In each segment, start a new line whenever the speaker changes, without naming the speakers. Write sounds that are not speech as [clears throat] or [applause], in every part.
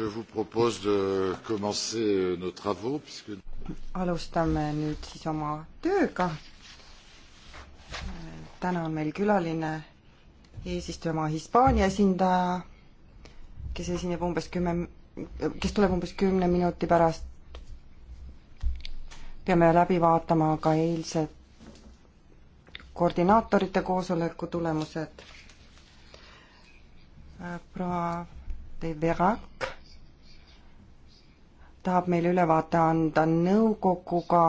je vous propose de commencer euh, nos travaux puisque
alustame nüüd siis oma tööga. täna on meil külaline eesistujamaa Hispaania esindaja, kes esineb umbes kümme, kes tuleb umbes kümne minuti pärast. peame läbi vaatama ka eilsed koordinaatorite koosoleku tulemused. proua de Verac tahab meile ülevaate anda nõukoguga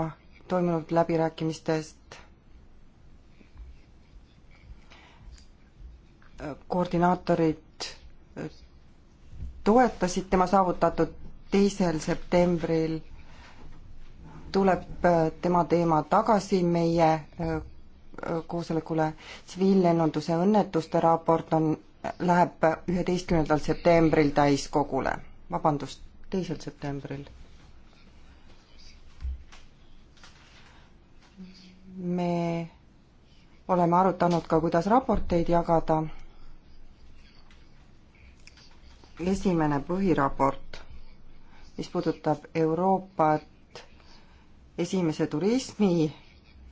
toimunud läbirääkimistest. koordinaatorid toetasid tema saavutatud teisel septembril tuleb tema teema tagasi meie äh, koosolekule. tsiviillennunduse õnnetuste raport on, läheb üheteistkümnendal septembril täiskogule. vabandust, teisel septembril. me oleme arutanud ka, kuidas raporteid jagada. esimene põhiraport, mis puudutab Euroopat esimese turismi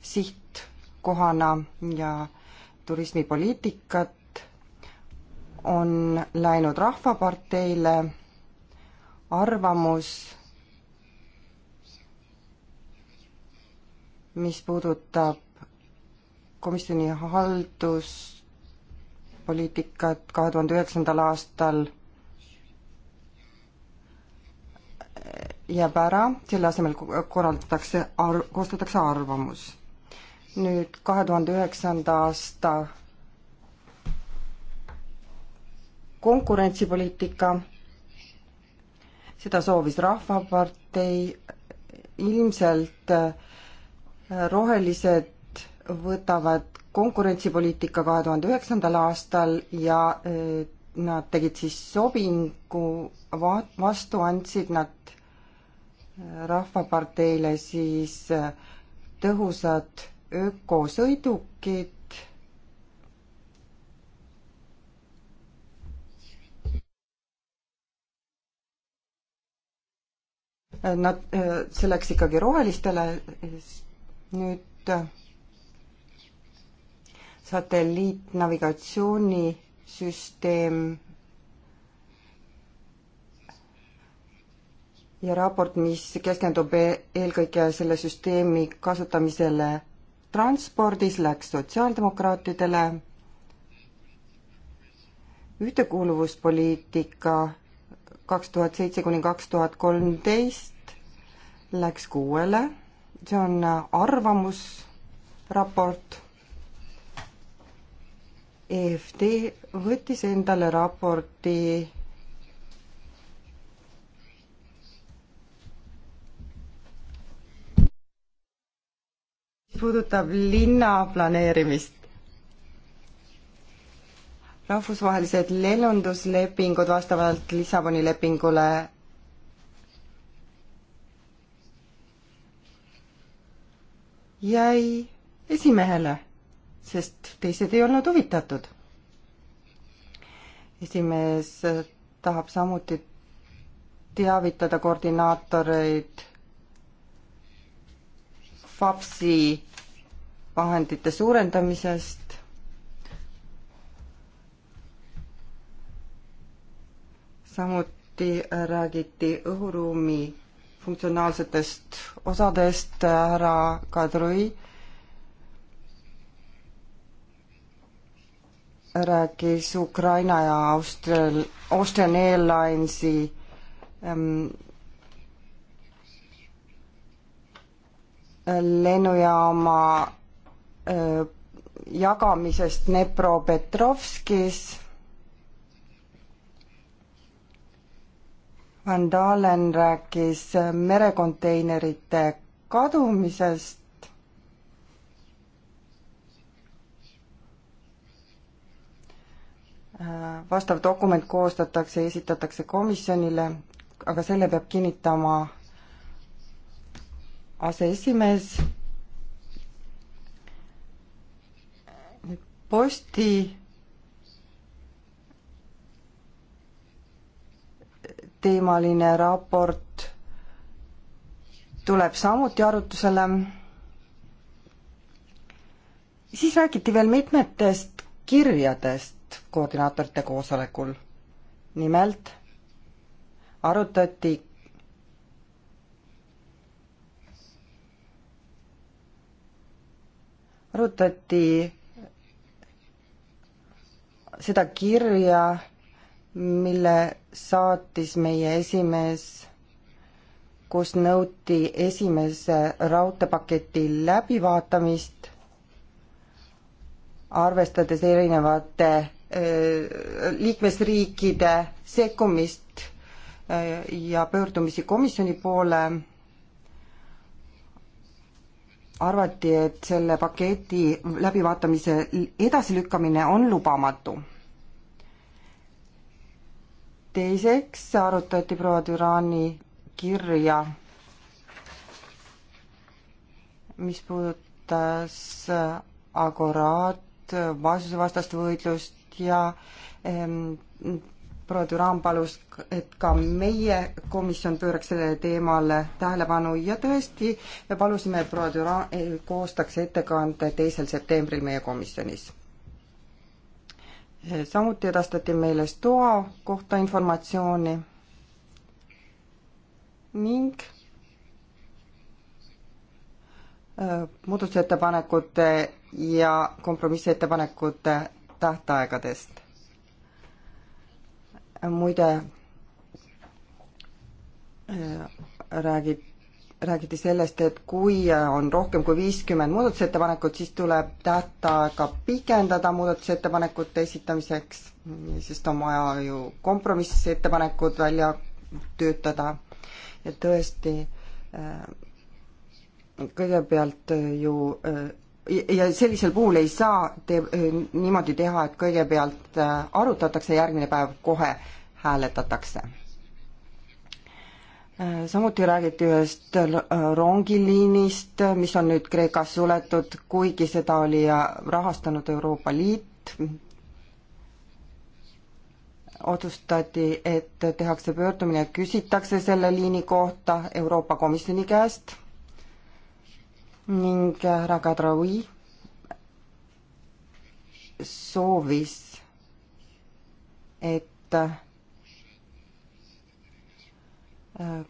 sihtkohana ja turismipoliitikat, on läinud Rahvaparteile arvamus, mis puudutab komisjoni halduspoliitikat kahe tuhande üheksandal aastal jääb ära, selle asemel korraldatakse ar-, koostatakse arvamus. nüüd kahe tuhande üheksanda aasta konkurentsipoliitika seda soovis Rahvapartei, ilmselt äh, rohelised võtavad konkurentsipoliitika kahe tuhande üheksandal aastal ja äh, nad tegid siis sobingu, vastu andsid nad äh, Rahvaparteile siis tõhusad ökosõidukid, nad, eh, see läks ikkagi rohelistele, nüüd eh, satelliitnavigatsioonisüsteem ja raport, mis keskendub e-, eelkõige selle süsteemi kasutamisele transpordis, läks sotsiaaldemokraatidele. ühtekuuluvuspoliitika kaks tuhat seitse kuni kaks tuhat kolmteist läks kuuele, see on arvamusraport. EFD võttis endale raporti puudutab linnaplaneerimist rahvusvahelised lennunduslepingud vastavalt Lissaboni lepingule jäi esimehele, sest teised ei olnud huvitatud. esimees tahab samuti teavitada koordinaatoreid FAPSi vahendite suurendamisest samuti äh, räägiti õhuruumi funktsionaalsetest osadest, äh, härra Kadri rääkis Ukraina ja Austria, Austrian Airlinesi ähm, lennujaama äh, jagamisest Dnepropetrovskis Van Dalen rääkis merekonteinerite kadumisest. vastav dokument koostatakse ja esitatakse komisjonile, aga selle peab kinnitama aseesimees. posti teemaline raport tuleb samuti arutusele. siis räägiti veel mitmetest kirjadest koordinaatorite koosolekul. nimelt arutati arutati seda kirja mille saatis meie esimees, kus nõuti esimese raudteepaketi läbivaatamist, arvestades erinevate äh, liikmesriikide sekkumist äh, ja pöördumisi komisjoni poole arvati, et selle paketi läbivaatamise edasilükkamine on lubamatu teiseks arutati proua Türani kirja, mis puudutas agoraat, vaesusevastast võitlust ja ähm, proua Düran palus, et ka meie komisjon pööraks sellele teemale tähelepanu ja tõesti me palusime, et proua Düran koostaks ettekande teisel septembril meie komisjonis samuti edastati meile STOA kohta informatsiooni ning äh, muudatusettepanekute ja kompromissettepanekute tähtaegadest. muide, äh, räägib räägiti sellest, et kui on rohkem kui viiskümmend muudatusettepanekut, siis tuleb tähtaega pikendada muudatusettepanekute esitamiseks, sest on vaja ju kompromissettepanekud välja töötada. ja tõesti, äh, kõigepealt ju äh, ja sellisel puhul ei saa te-, niimoodi teha, et kõigepealt äh, arutatakse, järgmine päev kohe hääletatakse samuti räägiti ühest rongiliinist, mis on nüüd Kreekas suletud, kuigi seda oli rahastanud Euroopa Liit. otsustati, et tehakse pöördumine, küsitakse selle liini kohta Euroopa Komisjoni käest ning härra Kadraoui soovis, et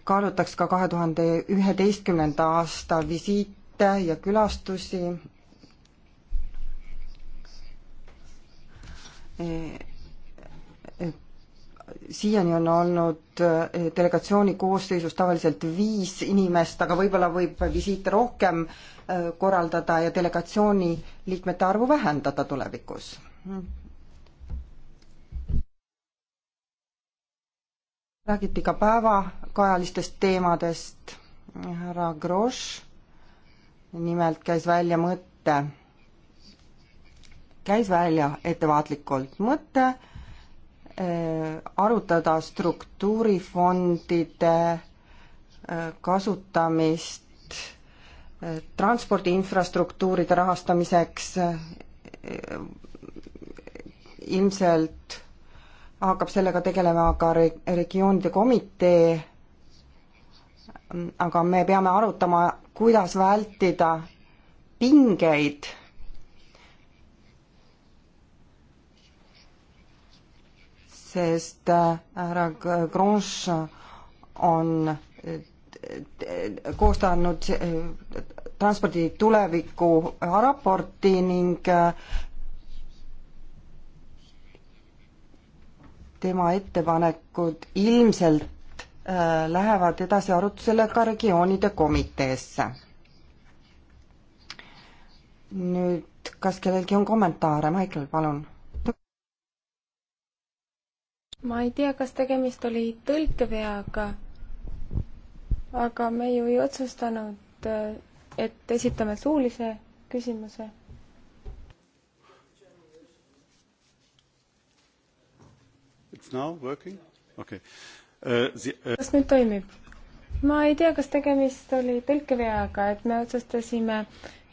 kaalutaks ka kahe tuhande üheteistkümnenda aasta visiite ja külastusi. siiani on olnud delegatsiooni koosseisus tavaliselt viis inimest, aga võib-olla võib visiite rohkem äh, korraldada ja delegatsiooni liikmete arvu vähendada tulevikus räägiti ka päevakajalistest teemadest, härra Grosch nimelt käis välja mõtte, käis välja ettevaatlikult mõte äh, eh, arutada struktuurifondide äh, kasutamist äh, transpordi infrastruktuuride rahastamiseks ilmselt hakkab sellega tegelema ka re-, regioonide komitee, aga me peame arutama, kuidas vältida pingeid sest äh, härra Grange on äh, koostanud äh, transpordi tuleviku raporti ning tema ettepanekud ilmselt äh, lähevad edasi arutusele ka regioonide komiteesse. nüüd, kas kellelgi on kommentaare, Maicel, palun?
ma ei tea, kas tegemist oli tõlkeveaga, aga me ju ei otsustanud, äh, et esitame suulise küsimuse
It's now working? okei okay. Uh, uh,. kas nüüd
toimib? ma ei tea, kas tegemist oli tõlkeveaga, et me otsustasime,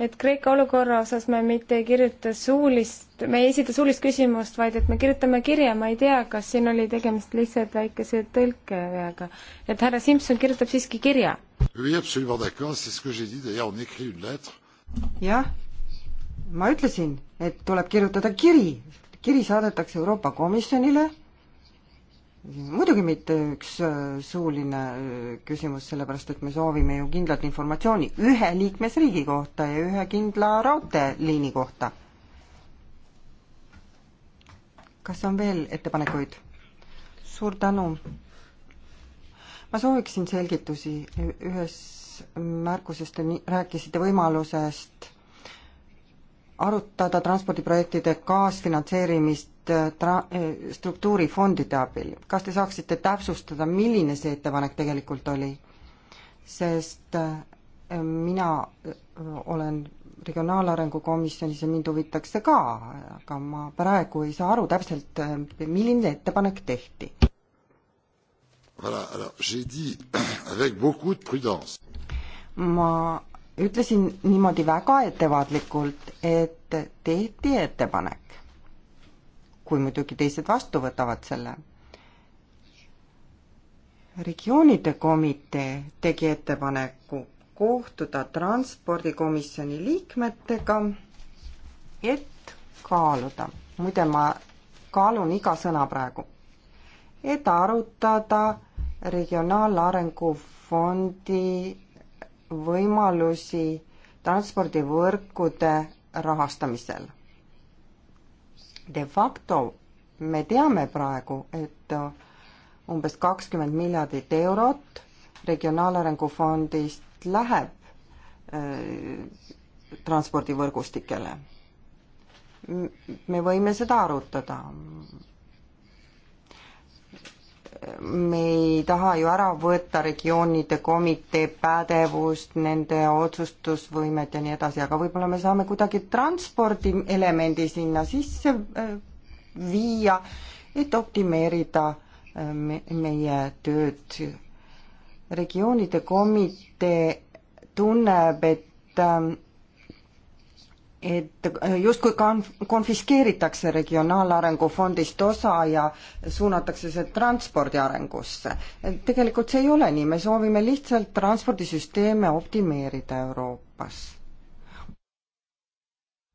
et Kreeka olukorra osas me mitte ei kirjuta suulist, me ei esita suulist küsimust, vaid et me kirjutame kirja, ma ei tea, kas siin oli tegemist lihtsalt väikese tõlkeveaga. et härra Simson kirjutab siiski kirja.
jah, ma ütlesin, et tuleb kirjutada kiri. kiri saadetakse Euroopa Komisjonile muidugi mitte üks äh, suuline äh, küsimus, sellepärast et me soovime ju kindlat informatsiooni ühe liikmesriigi kohta ja ühe kindla raudteeliini kohta. kas on veel ettepanekuid? suur tänu. ma sooviksin selgitusi, ühes märkuses te rääkisite võimalusest arutada transpordiprojektide kaasfinantseerimist Äh, tra-, äh, struktuurifondide abil. kas te saaksite täpsustada, milline see ettepanek tegelikult oli? sest äh, mina olen Regionaalarengu Komisjonis ja mind huvitaks see ka, aga ma praegu ei saa aru täpselt, milline ettepanek tehti. ma ütlesin niimoodi väga ettevaatlikult, et tehti ettepanek kui muidugi teised vastu võtavad selle. regioonide komitee tegi ettepaneku kohtuda transpordikomisjoni liikmetega, et kaaluda, muide ma kaalun iga sõna praegu, et arutada regionaalarengu fondi võimalusi transpordivõrkude rahastamisel de facto me teame praegu, et äh, umbes kakskümmend miljardit eurot Regionaalarengu fondist läheb äh, transpordivõrgustikele. me võime seda arutada, me ei taha ju ära võtta regioonide komitee pädevust, nende otsustusvõimet ja nii edasi, aga võib-olla me saame kuidagi transpordielemendi sinna sisse äh, viia, et optimeerida äh, meie tööd. regioonide komitee tunneb, et ähm, et justkui konf-, konfiskeeritakse Regionaalarengu fondist osa ja suunatakse see transpordi arengusse. tegelikult see ei ole nii, me soovime lihtsalt transpordisüsteeme optimeerida Euroopas.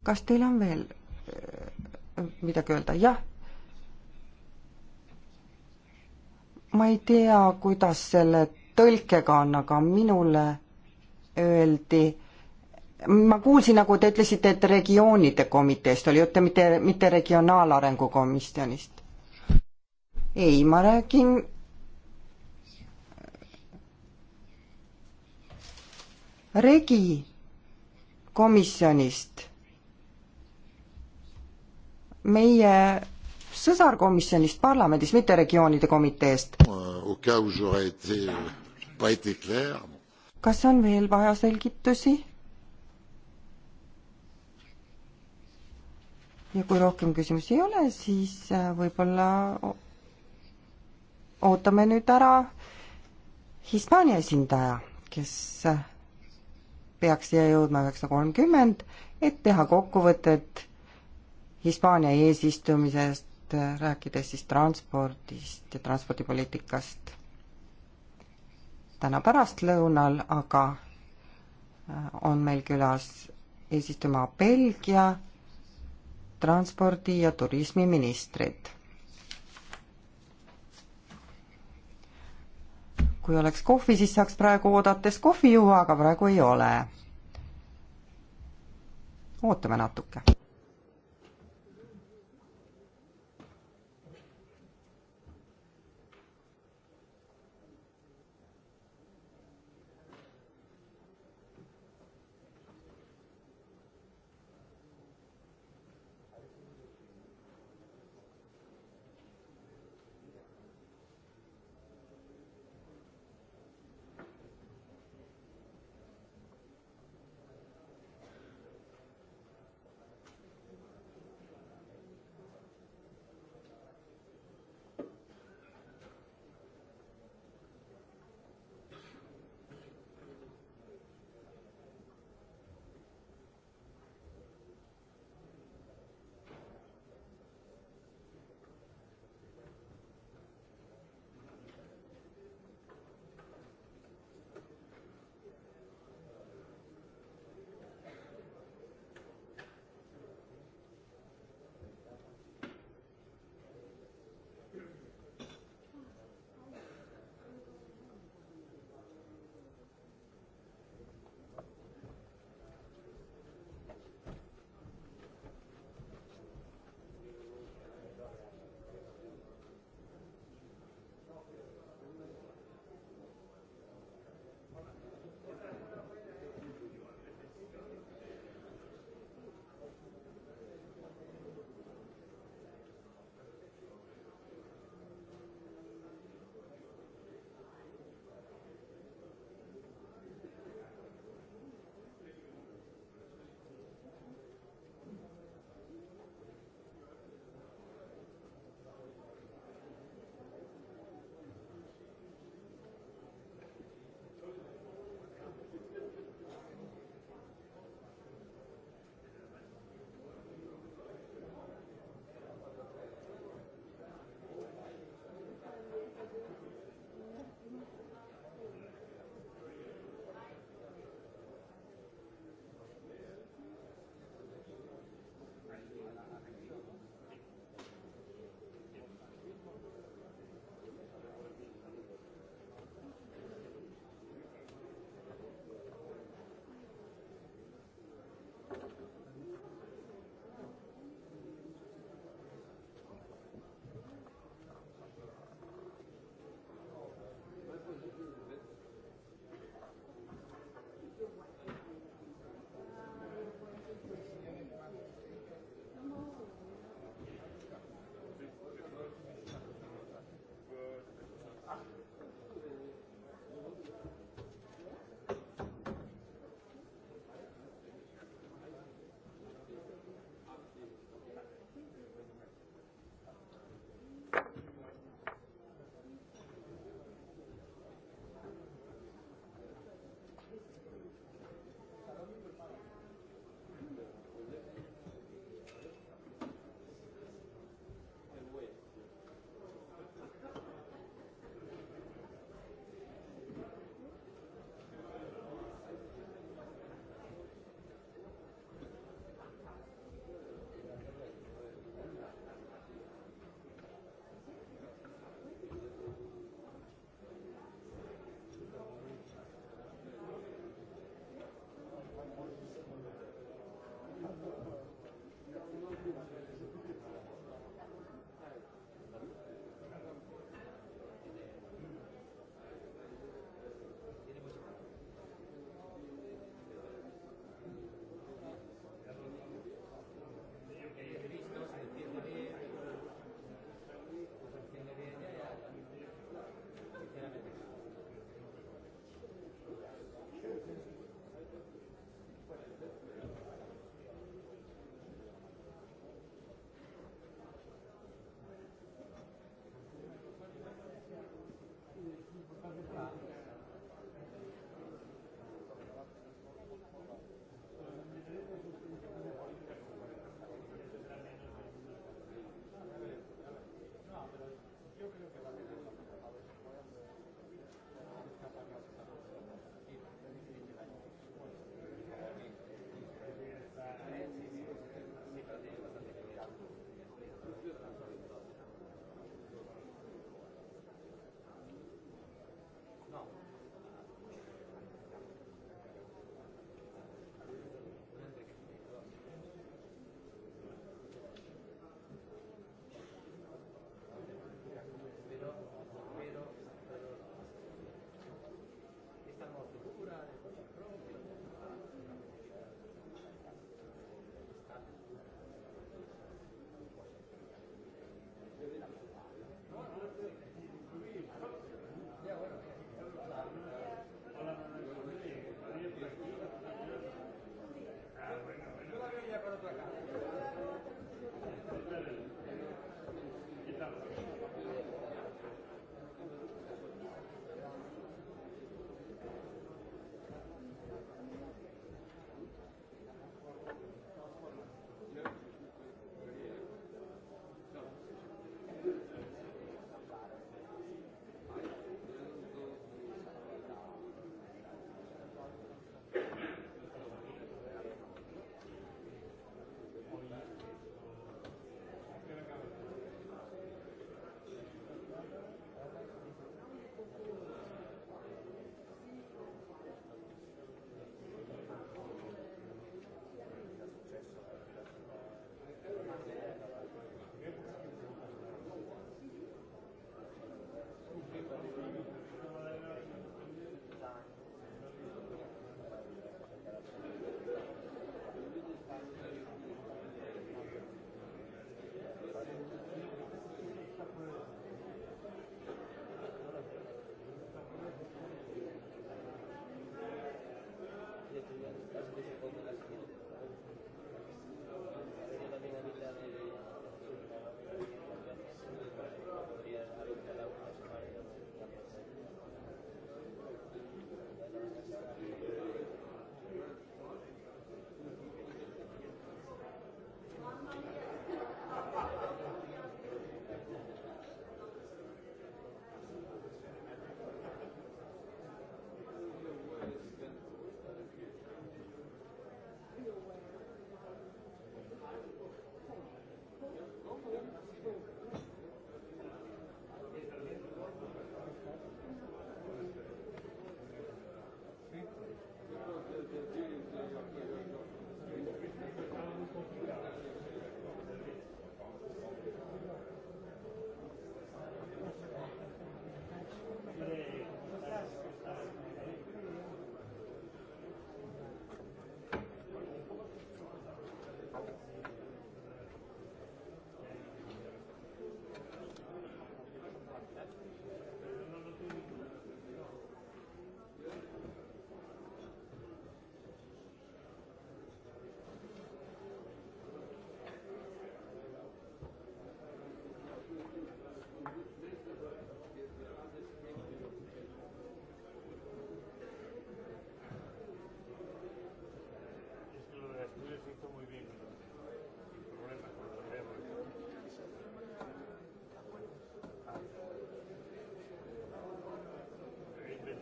kas teil on veel äh, midagi öelda, jah? ma ei tea, kuidas selle tõlkega on, aga minule öeldi, ma kuulsin, nagu te ütlesite, et regioonide komiteest oli juttu, mitte, mitte regionaalarengu komisjonist. ei, ma räägin regi komisjonist, meie sõsarkomisjonist parlamendis, mitte regioonide komiteest. kas on veel vaja selgitusi? ja kui rohkem küsimusi ei ole, siis äh, võib-olla ootame nüüd ära Hispaania esindaja, kes äh, peaks siia jõudma üheksa kolmkümmend, et teha kokkuvõtet Hispaania eesistumisest, äh, rääkides siis transpordist ja transpordipoliitikast täna pärastlõunal, aga on meil külas eesistuja Belgia transpordi- ja turismiministrit. kui oleks kohvi, siis saaks praegu oodates kohvi juua, aga praegu ei ole. ootame natuke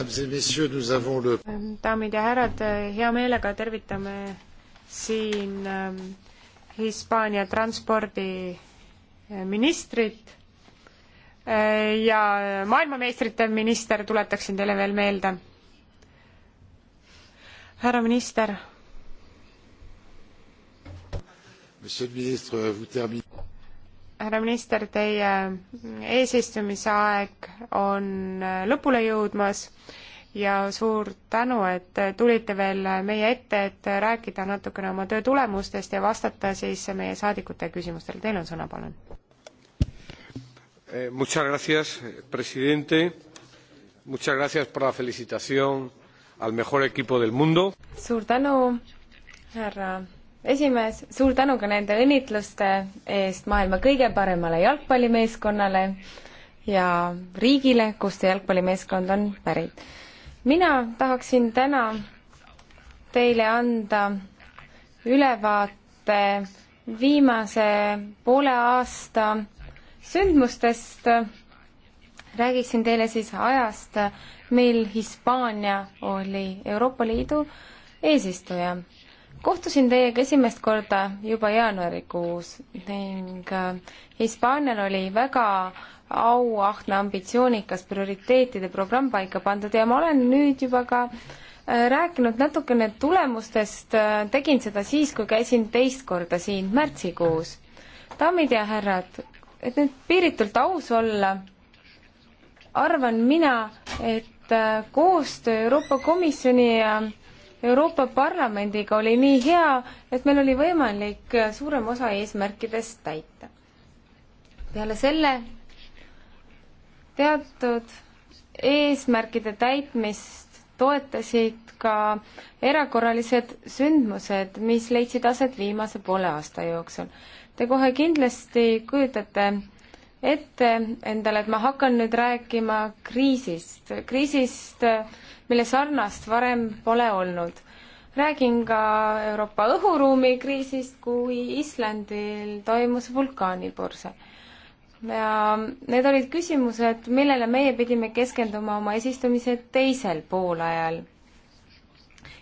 Ähm,
daamid ja härrad, äh, hea meelega tervitame siin ähm, Hispaania transpordiministrit äh, äh, ja maailmameistrite minister, tuletaksin teile veel meelde. härra minister.
Monsieur le ministre, vous terminez
härra minister, teie eesistumise aeg on lõpule jõudmas ja suur tänu, et tulite veel meie ette, et rääkida natukene oma töö tulemustest ja vastata siis meie saadikute küsimustele. Teil on sõna, palun.
Eh, muchas gracias, presidente. Muchas gracias por la felicitación al mejor equipo del mundo.
suur tänu, härra esimees, suur tänu ka nende õnnitluste eest maailma kõige paremale jalgpallimeeskonnale ja riigile, kust see jalgpallimeeskond on pärit. mina tahaksin täna teile anda ülevaate viimase poole aasta sündmustest. räägiksin teile siis ajast, mil Hispaania oli Euroopa Liidu eesistuja kohtusin teiega esimest korda juba jaanuarikuus ning äh, Hispaanial oli väga auahne ambitsioonikas prioriteetide programm paika pandud ja ma olen nüüd juba ka äh, rääkinud natukene tulemustest, äh, tegin seda siis, kui käisin teist korda siin märtsikuus. daamid ja härrad, et nüüd piiritult aus olla, arvan mina, et koostöö Euroopa Komisjoni ja Euroopa Parlamendiga oli nii hea, et meil oli võimalik suurem osa eesmärkidest täita. peale selle teatud eesmärkide täitmist toetasid ka erakorralised sündmused, mis leidsid aset viimase poole aasta jooksul. Te kohe kindlasti kujutate ette endale, et ma hakkan nüüd rääkima kriisist, kriisist, mille sarnast varem pole olnud. räägin ka Euroopa õhuruumi kriisist, kui Islandil toimus vulkaanipurse. ja need olid küsimused, millele meie pidime keskenduma oma esistumise teisel poolajal.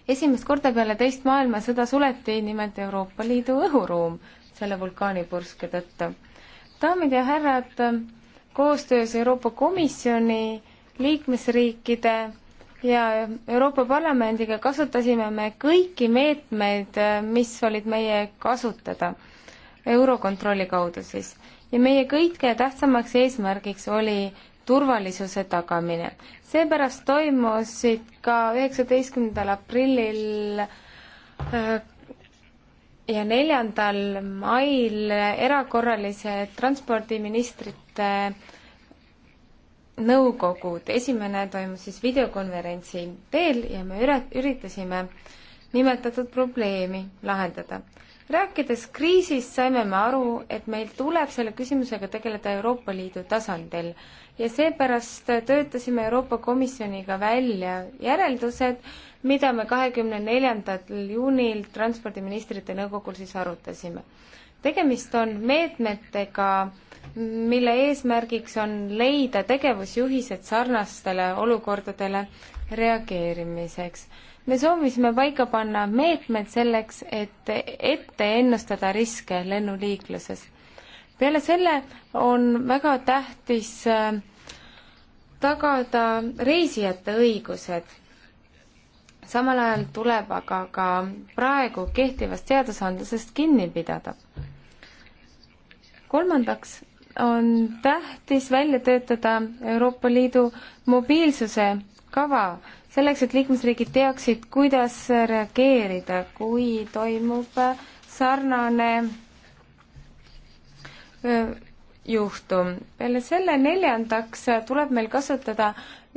esimest korda peale teist maailmasõda suleti nimelt Euroopa Liidu õhuruum selle vulkaanipurske tõttu daamid ja härrad, koostöös Euroopa Komisjoni, liikmesriikide ja Euroopa Parlamendiga kasutasime me kõiki meetmeid, mis olid meie kasutada Eurokontrolli kaudu siis. ja meie kõige tähtsamaks eesmärgiks oli turvalisuse tagamine. seepärast toimusid ka üheksateistkümnendal aprillil äh, ja neljandal mail erakorralised transpordiministrite nõukogud, esimene toimus siis videokonverentsi teel ja me üre-, üritasime nimetatud probleemi lahendada. rääkides kriisist, saime me aru, et meil tuleb selle küsimusega tegeleda Euroopa Liidu tasandil ja seepärast töötasime Euroopa Komisjoniga välja järeldused, mida me kahekümne neljandal juunil Transpordiministrite Nõukogul siis arutasime. tegemist on meetmetega, mille eesmärgiks on leida tegevusjuhised sarnastele olukordadele reageerimiseks. me soovisime paika panna meetmed selleks, et ette ennustada riske lennuliikluses. peale selle on väga tähtis äh, tagada reisijate õigused samal ajal tuleb aga ka praegu kehtivast seadusandlusest kinni pidada. kolmandaks on tähtis välja töötada Euroopa Liidu mobiilsuse kava, selleks et liikmesriigid teaksid, kuidas reageerida, kui toimub sarnane juhtum. peale selle neljandaks tuleb meil kasutada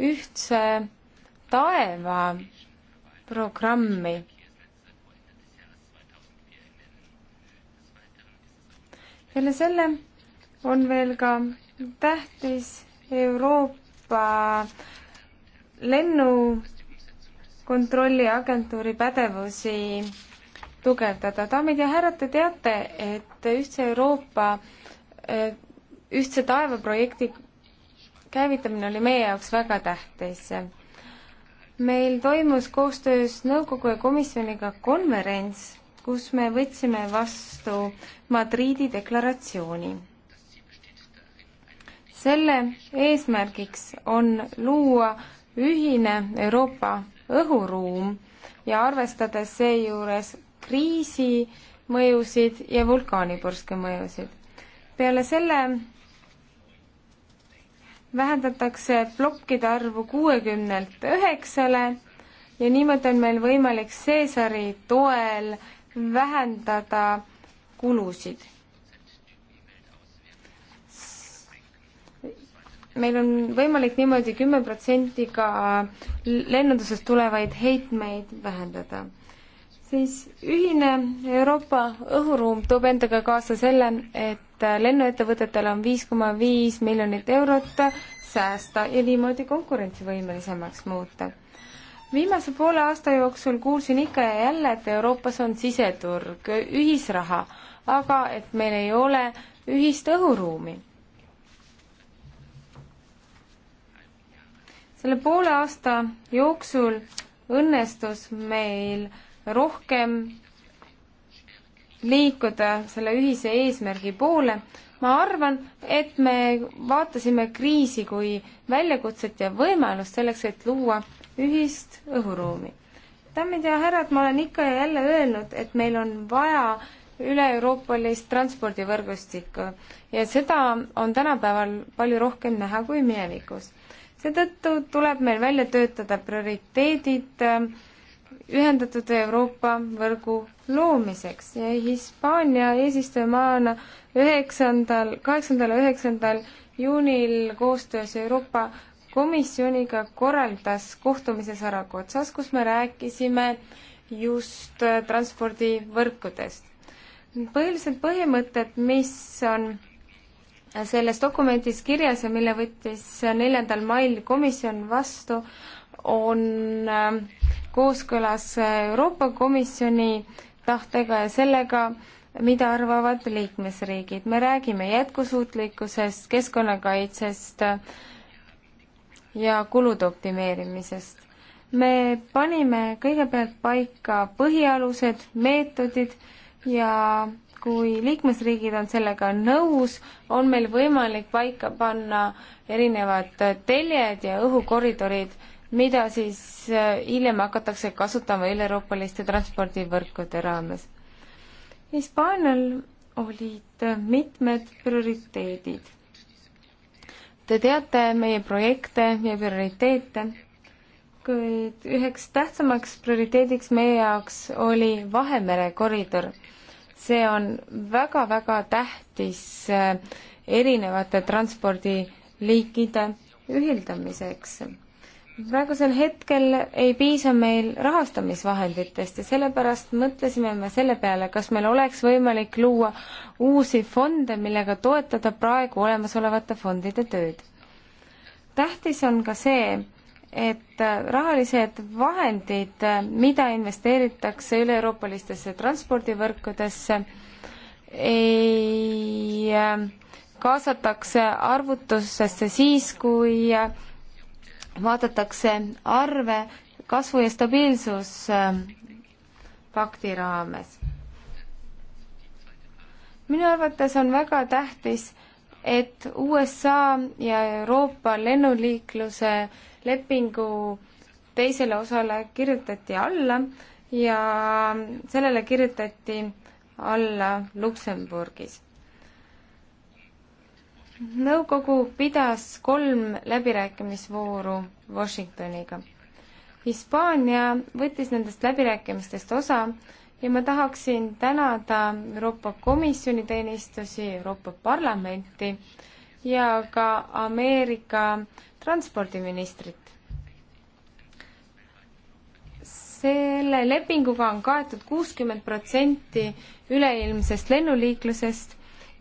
ühtse taeva programmi. peale selle on veel ka tähtis Euroopa lennukontrolliagentuuri pädevusi tugevdada. daamid ja härrad, te teate, et Ühtse Euroopa, Ühtse taeva projekti käivitamine oli meie jaoks väga tähtis meil toimus koostöös nõukogu ja komisjoniga konverents, kus me võtsime vastu Madriidi deklaratsiooni. selle eesmärgiks on luua ühine Euroopa õhuruum ja arvestades seejuures kriisi mõjusid ja vulkaanipurske mõjusid. peale selle vähendatakse plokkide arvu kuuekümnelt üheksale ja niimoodi on meil võimalik Seesari toel vähendada kulusid. meil on võimalik niimoodi kümme protsenti ka lennundusest tulevaid heitmeid vähendada siis ühine Euroopa õhuruum toob endaga kaasa selle, et lennuettevõtetel on viis koma viis miljonit eurot säästa ja niimoodi konkurentsivõimelisemaks muuta viimase poole aasta jooksul kuulsin ikka ja jälle, et Euroopas on siseturg, ühisraha, aga et meil ei ole ühist õhuruumi. selle poole aasta jooksul õnnestus meil rohkem liikuda selle ühise eesmärgi poole. ma arvan, et me vaatasime kriisi kui väljakutset ja võimalust selleks, et luua ühist õhuruumi. daamid ja härrad, ma olen ikka ja jälle öelnud, et meil on vaja üle-euroopalist transpordivõrgustikku ja seda on tänapäeval palju rohkem näha kui minevikus. seetõttu tuleb meil välja töötada prioriteedid äh, ühendatud Euroopa võrgu loomiseks ja Hispaania eesistujamaana üheksandal, kaheksandal ja üheksandal juunil koostöös Euroopa Komisjoniga korraldas kohtumise Saragotsas, kus me rääkisime just äh, transpordivõrkudest. põhilised põhimõtted, mis on selles dokumendis kirjas ja mille võttis neljandal mail komisjon vastu, on äh, kooskõlas Euroopa Komisjoni tahtega ja sellega, mida arvavad liikmesriigid. me räägime jätkusuutlikkusest, keskkonnakaitsest ja kulude optimeerimisest. me panime kõigepealt paika põhialused, meetodid ja kui liikmesriigid on sellega nõus, on meil võimalik paika panna erinevad teljed ja õhukoridorid mida siis äh, hiljem hakatakse kasutama üle-euroopaliste transpordivõrkude raames. Hispaanial olid äh, mitmed prioriteedid. Te teate meie projekte ja prioriteete, kuid üheks tähtsamaks prioriteediks meie jaoks oli Vahemere koridor. see on väga-väga tähtis äh, erinevate transpordiliikide ühildamiseks praegusel hetkel ei piisa meil rahastamisvahenditest ja sellepärast mõtlesime me selle peale, kas meil oleks võimalik luua uusi fonde, millega toetada praegu olemasolevate fondide tööd. tähtis on ka see, et rahalised vahendid, mida investeeritakse üle-euroopalistesse transpordivõrkudesse, ei äh, kaasatakse arvutusesse siis, kui äh, vaadatakse arve kasvu ja stabiilsus ähm, pakti raames. minu arvates on väga tähtis, et USA ja Euroopa lennuliikluse lepingu teisele osale kirjutati alla ja sellele kirjutati alla Luksemburgis nõukogu pidas kolm läbirääkimisvooru Washingtoniga. Hispaania võttis nendest läbirääkimistest osa ja ma tahaksin tänada Euroopa Komisjoni teenistusi, Euroopa Parlamenti ja ka Ameerika transpordiministrit. selle lepinguga on kaetud kuuskümmend protsenti üleilmsest lennuliiklusest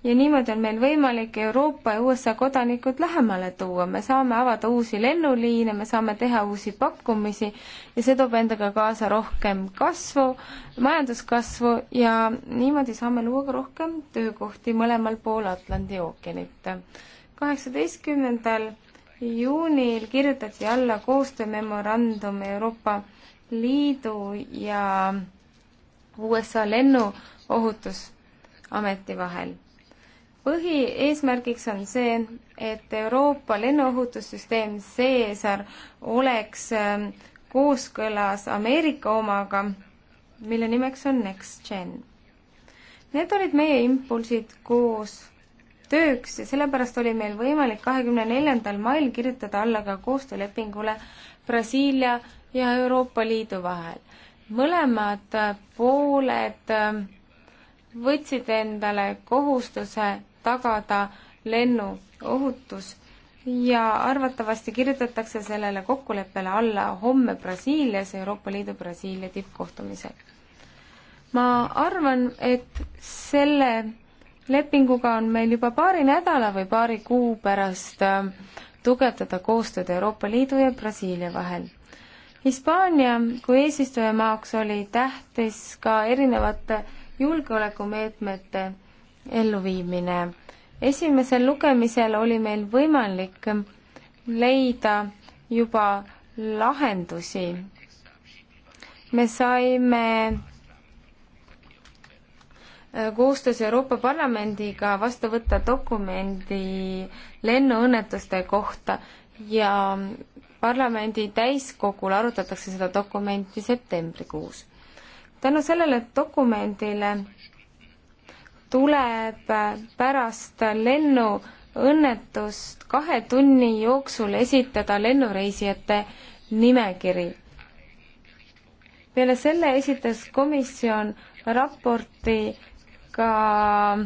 ja niimoodi on meil võimalik Euroopa ja USA kodanikud lähemale tuua, me saame avada uusi lennuliine, me saame teha uusi pakkumisi ja see toob endaga kaasa rohkem kasvu, majanduskasvu ja niimoodi saame luua ka rohkem töökohti mõlemal pool Atlandi ookeanit. kaheksateistkümnendal juunil kirjutati alla koostöömemorandum Euroopa Liidu ja USA lennuohutusameti vahel põhieesmärgiks on see, et Euroopa lennuohutussüsteem Caesar oleks ähm, kooskõlas Ameerika omaga, mille nimeks on NextGen. Need olid meie impulsid koos tööks ja sellepärast oli meil võimalik kahekümne neljandal mail kirjutada alla ka koostöölepingule Brasiilia ja Euroopa Liidu vahel. mõlemad pooled ähm, võtsid endale kohustuse tagada lennuohutus ja arvatavasti kirjutatakse sellele kokkuleppele alla homme Brasiilias Euroopa Liidu Brasiilia tippkohtumisel. ma arvan, et selle lepinguga on meil juba paari nädala või paari kuu pärast äh, tugevdada koostööd Euroopa Liidu ja Brasiilia vahel. Hispaania kui eesistujamaaks oli tähtis ka erinevate julgeolekumeetmete elluviimine. esimesel lugemisel oli meil võimalik leida juba lahendusi. me saime äh, koostöös Euroopa Parlamendiga vastu võtta dokumendi lennuõnnetuste kohta ja parlamendi täiskogul arutatakse seda dokumenti septembrikuus. tänu sellele dokumendile tuleb pärast lennuõnnetust kahe tunni jooksul esitada lennureisijate nimekiri. peale selle esitas komisjon raporti ka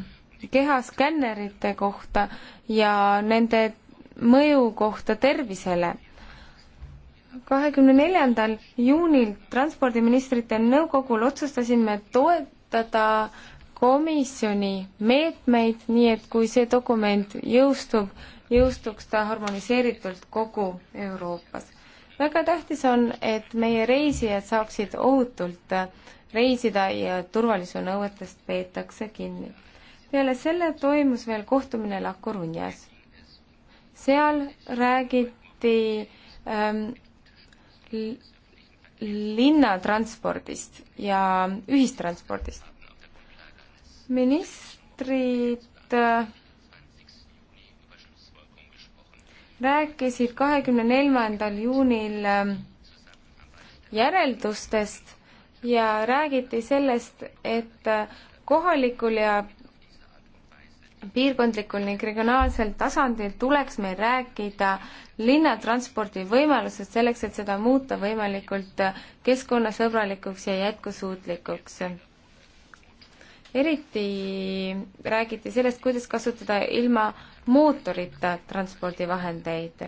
kehaskännerite kohta ja nende mõju kohta tervisele. kahekümne neljandal juunil transpordiministrite nõukogul otsustasime toetada äh, komisjoni meetmeid, nii et kui see dokument jõustub, jõustuks ta harmoniseeritult kogu Euroopas. väga tähtis on, et meie reisijad saaksid ohutult reisida ja turvalisuse nõuetest peetakse kinni. peale selle toimus veel kohtumine La Coruñas. seal räägiti ähm, linnatranspordist ja ühistranspordist ministrid äh, rääkisid kahekümne neljandal juunil äh, järeldustest ja räägiti sellest, et äh, kohalikul ja piirkondlikul ning regionaalsel tasandil tuleks meil rääkida linnatranspordi võimalusest selleks, et seda muuta võimalikult keskkonnasõbralikuks ja jätkusuutlikuks eriti räägiti sellest, kuidas kasutada ilma mootorita transpordivahendeid.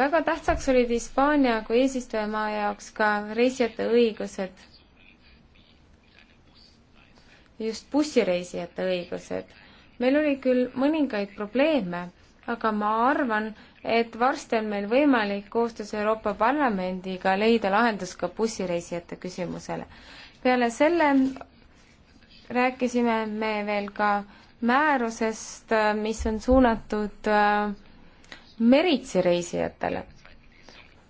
väga tähtsaks olid Hispaania kui eesistujamaa jaoks ka reisijate õigused, just bussireisijate õigused. meil oli küll mõningaid probleeme, aga ma arvan, et varsti on meil võimalik koostöös Euroopa Parlamendiga leida lahendus ka bussireisijate küsimusele. peale selle rääkisime me veel ka määrusest, mis on suunatud äh, meritsi reisijatele.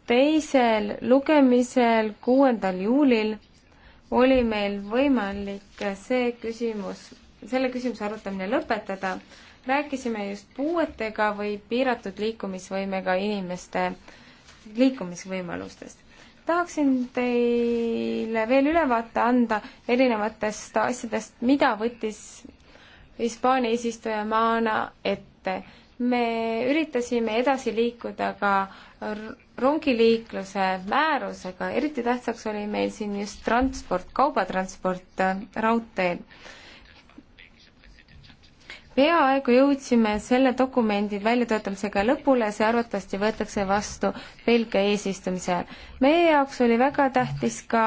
teisel lugemisel, kuuendal juulil oli meil võimalik see küsimus, selle küsimuse arutamine lõpetada. rääkisime just puuetega või piiratud liikumisvõimega inimeste liikumisvõimalustest tahaksin teile veel ülevaate anda erinevatest asjadest, mida võttis Hispaania eesistuja maana ette. me üritasime edasi liikuda ka rongiliikluse määrusega, eriti tähtsaks oli meil siin just transport, kaubatransport äh, raudteel peaaegu jõudsime selle dokumendi väljatöötamisega lõpule, see arvatavasti võetakse vastu Belgia eesistumise ajal. meie jaoks oli väga tähtis ka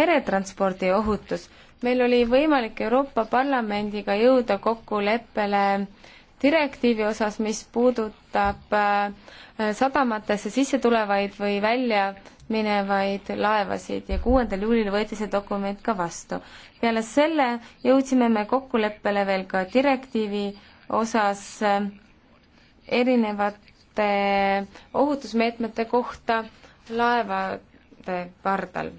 meretranspordi ohutus. meil oli võimalik Euroopa Parlamendiga jõuda kokkuleppele äh, direktiivi osas, mis puudutab äh, sadamatesse sisse tulevaid või välja minevaid laevasid ja kuuendal juulil võeti see dokument ka vastu. peale selle jõudsime me kokkuleppele veel ka direktiivi osas äh, erinevate ohutusmeetmete kohta laevade pardal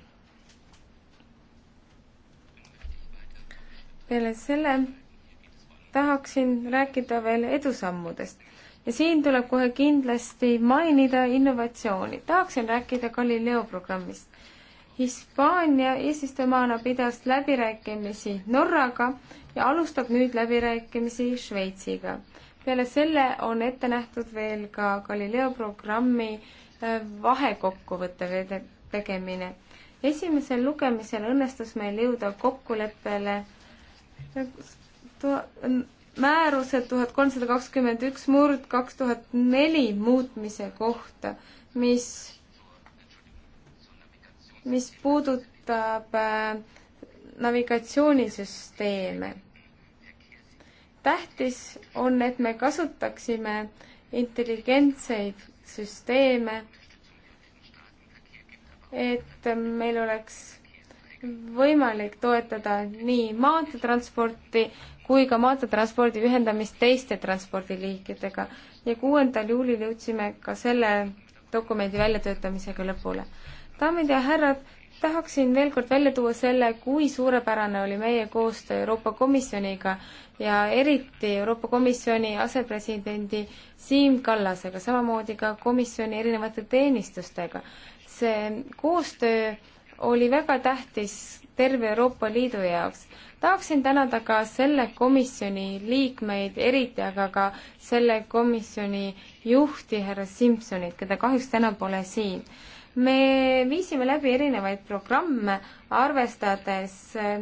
peale selle tahaksin rääkida veel edusammudest ja siin tuleb kohe kindlasti mainida innovatsiooni. tahaksin rääkida Galileo programmist. Hispaania eesistujamaana pidas läbirääkimisi Norraga ja alustab nüüd läbirääkimisi Šveitsiga. peale selle on ette nähtud veel ka Galileo programmi äh, vahekokkuvõtte tegemine. esimesel lugemisel õnnestus meil jõuda kokkuleppele äh, määrused tuhat kolmsada kakskümmend üks murd kaks tuhat neli muutmise kohta, mis, mis puudutab äh, navigatsioonisüsteeme. tähtis on, et me kasutaksime intelligentseid süsteeme, et meil oleks võimalik toetada nii maanteetransporti kui ka maanteetranspordi ühendamist teiste transpordiliikidega ja kuuendal juulil jõudsime ka selle dokumendi väljatöötamisega lõpule. daamid ja härrad, tahaksin veel kord välja tuua selle, kui suurepärane oli meie koostöö Euroopa Komisjoniga ja eriti Euroopa Komisjoni asepresidendi Siim Kallasega, samamoodi ka komisjoni erinevate teenistustega. see koostöö oli väga tähtis terve Euroopa Liidu jaoks. tahaksin tänada ka selle komisjoni liikmeid, eriti aga ka selle komisjoni juhti, härra Simsonit, keda kahjuks täna pole siin. me viisime läbi erinevaid programme, arvestades eh,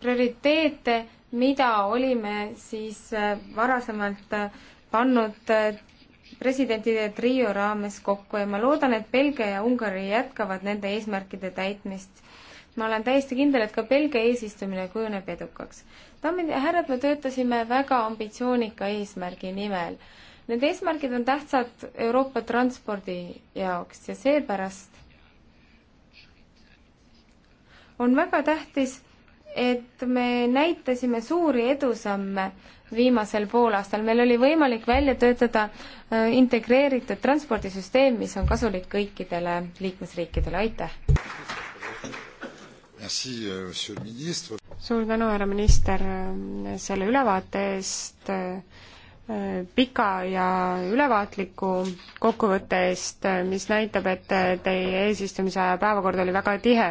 prioriteete, mida olime siis eh, varasemalt eh, pannud presidentide trio raames kokku ja ma loodan, et Belgia ja Ungari jätkavad nende eesmärkide täitmist. ma olen täiesti kindel, et ka Belgia eesistumine kujuneb edukaks. daamid ja härrad, me töötasime väga ambitsioonika eesmärgi nimel. Need eesmärgid on tähtsad Euroopa transpordi jaoks ja seepärast on väga tähtis, et me näitasime suuri edusamme viimasel poolaastal. meil oli võimalik välja töötada äh, integreeritud transpordisüsteem, mis on kasulik kõikidele liikmesriikidele, aitäh!
Euh,
suur tänu, härra minister, äh, selle ülevaate eest, äh, pika ja ülevaatliku kokkuvõtte eest, mis näitab, et teie eesistumise aja päevakord oli väga tihe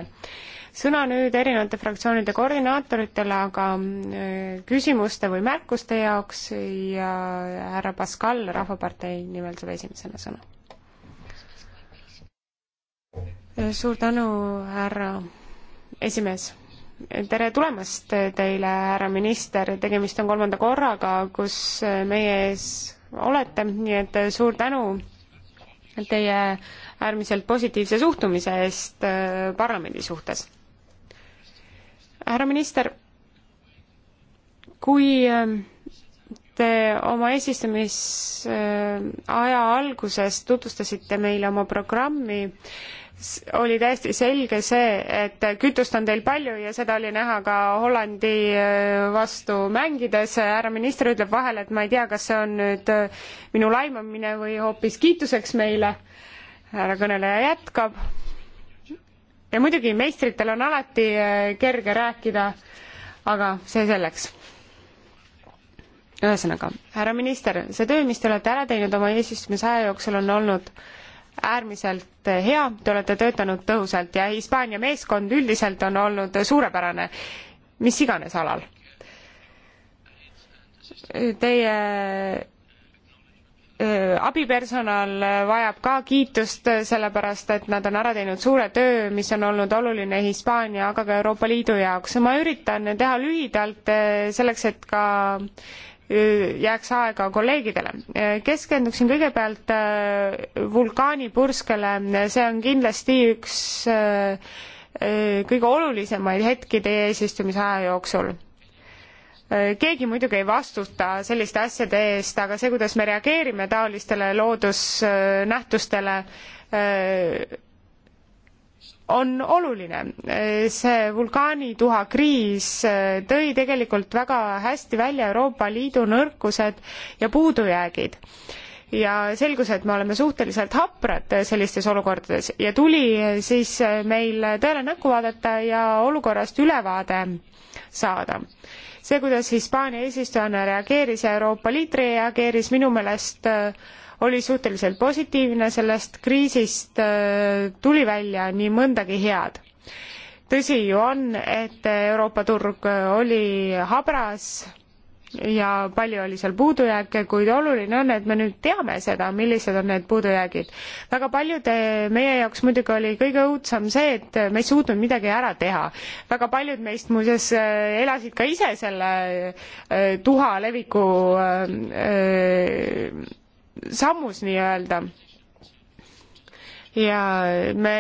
sõna nüüd erinevate fraktsioonide koordinaatoritele, aga äh, küsimuste või märkuste jaoks ja härra Pascal Rahvapartei nimel saab esimesena sõna. suur tänu, härra esimees tere tulemast teile, härra minister, tegemist on kolmanda korraga, kus meie ees olete, nii et suur tänu teie äärmiselt positiivse suhtumise eest äh, parlamendi suhtes härra minister, kui ähm, te oma eesistumisaja alguses tutvustasite meile oma programmi, oli täiesti selge see, et kütust on teil palju ja seda oli näha ka Hollandi äh, vastu mängides. härra minister ütleb vahel, et ma ei tea, kas see on nüüd äh, minu laimamine või hoopis kiituseks meile. härra kõneleja jätkab ja muidugi meistritel on alati äh, kerge rääkida, aga see selleks. ühesõnaga, härra minister, see töö, mis te olete ära teinud oma eesistumisaja jooksul, on olnud äärmiselt hea, te olete töötanud tõhusalt ja Hispaania meeskond üldiselt on olnud suurepärane, mis iganes alal. Teie Äh, abipersonal äh, vajab ka kiitust, äh, sellepärast et nad on ära teinud suure töö, mis on olnud oluline Hispaania, aga ka Euroopa Liidu jaoks. ma üritan teha lühidalt selleks, et ka jääks aega kolleegidele. keskenduksin kõigepealt vulkaanipurskele, see on kindlasti üks kõige olulisemaid hetki teie eesistumise aja jooksul keegi muidugi ei vastuta selliste asjade eest, aga see, kuidas me reageerime taolistele loodusnähtustele, äh, on oluline. see vulkaanituha kriis äh, tõi tegelikult väga hästi välja Euroopa Liidu nõrkused ja puudujäägid ja selgus, et me oleme suhteliselt haprad sellistes olukordades ja tuli siis meil tõele näkku vaadata ja olukorrast ülevaade saada. see, kuidas Hispaania eesistujana reageeris ja Euroopa Liit reageeris, minu meelest äh, oli suhteliselt positiivne, sellest kriisist äh, tuli välja nii mõndagi head. tõsi ju on, et Euroopa turg äh, oli habras, ja palju oli seal puudujääke, kuid oluline on, et me nüüd teame seda, millised on need puudujäägid. väga paljude meie jaoks muidugi oli kõige õudsem see, et me ei suutnud midagi ära teha. väga paljud meist muuseas äh, elasid ka ise selle äh, tuha leviku äh, sammus nii-öelda ja me,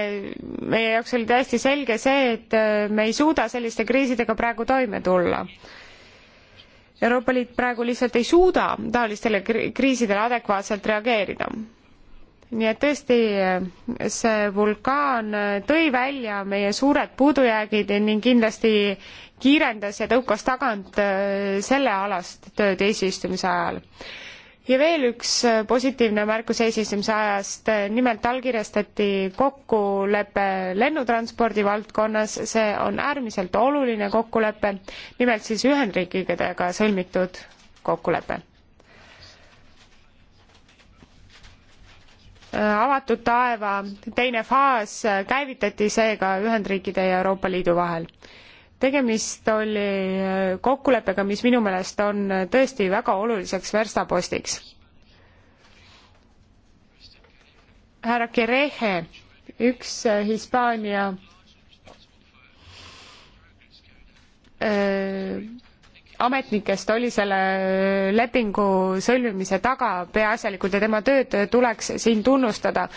meie jaoks oli täiesti selge see, et me ei suuda selliste kriisidega praegu toime tulla Euroopa Liit praegu lihtsalt ei suuda taolistele kriisidele adekvaatselt reageerida. nii et tõesti, see vulkaan tõi välja meie suured puudujäägid ning kindlasti kiirendas ja tõukas tagant äh, sellealast tööd eesistumise ajal ja veel üks äh, positiivne märkus eesistumise ajast, äh, nimelt allkirjastati kokkulepe lennutranspordi valdkonnas, see on äärmiselt oluline kokkulepe, nimelt siis Ühendriikidega sõlmitud kokkulepe. Äh, avatud taeva teine faas käivitati seega Ühendriikide ja Euroopa Liidu vahel tegemist oli äh, kokkuleppega, mis minu meelest on äh, tõesti väga oluliseks verstapostiks. härra Kerehe, üks äh, Hispaania äh, ametnikest oli selle lepingu sõlmimise taga peaasjalikult ja tema tööd tuleks siin tunnustada.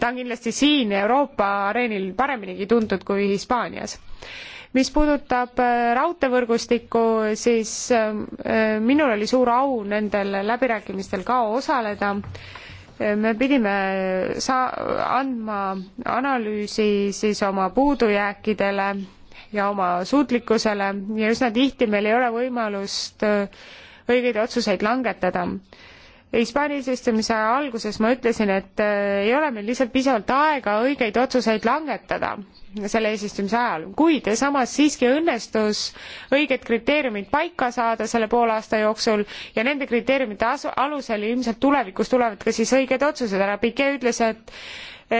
ta on kindlasti siin Euroopa areenil pareminigi tuntud kui Hispaanias mis puudutab äh, raudteevõrgustikku, siis ähm, äh, minul oli suur au nendel läbirääkimistel ka osaleda äh, me pidime saa-, andma analüüsi siis oma puudujääkidele ja oma suutlikkusele ja üsna tihti meil ei ole võimalust õigeid otsuseid langetada. Hispaania eesistumise alguses ma ütlesin, et äh, ei ole meil lihtsalt piisavalt aega õigeid otsuseid langetada selle eesistumise ajal, kuid samas siiski õnnestus õiged kriteeriumid paika saada selle poole aasta jooksul ja nende kriteeriumite alusel ilmselt tulevikus tulevad ka siis õiged otsused. härra Piquet ütles, et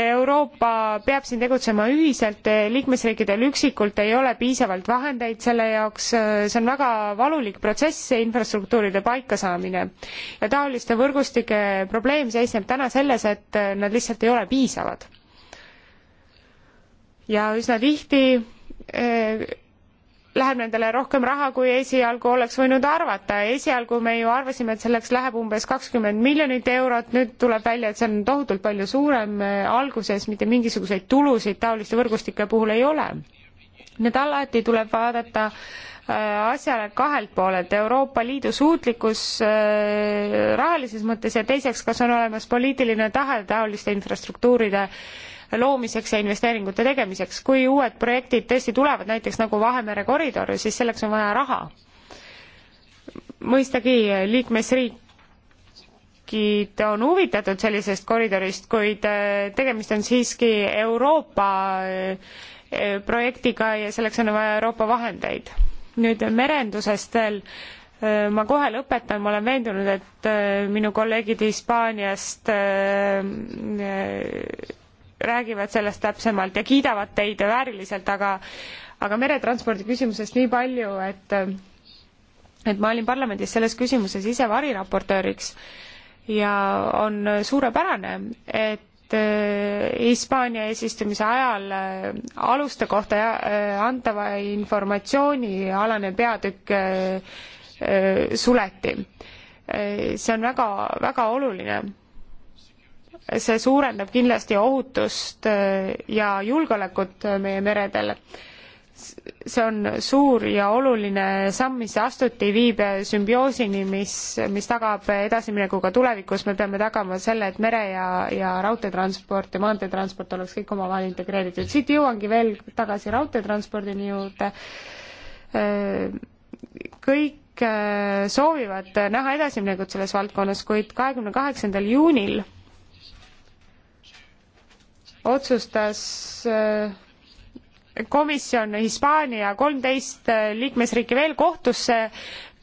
Euroopa peab siin tegutsema ühiselt, liikmesriikidel üksikult ei ole piisavalt vahendeid selle jaoks, see on väga valulik protsess, see infrastruktuuride paikasaamine. ja taoliste võrgustike probleem seisneb täna selles, et nad lihtsalt ei ole piisavad. ja üsna tihti läheb nendele rohkem raha, kui esialgu oleks võinud arvata. esialgu me ju arvasime, et selleks läheb umbes kakskümmend miljonit eurot, nüüd tuleb välja, et see on tohutult palju suurem. alguses mitte mingisuguseid tulusid taoliste võrgustike puhul ei ole. Need alati tuleb vaadata äh, asjale kahelt poolelt, Euroopa Liidu suutlikkus äh, rahalises mõttes ja teiseks, kas on olemas poliitiline tahe taoliste infrastruktuuride äh, loomiseks ja investeeringute tegemiseks. kui uued projektid tõesti tulevad, näiteks nagu Vahemere koridor, siis selleks on vaja raha. mõistagi liikmesriigid on huvitatud sellisest koridorist, kuid äh, tegemist on siiski Euroopa äh, projektiga ja selleks on vaja Euroopa vahendeid. nüüd merendusest veel äh, ma kohe lõpetan, ma olen veendunud, et minu kolleegid Hispaaniast räägivad sellest täpsemalt ja kiidavad teid vääriliselt, aga aga meretranspordi küsimusest nii palju, et et ma olin parlamendis selles küsimuses ise variraportööriks ja on suurepärane, et äh, Hispaania eesistumise ajal äh, aluste kohta äh, antava informatsiooni alane peatükk suleti. see on väga, väga oluline see suurendab kindlasti ohutust äh, ja julgeolekut äh, meie meredel. see on suur ja oluline samm, mis astuti, viib äh, sümbioosini, mis, mis tagab edasimineku ka tulevikus, me peame tagama selle, et mere ja, ja raudteetransport ja maanteetransport oleks kõik omavahel integreeritud. siit jõuangi veel tagasi raudteetranspordini juurde. kõik kõik soovivad näha edasiminekut selles valdkonnas, kuid kahekümne kaheksandal juunil otsustas äh, komisjon Hispaania kolmteist äh, liikmesriiki veel kohtusse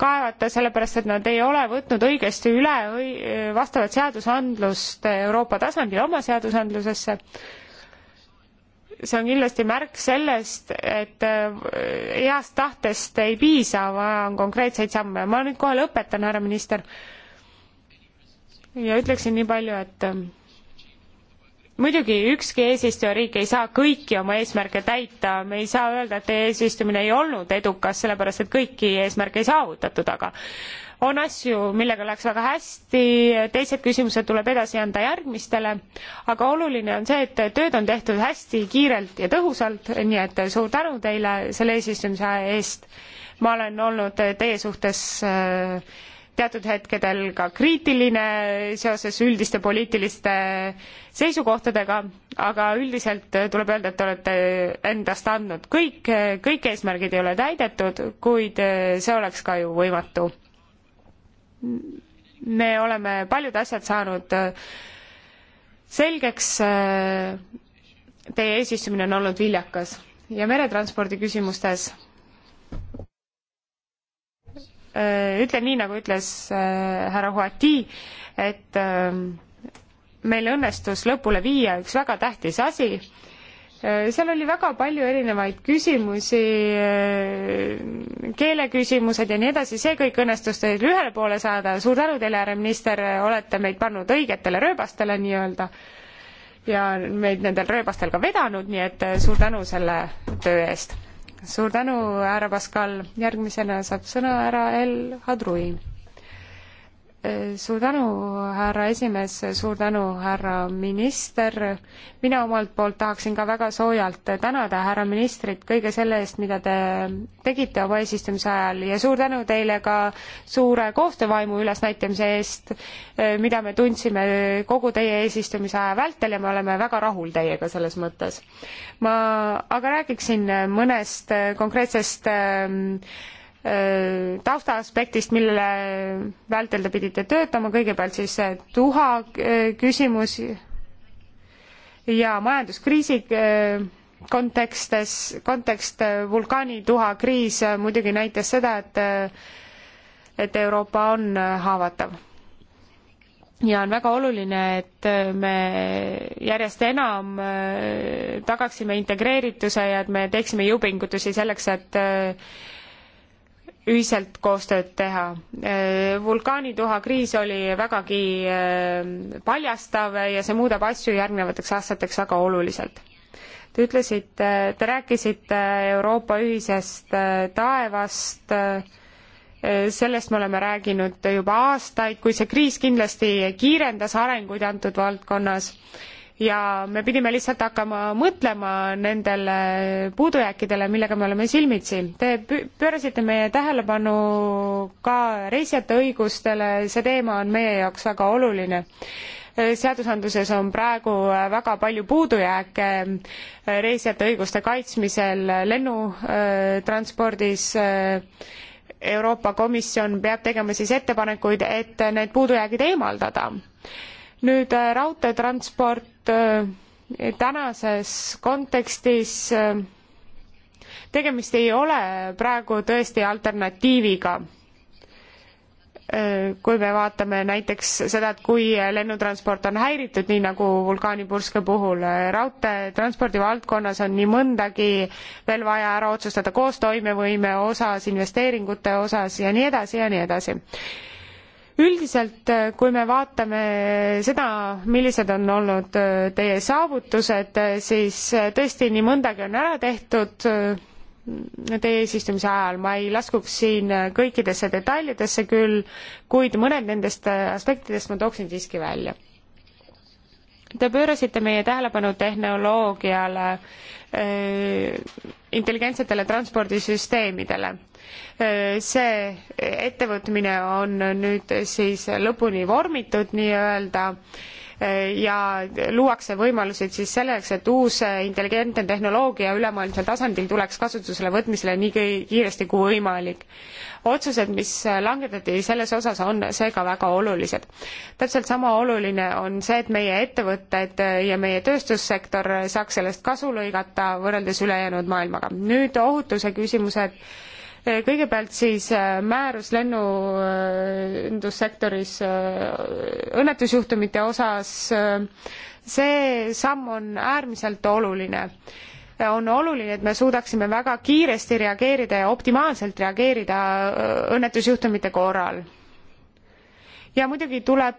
kaevata, sellepärast et nad ei ole võtnud õigesti üle vastavat seadusandlust Euroopa tasandil oma seadusandlusesse. see on kindlasti märk sellest, et äh, heast tahtest ei piisa, vaja on konkreetseid samme. ma nüüd kohe lõpetan, härra minister. ja ütleksin nii palju, et muidugi ükski eesistujariik ei saa kõiki oma eesmärke täita, me ei saa öelda, et teie eesistumine ei olnud edukas, sellepärast et kõiki eesmärke ei saavutatud, aga on asju, millega läks väga hästi, teised küsimused tuleb edasi anda järgmistele, aga oluline on see, et tööd on tehtud hästi, kiirelt ja tõhusalt, nii et suur tänu teile selle eesistumise eest. ma olen olnud teie suhtes äh, teatud hetkedel ka kriitiline seoses üldiste poliitiliste seisukohtadega, aga üldiselt tuleb öelda, et te olete endast andnud kõik, kõik eesmärgid ei ole täidetud, kuid see oleks ka ju võimatu. me oleme paljud asjad saanud selgeks, teie eesistumine on olnud viljakas ja meretranspordi küsimustes Äh, ütlen nii, nagu ütles äh, härra Huati, et äh, meil õnnestus lõpule viia üks väga tähtis asi. seal oli väga palju erinevaid küsimusi, keeleküsimused ja nii edasi, see kõik õnnestus teil ühele poole saada, suur tänu teile, härra minister, olete meid pannud õigetele rööbastele nii-öelda ja meid nendel rööbastel ka vedanud, nii et suur tänu selle töö eest suur tänu, härra Pascal, järgmisena saab sõna härra El Hadrui suur tänu, härra esimees, suur tänu, härra minister. mina omalt poolt tahaksin ka väga soojalt tänada härra ministrit kõige selle eest, mida te tegite oma eesistumise ajal ja suur tänu teile ka suure koostöövaimu ülesnäitamise eest, eh, mida me tundsime kogu teie eesistumise aja vältel ja me oleme väga rahul teiega selles mõttes. ma aga räägiksin mõnest eh, konkreetsest äh, Äh, taustaaspektist, mille vältel te pidite töötama, kõigepealt siis tuha äh, küsimus ja majanduskriisi äh, kontekstes, kontekst vulkaanituha kriis muidugi näitas seda, et et Euroopa on haavatav ja on väga oluline, et me järjest enam tagaksime integreerituse ja et me teeksime jõupingutusi selleks, et ühiselt koostööd teha. Äh, vulkaanituha kriis oli vägagi äh, paljastav ja see muudab asju järgnevateks aastateks väga oluliselt. Te ütlesite, te rääkisite Euroopa ühisest äh, taevast, sellest me oleme rääkinud juba aastaid, kui see kriis kindlasti kiirendas arenguid antud valdkonnas ja me pidime lihtsalt hakkama mõtlema nendele puudujääkidele, millega me oleme silmitsi. Te pöörasite meie tähelepanu ka reisijate õigustele, see teema on meie jaoks väga oluline seadusandluses on praegu väga palju puudujääke reisijate õiguste kaitsmisel lennutranspordis euroopa komisjon peab tegema siis ettepanekuid et need puudujäägid eemaldada nüüd äh, raudteetransport äh, tänases kontekstis äh, tegemist ei ole praegu tõesti alternatiiviga kui me vaatame näiteks seda, et kui lennutransport on häiritud, nii nagu vulkaanipurske puhul, raudteetranspordi valdkonnas on nii mõndagi veel vaja ära otsustada koostoimevõime osas, investeeringute osas ja nii edasi ja nii edasi üldiselt, äh, kui me vaatame seda, millised on olnud äh, teie saavutused, äh, siis tõesti nii mõndagi on ära tehtud teie eesistumise ajal, ma ei laskuks siin kõikidesse detailidesse küll, kuid mõned nendest aspektidest ma tooksin siiski välja. Te pöörasite meie tähelepanu tehnoloogiale, intelligentsetele transpordisüsteemidele see ettevõtmine on nüüd siis lõpuni vormitud nii-öelda ja luuakse võimalused siis selleks, et uus intelligentne tehnoloogia ülemaailmsel tasandil tuleks kasutusele võtmisele nii kiiresti kui võimalik. otsused, mis langetati selles osas, on seega väga olulised. täpselt sama oluline on see, et meie ettevõtted ja meie tööstussektor saaks sellest kasu lõigata võrreldes ülejäänud maailmaga. nüüd ohutuse küsimused Eh, kõigepealt siis eh, määrus lennundussektoris eh, õnnetusjuhtumite osas, see samm on äärmiselt oluline. on oluline, et me suudaksime väga kiiresti reageerida ja optimaalselt reageerida õnnetusjuhtumite korral ja muidugi tuleb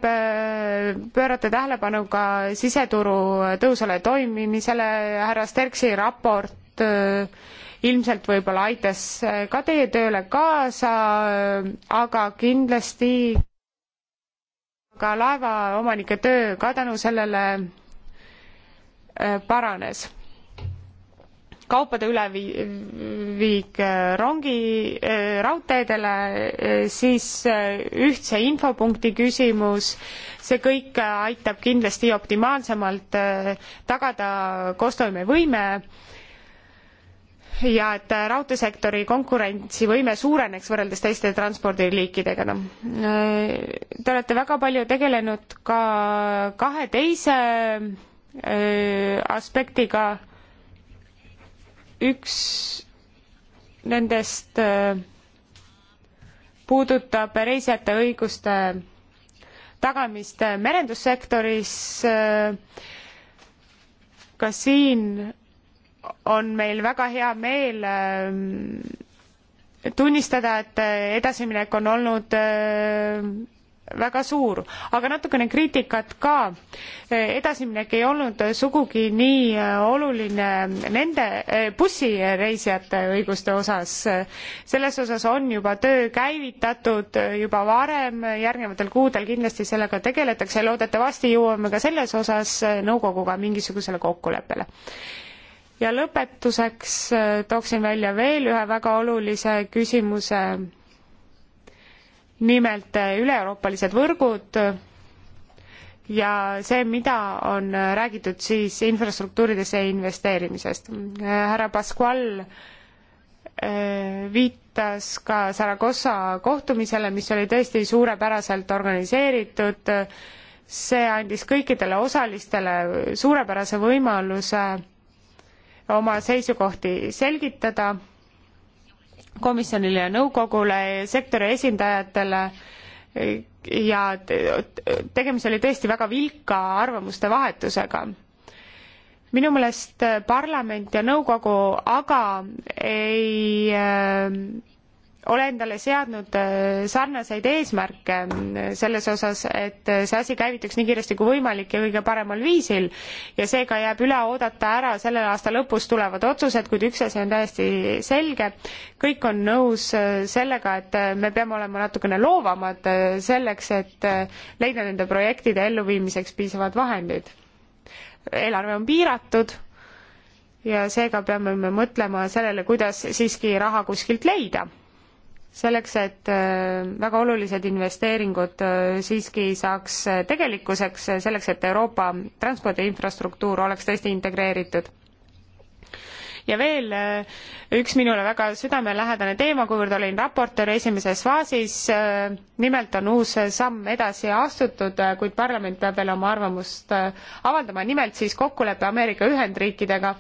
pöörata tähelepanu ka siseturu tõhusale toimimisele, härra Sterksi raport äh, ilmselt võib-olla aitas äh, ka teie tööle kaasa, äh, aga kindlasti ka laevaomanike töö ka tänu sellele äh, paranes kaupade üleviik rongi, raudteedele, siis ühtse infopunkti küsimus, see kõik aitab kindlasti optimaalsemalt tagada koostoimevõime ja et raudteesektori konkurentsivõime suureneks võrreldes teiste transpordiliikidega. Noh. Te olete väga palju tegelenud ka kahe teise aspektiga. üks nendest puudutab reisijate õiguste tagamist merendussektoris. ka siin on meil väga hea meel ähm, tunnistada, et äh, edasiminek on olnud äh, väga suur, aga natukene kriitikat ka. Äh, edasiminek ei olnud sugugi nii oluline nende bussireisijate õiguste osas. selles osas on juba töö käivitatud juba varem, järgnevatel kuudel kindlasti sellega tegeletakse, loodetavasti jõuame ka selles osas nõukoguga mingisugusele kokkuleppele ja lõpetuseks äh, tooksin välja veel ühe väga olulise küsimuse, nimelt äh, üle-euroopalised võrgud ja see, mida on äh, räägitud siis infrastruktuuridesse investeerimisest. härra Pascual viitas ka Saragossa kohtumisele, mis oli tõesti suurepäraselt organiseeritud, see andis kõikidele osalistele suurepärase võimaluse oma seisukohti selgitada komisjonile ja nõukogule, sektori esindajatele ja tegemist oli tõesti väga vilka arvamuste vahetusega. minu meelest parlament ja nõukogu aga ei äh, ole endale seadnud äh, sarnaseid eesmärke äh, selles osas, et äh, see asi käivituks nii kiiresti kui võimalik ja kõige paremal viisil ja seega jääb üle oodata ära selle aasta lõpus tulevad otsused, kuid üks asi on täiesti selge, kõik on nõus sellega, et me peame olema natukene loovamad selleks, et leida nende projektide elluviimiseks piisavad vahendid. eelarve on piiratud ja seega peame me mõtlema sellele, kuidas siiski raha kuskilt leida selleks, et äh, väga olulised investeeringud äh, siiski saaks äh, tegelikkuseks, selleks et Euroopa transpordi infrastruktuur oleks tõesti integreeritud. ja veel üks minule väga südamelähedane teema, kuivõrd olin raportöör esimeses faasis, nimelt on uus samm edasi astutud, kuid parlament peab veel oma arvamust avaldama, nimelt siis kokkulepe Ameerika Ühendriikidega.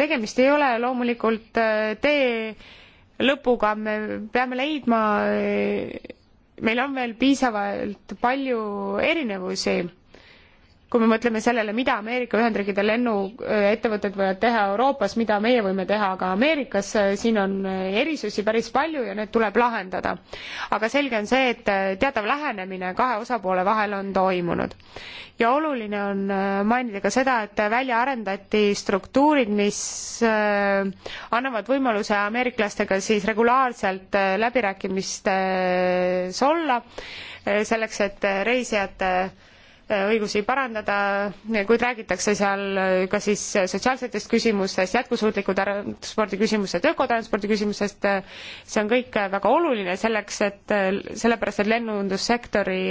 tegemist ei ole loomulikult tee lõpuga, me peame leidma, meil on veel piisavalt palju erinevusi kui me mõtleme sellele, mida Ameerika Ühendriikide lennuettevõtted võivad teha Euroopas, mida meie võime teha aga Ameerikas, äh, siin on äh, erisusi päris palju ja need tuleb lahendada. aga selge on see, et äh, teatav lähenemine kahe osapoole vahel on toimunud. ja oluline on mainida ka seda, et välja arendati struktuurid, mis annavad võimaluse ameeriklastega siis regulaarselt läbirääkimistes olla, selleks et reisijate õigusi parandada, kuid räägitakse seal ka siis sotsiaalsetest küsimustest, jätkusuutliku transpordi küsimusest, ökotranspordi küsimusest, see on kõik väga oluline selleks, et sellepärast, et lennundussektori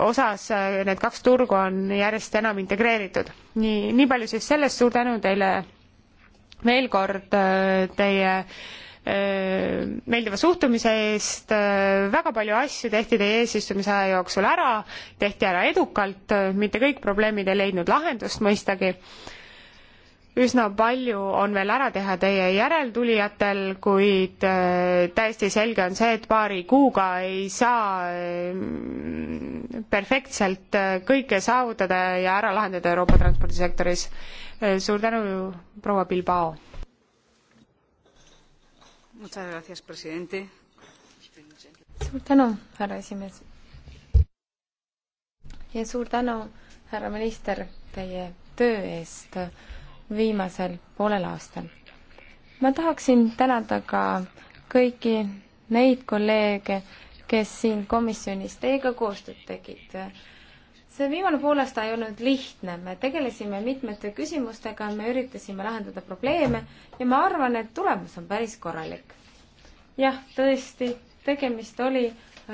osas need kaks turgu on järjest enam integreeritud. nii, nii palju siis sellest, suur tänu teile veel kord teie Äh, meeldiva suhtumise eest, äh, väga palju asju tehti teie eesistumise aja jooksul ära, tehti ära edukalt, äh, mitte kõik probleemid ei leidnud lahendust mõistagi. üsna palju on veel ära teha teie järeltulijatel, kuid täiesti selge on see, et paari kuuga ei saa perfektselt kõike saavutada ja ära lahendada Euroopa transpordisektoris. suur tänu, proua Bilbao! suur
tänu, härra esimees. ja suur tänu, härra minister, teie töö eest viimasel poolel aastal. ma tahaksin tänada ka kõiki neid kolleege, kes siin komisjonis teiega koostööd tegid see viimane poolaasta ei olnud lihtne, me tegelesime mitmete küsimustega, me üritasime lahendada probleeme ja ma arvan, et tulemus on päris korralik. jah, tõesti, tegemist oli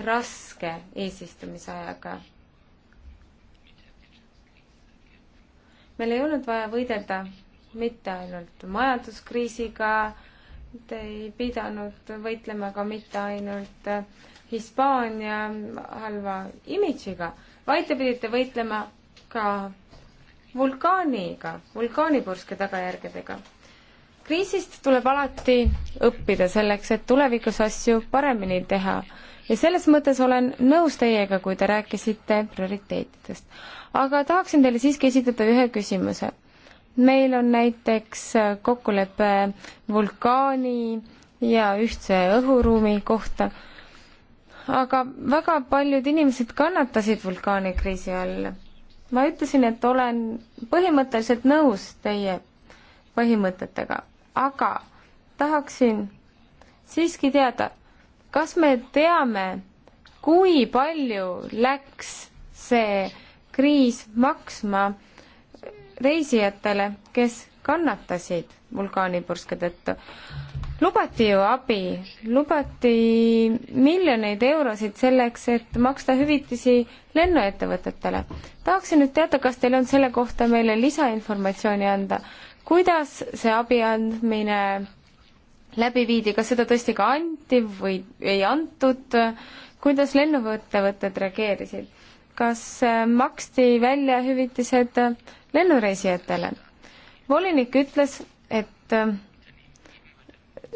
raske eesistumisajaga. meil ei olnud vaja võidelda mitte ainult majanduskriisiga, te ei pidanud võitlema ka mitte ainult Hispaania halva imidžiga vaid te pidite võitlema ka vulkaaniga, vulkaanipurske tagajärgedega. kriisist tuleb alati õppida selleks, et tulevikus asju paremini teha ja selles mõttes olen nõus teiega, kui te rääkisite prioriteetidest. aga tahaksin teile siiski esitada ühe küsimuse. meil on näiteks kokkulepe vulkaani ja ühtse õhuruumi kohta aga väga paljud inimesed kannatasid vulkaanikriisi all. ma ütlesin, et olen põhimõtteliselt nõus teie põhimõtetega, aga tahaksin siiski teada, kas me teame, kui palju läks see kriis maksma reisijatele, kes kannatasid vulkaanipurske tõttu lubati ju abi, lubati miljoneid eurosid selleks, et maksta hüvitisi lennuettevõtetele. tahaksin nüüd teada, kas teil on selle kohta meile lisainformatsiooni anda, kuidas see abi andmine läbi viidi, kas seda tõesti ka anti või ei antud, kuidas lennuettevõtted reageerisid, kas äh, maksti välja hüvitised lennureisijatele? volinik ütles, et äh,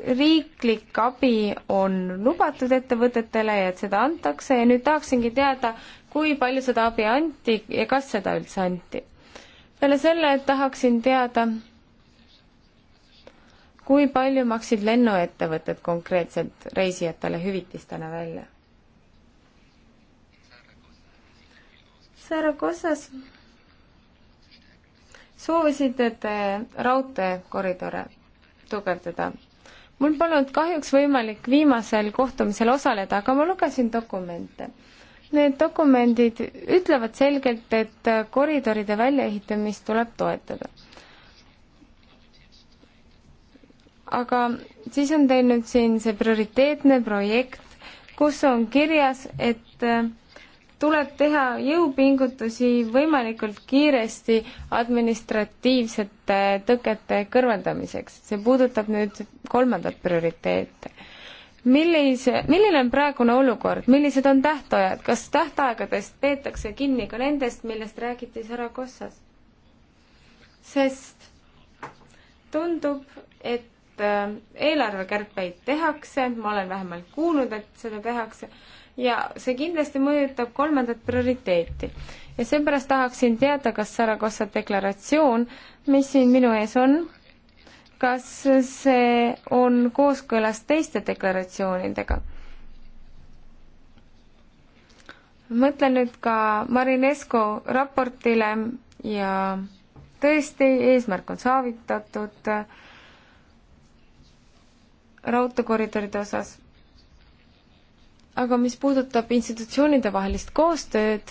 riiklik abi on lubatud ettevõtetele ja et seda antakse ja nüüd tahaksingi teada, kui palju seda abi anti ja kas seda üldse anti. peale selle tahaksin teada, kui palju maksid lennuettevõtted konkreetselt reisijatele hüvitistena välja? Saragossas soovisid, et raudteekoridore tugevdada mul polnud kahjuks võimalik viimasel kohtumisel osaleda, aga ma lugesin dokumente. Need dokumendid ütlevad selgelt, et koridoride väljaehitamist tuleb toetada. aga siis on teil nüüd siin see prioriteetne projekt, kus on kirjas, et tuleb teha jõupingutusi võimalikult kiiresti administratiivsete tõkete kõrvaldamiseks. see puudutab nüüd kolmandat prioriteeti millise, milline on praegune olukord, millised on tähtajad, kas tähtaegadest peetakse kinni ka nendest, millest räägiti Saragossas? sest tundub, et äh, eelarvekärpeid tehakse, ma olen vähemalt kuulnud, et seda tehakse, ja see kindlasti mõjutab kolmandat prioriteeti. ja seepärast tahaksin teada, kas Saragossa deklaratsioon, mis siin minu ees on, kas see on kooskõlas teiste deklaratsioonidega? mõtlen nüüd ka Marinesko raportile ja tõesti, eesmärk on saavutatud raudteekoridoride osas aga mis puudutab institutsioonide vahelist koostööd,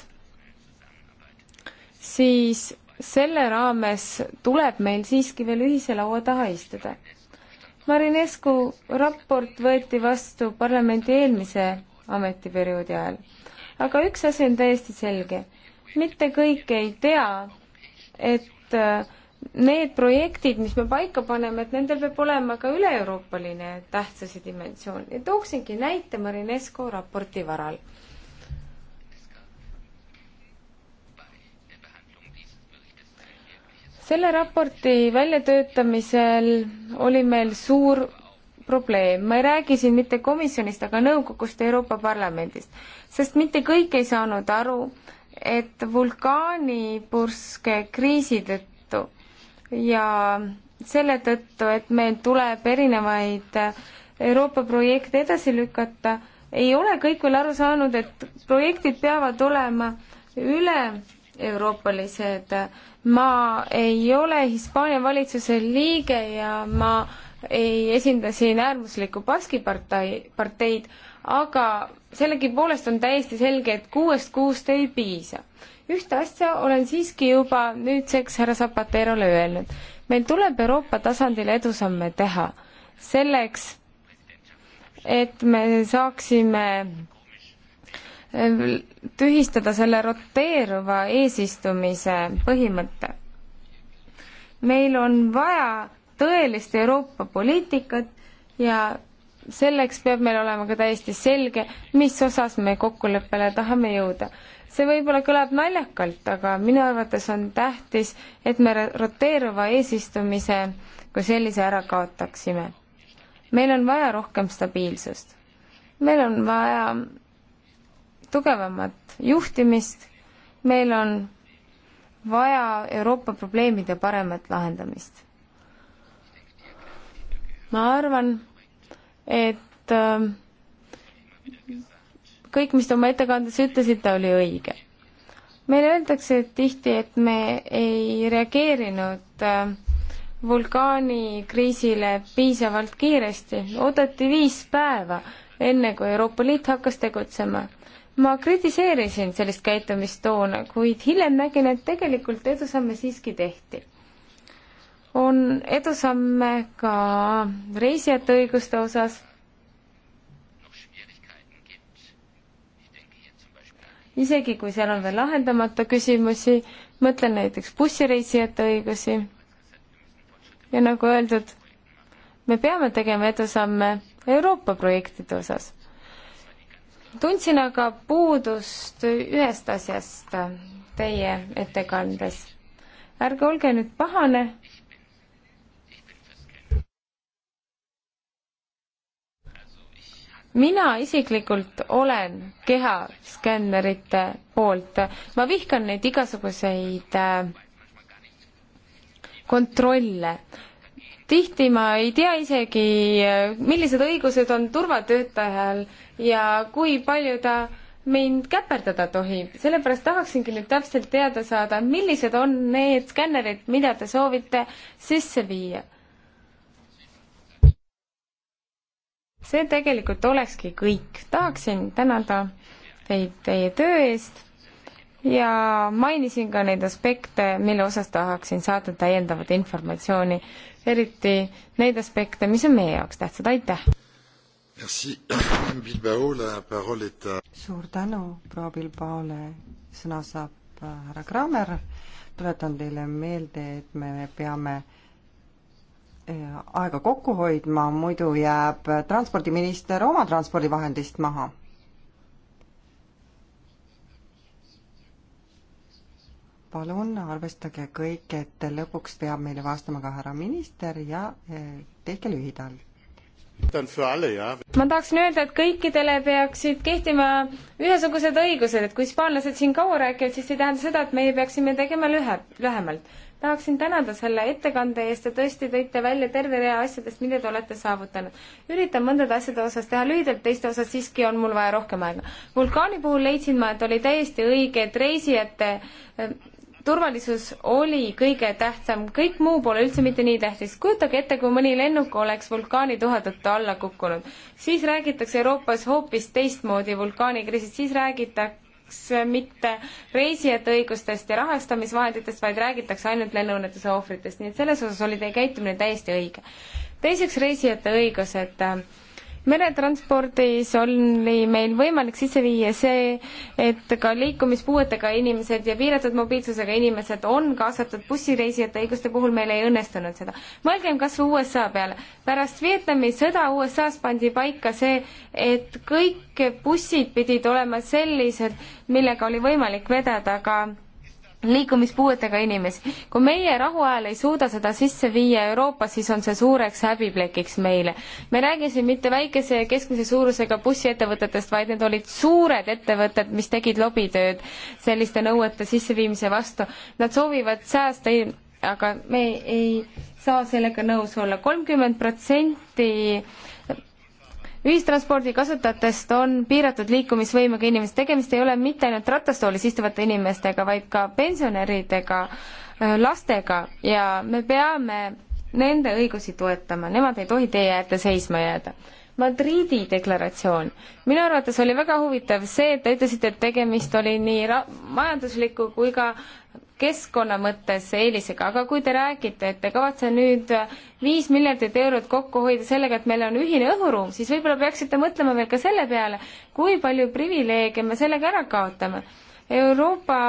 siis selle raames tuleb meil siiski veel ühise laua taha istuda. Marinescu raport võeti vastu parlamendi eelmise ametiperioodi ajal. aga üks asi on täiesti selge, mitte kõik ei tea, et äh, need projektid, mis me paika paneme, et nendel peab olema ka üle-euroopaline tähtsuse dimensioon ja tooksingi näite Marinesco raporti varal. selle raporti väljatöötamisel oli meil suur probleem, ma ei räägi siin mitte komisjonist, aga nõukogust ja Euroopa Parlamendist, sest mitte kõik ei saanud aru, et vulkaanipurske kriisid, et ja selle tõttu, et meil tuleb erinevaid Euroopa projekte edasi lükata, ei ole kõik veel aru saanud, et projektid peavad olema üle-euroopalised. ma ei ole Hispaania valitsuse liige ja ma ei esinda siin äärmuslikku Baski partei, parteid, aga sellegipoolest on täiesti selge, et kuuest kuust ei piisa ühte asja olen siiski juba nüüdseks härra Zapaterole öelnud. meil tuleb Euroopa tasandil edusamme teha selleks, et me saaksime eh, tühistada selle roteeruva eesistumise põhimõtte. meil on vaja tõelist Euroopa poliitikat ja selleks peab meil olema ka täiesti selge, mis osas me kokkuleppele tahame jõuda see võib-olla kõlab naljakalt, aga minu arvates on tähtis, et me roteeruva eesistumise kui sellise ära kaotaksime. meil on vaja rohkem stabiilsust. meil on vaja tugevamat juhtimist, meil on vaja Euroopa probleemide paremat lahendamist. ma arvan, et äh, kõik, mis te oma ettekandes ütlesite, oli õige. meile öeldakse tihti, et me ei reageerinud äh, vulkaani kriisile piisavalt kiiresti, oodati viis päeva, enne kui Euroopa Liit hakkas tegutsema. ma kritiseerisin sellist käitumist toona, kuid hiljem nägin, et tegelikult edusamme siiski tehti. on edusamme ka reisijate õiguste osas isegi kui seal on veel lahendamata küsimusi, mõtlen näiteks bussireisijate õigusi. ja nagu öeldud, me peame tegema edusamme Euroopa projektide osas. tundsin aga puudust ühest asjast teie ettekandes. ärge olge nüüd pahane, mina isiklikult olen kehaskännerite poolt, ma vihkan neid igasuguseid äh, kontrolle. tihti ma ei tea isegi, äh, millised õigused on turvatöötajal ja kui palju ta mind käperdada tohib, sellepärast tahaksingi nüüd täpselt teada saada, millised on need skännerid, mida te soovite sisse viia see tegelikult olekski kõik. tahaksin tänada teid teie töö eest ja mainisin ka neid aspekte, mille osas tahaksin saada täiendavat informatsiooni, eriti neid aspekte, mis on meie jaoks tähtsad, aitäh! suur tänu, proua
Bilbaole, sõna saab äh, härra Kramer, tuletan teile meelde, et me peame aega kokku hoidma, muidu jääb transpordiminister oma transpordivahendist maha. palun arvestage kõik, et lõpuks peab meile vastama ka härra minister ja eh, tehke lühidalt
ma tahaksin öelda, et kõikidele peaksid kehtima ühesugused õigused, et kui hispaanlased siin kaua räägivad, siis ei tähenda seda, et meie peaksime tegema lühe, lühemalt tahaksin tänada selle ettekande eest ja tõesti tõite välja terve rea asjadest, mida te olete saavutanud. üritan mõndade asjade osas teha lühidalt, teiste osas siiski on mul vaja rohkem aega. vulkaani puhul leidsin ma, et oli täiesti õige, et reisijate eh, turvalisus oli kõige tähtsam, kõik muu pole üldse mitte nii tähtis. kujutage ette, kui mõni lennuk oleks vulkaani tuha tõttu alla kukkunud. siis räägitakse Euroopas hoopis teistmoodi vulkaanikriisist, siis räägitakse räägitakse mitte reisijate õigustest ja rahastamisvahenditest, vaid räägitakse ainult lennuõnnetuse ohvritest, nii et selles osas oli teie käitumine täiesti õige. teiseks, reisijate õigused et meretranspordis oli meil võimalik sisse viia see, et ka liikumispuuetega inimesed ja piiratud mobiilsusega inimesed on kaasatud bussireisijate õiguste puhul, meil ei õnnestunud seda. mõelgem kas või USA peale. pärast Vietnami sõda USA-s pandi paika see, et kõik bussid pidid olema sellised, millega oli võimalik vedada ka liikumispuuetega inimesi. kui meie rahuajal ei suuda seda sisse viia Euroopas, siis on see suureks häbiplekiks meile. me ei räägi siin mitte väikese ja keskmise suurusega bussiettevõtetest, vaid need olid suured ettevõtted, mis tegid lobitööd selliste nõuete sisseviimise vastu. Nad soovivad säästa, aga me ei saa sellega nõus olla. kolmkümmend protsenti ühistranspordi kasutajatest on piiratud liikumisvõimega inimesed, tegemist ei ole mitte ainult ratastoolis istuvate inimestega, vaid ka pensionäridega, äh, lastega ja me peame nende õigusi toetama, nemad ei tohi tee äärde seisma jääda Madridi deklaratsioon. minu arvates oli väga huvitav see, et te ütlesite, et tegemist oli nii majandusliku kui ka keskkonna mõttes eelisega, aga kui te räägite, et te kavatsete nüüd viis miljardit eurot kokku hoida sellega, et meil on ühine õhuruum, siis võib-olla peaksite mõtlema veel ka selle peale, kui palju privileege me sellega ära kaotame. Euroopa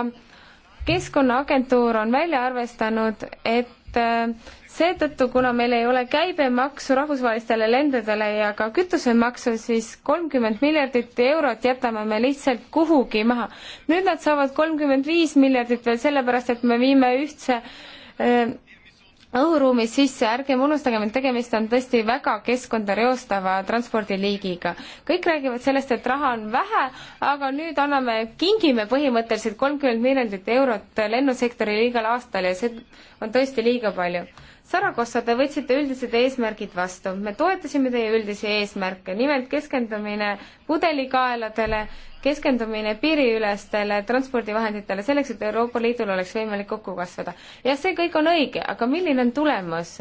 Keskkonnaagentuur on välja arvestanud, et Äh, seetõttu, kuna meil ei ole käibemaksu rahvusvahelistele lendadele ja ka kütusemaksu, siis kolmkümmend miljardit eurot jätame me lihtsalt kuhugi maha. nüüd nad saavad kolmkümmend viis miljardit veel sellepärast, et me viime ühtse äh, õhuruumis sisse, ärgem unustagem, et tegemist on tõesti väga keskkonda reostava transpordiliigiga. kõik räägivad sellest, et raha on vähe, aga nüüd anname, kingime põhimõtteliselt kolmkümmend miljardit eurot lennusektorile igal aastal ja see on tõesti liiga palju. Saragossa, te võtsite üldised eesmärgid vastu. me toetasime teie üldisi eesmärke, nimelt keskendumine pudelikaeladele keskendumine piiriülestele transpordivahenditele selleks, et Euroopa Liidul oleks võimalik kokku kasvada. jah, see kõik on õige, aga milline on tulemus?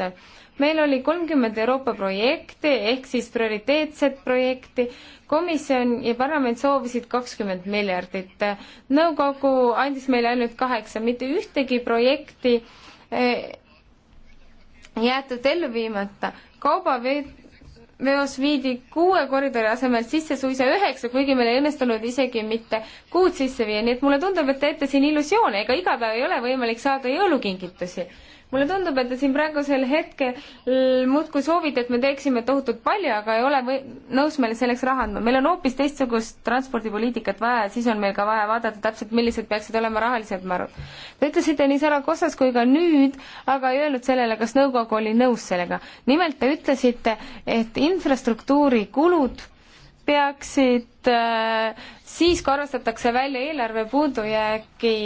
meil oli kolmkümmend Euroopa projekti ehk siis prioriteetset projekti, komisjon ja parlament soovisid kakskümmend miljardit. nõukogu andis meile ainult kaheksa, mitte ühtegi projekti eh, jäetud ellu viimata. kaubaveed veos viidi kuue koridori asemel sisse suisa üheksa, kuigi meil ei õnnestunud isegi mitte kuud sisse viia, nii et mulle tundub, et teete siin illusioone, ega iga päev ei ole võimalik saada jõulukingitusi mulle tundub, et te siin praegusel hetkel muudkui soovite, et me teeksime tohutult palju, aga ei ole või, nõus meile selleks raha andma. meil on hoopis teistsugust transpordipoliitikat vaja ja siis on meil ka vaja vaadata täpselt, millised peaksid olema rahalised määrad. Te ütlesite nii Saragossas kui ka nüüd, aga ei öelnud sellele, kas nõukogu oli nõus sellega. nimelt te ütlesite, et infrastruktuuri kulud peaksid äh, siis, kui arvestatakse välja eelarve puudujääki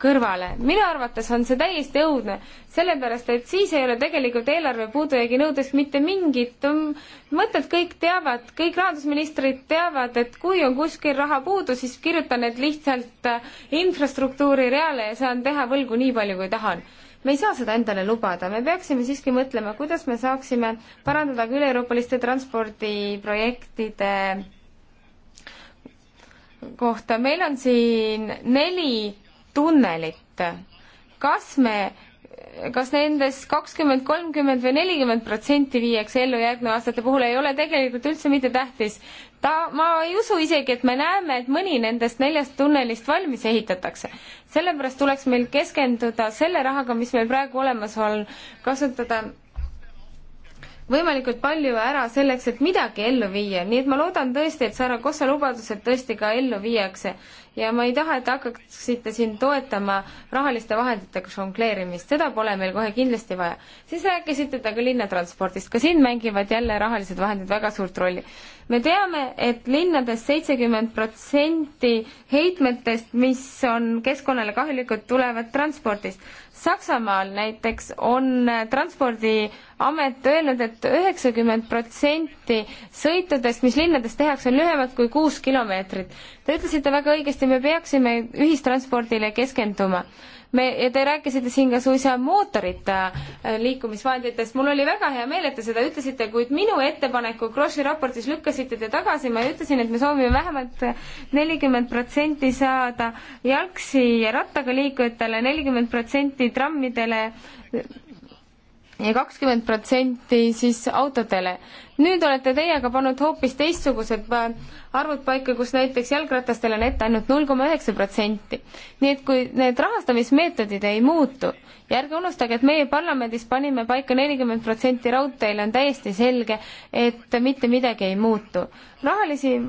kõrvale. minu arvates on see täiesti õudne sellepärast, et siis ei ole tegelikult eelarve puudujäägi nõudest mitte mingit mõtet, kõik teavad, kõik rahandusministrid teavad, et kui on kuskil raha puudu, siis kirjutan need lihtsalt äh, infrastruktuuri reale ja saan teha võlgu nii palju, kui tahan me ei saa seda endale lubada, me peaksime siiski mõtlema, kuidas me saaksime parandada ka üle-euroopaliste transpordiprojektide kohta. meil on siin neli tunnelit. kas me kas nendest kakskümmend, kolmkümmend või nelikümmend protsenti viiakse ellu järgnevaastate puhul, ei ole tegelikult üldse mitte tähtis. ta, ma ei usu isegi, et me näeme, et mõni nendest neljast tunnelist valmis ehitatakse. sellepärast tuleks meil keskenduda selle rahaga, mis meil praegu olemas on, kasutada võimalikult palju ära selleks, et midagi ellu viia, nii et ma loodan tõesti, et Saragossa lubadused tõesti ka ellu viiakse ja ma ei taha, et hakkaksite siin toetama rahaliste vahenditega žongleerimist, seda pole meil kohe kindlasti vaja. siis rääkisite te ka linnatranspordist, ka siin mängivad jälle rahalised vahendid väga suurt rolli. me teame, et linnades seitsekümmend protsenti heitmetest, mis on keskkonnale kahjulikud, tulevad transpordist Saksamaal näiteks on Transpordiamet öelnud et, et üheksakümmend protsenti sõitudest, mis linnades tehakse, on lühemad kui kuus kilomeetrit. Te ütlesite väga õigesti, me peaksime ühistranspordile keskenduma me, ja te rääkisite siin ka suisa mootorita äh, liikumisvahenditest, mul oli väga hea meel, et te seda ütlesite, kuid minu ettepaneku Grossi raportis lükkasite te tagasi, ma ütlesin, et me soovime vähemalt nelikümmend protsenti saada jalgsi ja rattaga liikujatele, nelikümmend protsenti trammidele ja kakskümmend protsenti siis autodele. nüüd olete teie aga pannud hoopis teistsugused äh, arvud paika, kus näiteks jalgratastele on ette ainult null koma üheksa protsenti. nii et kui need rahastamismeetodid ei muutu ja ärge unustage, et meie parlamendis panime paika nelikümmend protsenti raudteele, on täiesti selge, et mitte midagi ei muutu. rahalisi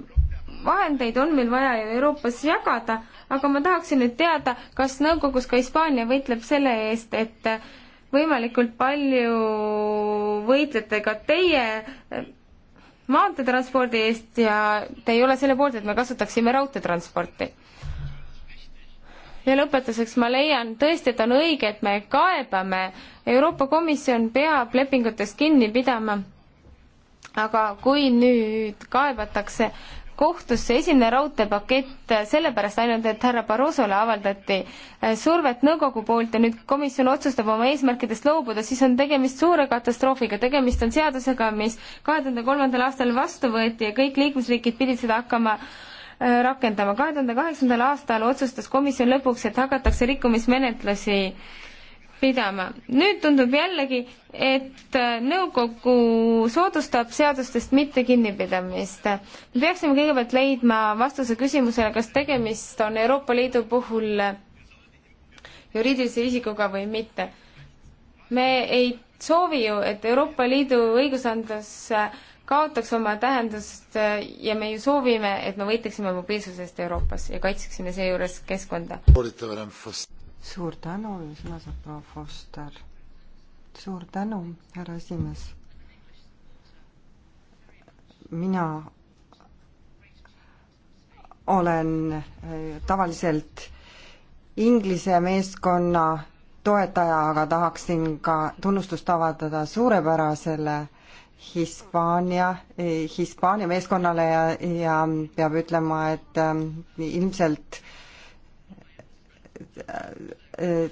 vahendeid on meil vaja ju Euroopas jagada, aga ma tahaksin nüüd teada, kas nõukogus ka Hispaania võitleb selle eest, et võimalikult palju võitlete ka teie maanteetranspordi eest ja te ei ole selle poolt, et me kasutaksime raudteetransporti. ja lõpetuseks ma leian tõesti, et on õige, et me kaebame, Euroopa Komisjon peab lepingutest kinni pidama, aga kui nüüd kaevatakse kohtusse, esimene raudteepakett, äh, sellepärast ainult, et härra Barrosole avaldati äh, survet nõukogu poolt ja nüüd komisjon otsustab oma eesmärkidest loobuda, siis on tegemist suure katastroofiga, tegemist on seadusega, mis kahe tuhande kolmandal aastal vastu võeti ja kõik liikmesriigid pidid seda hakkama äh, rakendama. kahe tuhande kaheksandal aastal otsustas komisjon lõpuks, et hakatakse rikkumismenetlusi pidama. nüüd tundub jällegi, et äh, nõukogu soodustab seadustest mitte kinnipidamist. me peaksime kõigepealt leidma vastuse küsimusele, kas tegemist on Euroopa Liidu puhul äh, juriidilise isikuga või mitte. me ei soovi ju, et Euroopa Liidu õigusandlus äh, kaotaks oma tähendust ja me ju soovime, et me võitleksime mobiilsusest Euroopas ja kaitseksime seejuures keskkonda suur tänu, sõna saab proua Foster.
suur tänu, härra esimees. mina olen eh, tavaliselt Inglise meeskonna toetaja, aga tahaksin ka tunnustust avaldada suurepärasele Hispaania, eh, Hispaania meeskonnale ja, ja peab ütlema, et eh, ilmselt äh, Äh,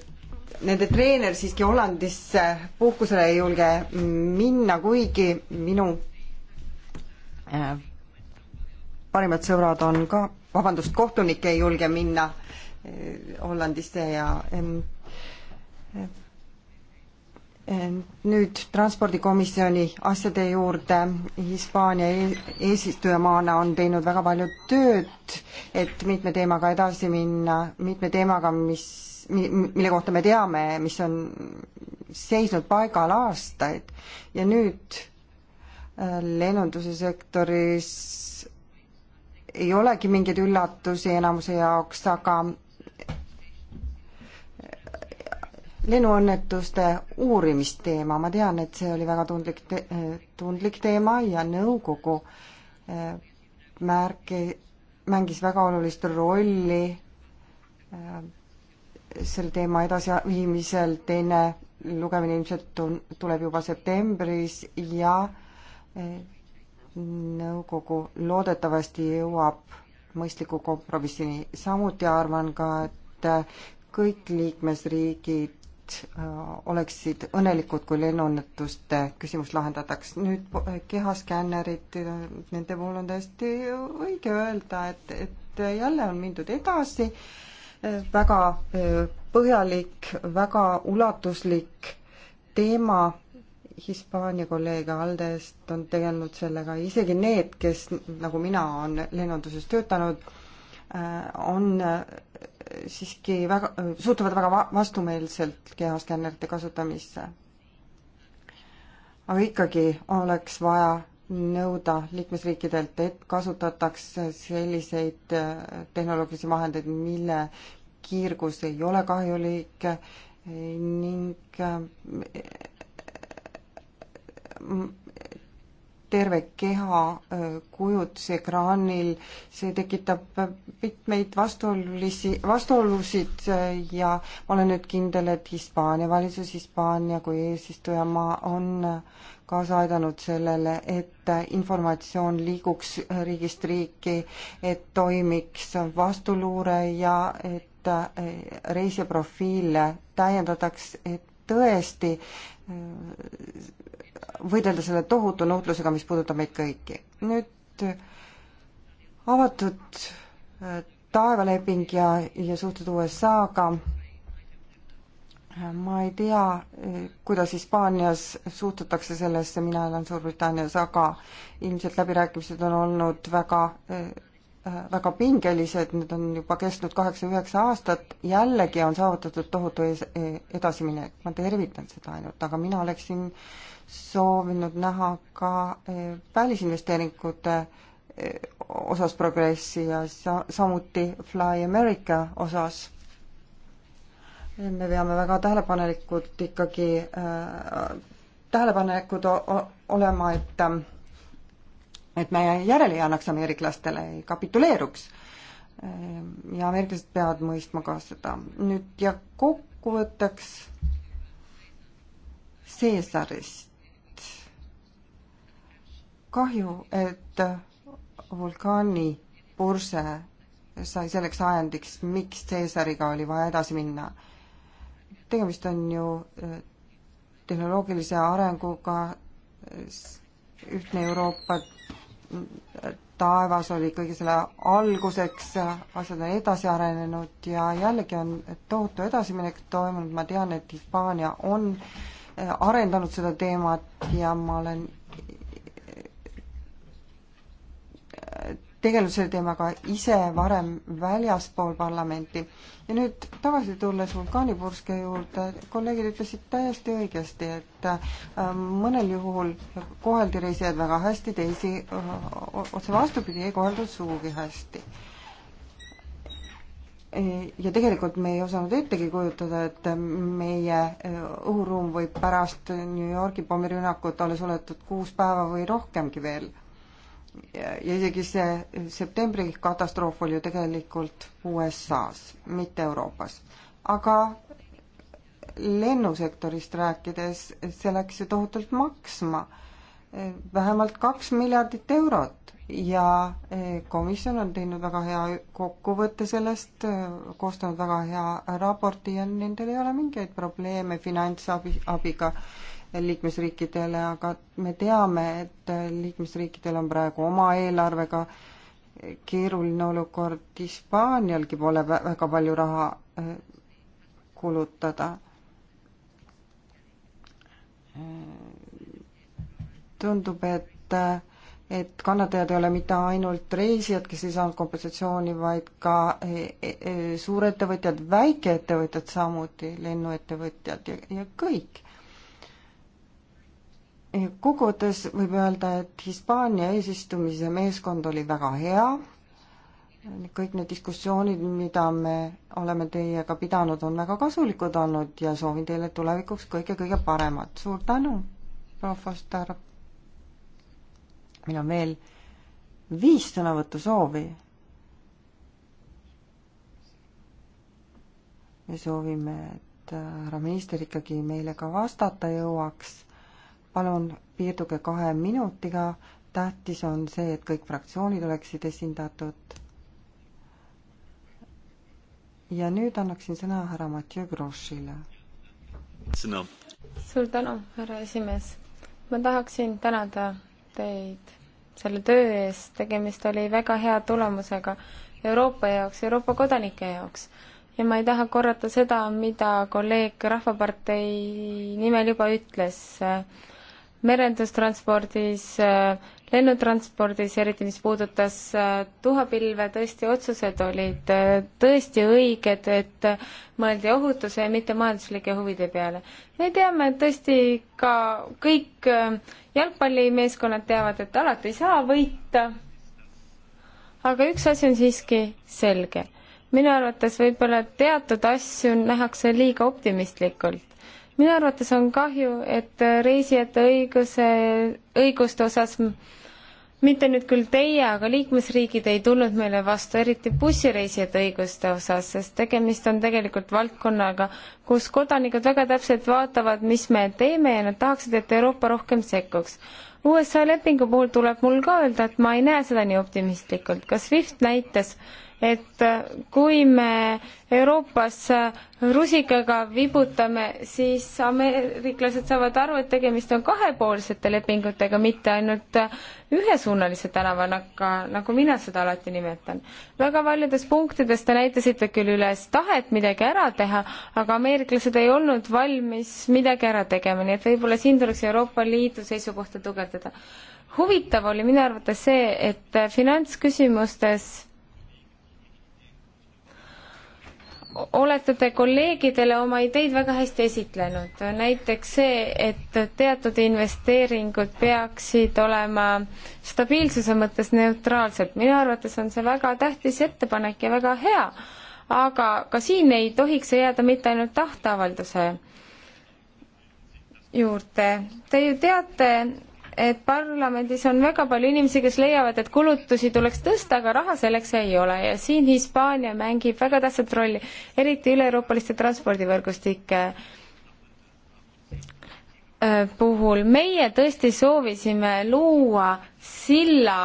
nende treener siiski Hollandisse puhkusele ei julge minna, kuigi minu äh, parimad sõbrad on ka, vabandust, kohtunik ei julge minna äh, Hollandisse ja ähm, nüüd transpordikomisjoni asjade juurde. Hispaania e-, eesistujamaana on teinud väga palju tööd, et mitme teemaga edasi minna, mitme teemaga, mis, mille kohta me teame, mis on seisnud paigal aastaid ja nüüd äh, lennunduse sektoris ei olegi mingeid üllatusi enamuse jaoks, aga lennuõnnetuste uurimisteema, ma tean, et see oli väga tundlik te-, tundlik teema ja nõukogu eh, märki, mängis väga olulist rolli eh, selle teema edasiviimisel, teine lugemine ilmselt on, tuleb juba septembris ja eh, nõukogu loodetavasti jõuab mõistliku kompromissini. samuti arvan ka, et kõik liikmesriigid Äh, oleksid õnnelikud, kui lennuõnnetuste küsimus lahendataks. nüüd äh, kehaskännerid, äh, nende puhul on täiesti õige öelda, et, et jälle on mindud edasi, väga põhjalik, väga ulatuslik teema, Hispaania kolleeg Aldest on tegelenud sellega, isegi need, kes nagu mina, on lennunduses töötanud, on siiski väga, suhtuvad väga vastumeelselt kehaskännerite kasutamisse. aga ikkagi oleks vaja nõuda liikmesriikidelt, et kasutataks selliseid äh, tehnoloogilisi vahendeid, mille kiirgus ei ole kahjulik äh, ning äh, terve keha kujutis ekraanil, see tekitab mitmeid vastuolulisi, vastuolusid ja ma olen nüüd kindel, et Hispaania valitsus, Hispaania kui eesistujamaa on kaasa aidanud sellele, et informatsioon liiguks riigist riiki, et toimiks vastuluure ja et reisiprofiile täiendataks, et tõesti võidelda selle tohutu nõudlusega, mis puudutab meid kõiki. nüüd äh, avatud äh, taevaleping ja, ja suhted USA-ga, äh, ma ei tea, kuidas Hispaanias suhtutakse sellesse, mina elan Suurbritannias, aga ilmselt läbirääkimised on olnud väga väga pingelised, need on juba kestnud kaheksa-üheksa aastat, jällegi on saavutatud tohutu ees, e-, edasiminek, ma tervitan seda ainult, aga mina oleksin äh, soovinud näha ka eh, välisinvesteeringute eh, osas progressi ja sa-, samuti Fly America osas me peame väga tähelepanelikult ikkagi äh, eh, tähelepanelikud olema, et et me järele ei annaks ameeriklastele, ei kapituleeruks äh,. ja ameeriklased peavad mõistma ka seda. nüüd ja kokkuvõtteks Caesarist kahju, et vulkaani purse sai selleks ajendiks, miks Caesariga oli vaja edasi minna. tegemist on ju äh, tehnoloogilise arenguga, ühtne Euroopa äh, taevas oli kõige selle alguseks, asjad on edasi arenenud ja jällegi on tohutu edasiminek toimunud, ma tean, et Hispaania on äh, arendanud seda teemat ja ma olen tegelenud selle teemaga ise varem väljaspool parlamenti. ja nüüd tagasi tulles vulkaanipurske juurde, kolleegid ütlesid täiesti õigesti, et äh, mõnel juhul koheldi reisijaid väga hästi, teisi otse vastupidi ei koheldud sugugi hästi. E, ja tegelikult me ei osanud ettegi kujutada, et meie õhuruum võib pärast New Yorgi pommirünnakut olla suletud kuus päeva või rohkemgi veel ja isegi see septembri katastroof oli ju tegelikult USA-s, mitte Euroopas. aga lennusektorist rääkides, see läks ju tohutult maksma, vähemalt kaks miljardit eurot ja eh, komisjon on teinud väga hea kokkuvõtte sellest, koostanud väga hea raporti ja nendel ei ole mingeid probleeme finantsabi, abiga liikmesriikidele, aga me teame, et liikmesriikidel on praegu oma eelarvega keeruline olukord, Hispaanialgi pole väga palju raha eh, kulutada. Eh, tundub, et, eh, et kannatajad ei ole mitte ainult reisijad, kes ei saanud kompensatsiooni, vaid ka suurettevõtjad, väikeettevõtjad samuti, lennuettevõtjad ja, ja kõik kokkuvõttes võib öelda, et Hispaania eesistumise meeskond oli väga hea, kõik need diskussioonid, mida me oleme teiega pidanud, on väga kasulikud olnud ja soovin teile tulevikuks kõige-kõige paremat. suur tänu, proua Foster. meil on veel viis sõnavõtusoovi. me soovime, et äh, härra minister ikkagi meile ka vastata jõuaks palun piirduge kahe minutiga, tähtis on see, et kõik fraktsioonid oleksid esindatud. ja nüüd annaksin sõna härra Mathieu Grossile.
sõna.
suur tänu, härra esimees. ma tahaksin tänada teid selle töö eest, tegemist oli väga hea tulemusega Euroopa jaoks, Euroopa kodanike jaoks ja ma ei taha korrata seda, mida kolleeg Rahvapartei nimel juba ütles äh, merendustranspordis, äh, lennutranspordis, eriti mis puudutas äh, tuhapilve, tõesti otsused olid äh, tõesti õiged, et mõeldi ohutuse ja mitte majanduslike huvide peale. me teame, et tõesti ka kõik jalgpallimeeskonnad teavad, et alati ei saa võita, aga üks asi on siiski selge. minu arvates võib-olla teatud asju nähakse liiga optimistlikult minu arvates on kahju, et reisijate õiguse, õiguste osas mitte nüüd küll teie, aga liikmesriigid ei tulnud meile vastu, eriti bussireisijate õiguste osas, sest tegemist on tegelikult valdkonnaga, kus kodanikud väga täpselt vaatavad, mis me teeme ja nad tahaksid, et Euroopa rohkem sekkuks. USA lepingu puhul tuleb mul ka öelda, et ma ei näe seda nii optimistlikult. ka SWIFT näitas, et kui me Euroopas rusikaga vibutame, siis ameeriklased saavad aru, et tegemist on kahepoolsete lepingutega, mitte ainult ühesuunalise tänavanaga, nagu mina seda alati nimetan. väga paljudes punktides te näitasite küll üles tahet midagi ära teha, aga ameeriklased ei olnud valmis midagi ära tegema, nii et võib-olla siin tuleks Euroopa Liidu seisukohta tugevdada huvitav oli minu arvates see, et finantsküsimustes olete te kolleegidele oma ideid väga hästi esitlenud, näiteks see, et teatud investeeringud peaksid olema stabiilsuse mõttes neutraalsed, minu arvates on see väga tähtis ettepanek ja väga hea, aga ka siin ei tohiks see jääda mitte ainult tahteavalduse juurde. Te ju teate, et parlamendis on väga palju inimesi, kes leiavad, et kulutusi tuleks tõsta, aga raha selleks ei ole ja siin Hispaania mängib väga tähtsat rolli, eriti üle-euroopaliste transpordivõrgustike äh, puhul. meie tõesti soovisime luua silla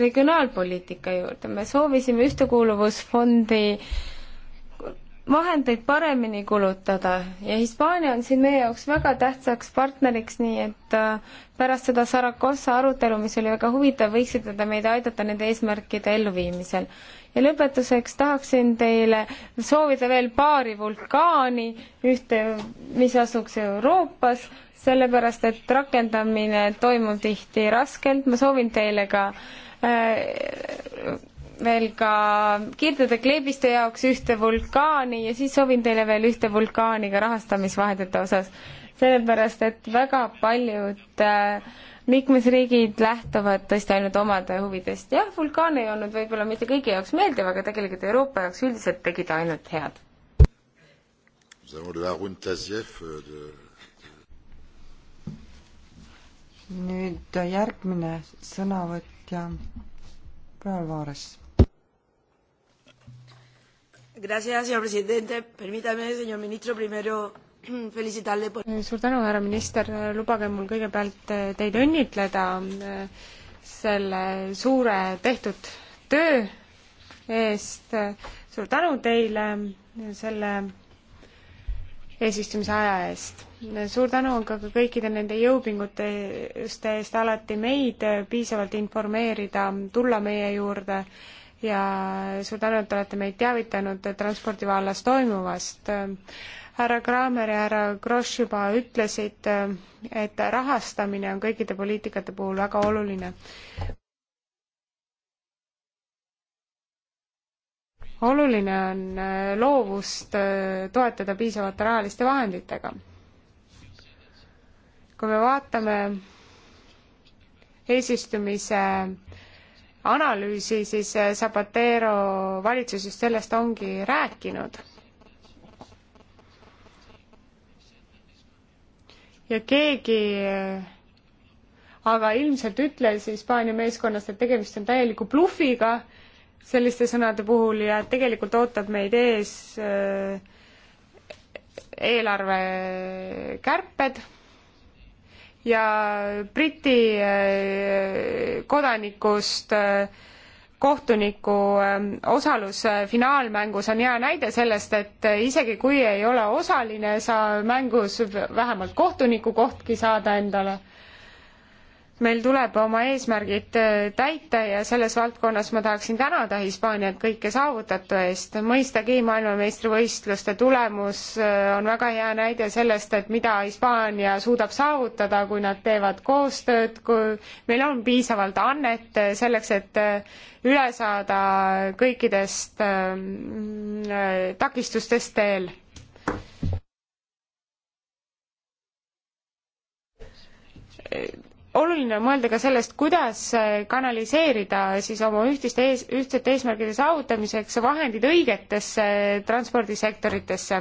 regionaalpoliitika juurde, me soovisime ühtekuuluvusfondi äh, vahendeid paremini kulutada ja Hispaania on siin meie jaoks väga tähtsaks partneriks, nii et äh, pärast seda Saragossa arutelu, mis oli väga huvitav, võiksite te meid aidata nende eesmärkide elluviimisel. ja lõpetuseks tahaksin teile soovida veel paari vulkaani, ühte, mis asuks Euroopas, sellepärast et rakendamine toimub tihti raskelt, ma soovin teile ka äh, veel ka Kirdude kleebiste jaoks ühte vulkaani ja siis soovin teile veel ühte vulkaani ka rahastamisvahendite osas. sellepärast, et väga paljud äh, liikmesriigid lähtuvad tõesti ainult omade huvidest. jah, vulkaan ei olnud võib-olla mitte kõigi jaoks meeldiv, aga tegelikult Euroopa jaoks üldiselt tegi ta ainult head.
Euh,
nüüd järgmine sõnavõtja, Praal Vaares
Gracias,
señor presidente. Permítame, señor ministro, primero [clears throat] felicitarle por... Eh, suur tänu, härra minister, lubage mul kõigepealt eh, teid õnnitleda eh, selle suure tehtud töö eest. suur tänu teile selle eesistumise aja eest. suur tänu on ka kõikide nende jõupingutuste eest alati meid piisavalt informeerida, tulla meie juurde äh, ja suur tänu, et olete meid teavitanud transpordi vallas toimuvast. härra Kraamer ja härra Grosch juba ütlesid, et rahastamine on kõikide poliitikate puhul väga oluline. oluline on äh, loovust äh, toetada piisavate rahaliste vahenditega. kui me vaatame eesistumise analüüsi, siis eh, Zapatero valitsus just sellest ongi rääkinud. ja keegi eh, aga ilmselt ütles Hispaania meeskonnast, et tegemist on täieliku blufiga selliste sõnade puhul ja tegelikult ootab meid ees eh, eelarvekärped ja Briti eh, kodanikust eh, kohtuniku eh, osalus finaalmängus on hea näide sellest, et isegi kui ei ole osaline, sa mängus vähemalt kohtuniku kohtki saada endale meil tuleb oma eesmärgid äh, täita ja selles valdkonnas ma tahaksin tänada Hispaaniat kõike saavutatu eest. mõistagi maailmameistrivõistluste tulemus äh, on väga hea näide sellest, et mida Hispaania suudab saavutada, kui nad teevad koostööd, kui meil on piisavalt annet selleks, et äh, üle saada kõikidest ähm, takistustest teel oluline on mõelda ka sellest, kuidas eh, kanaliseerida siis oma ühtiste ees, ühtsete eesmärkide saavutamiseks vahendid õigetesse transpordisektoritesse.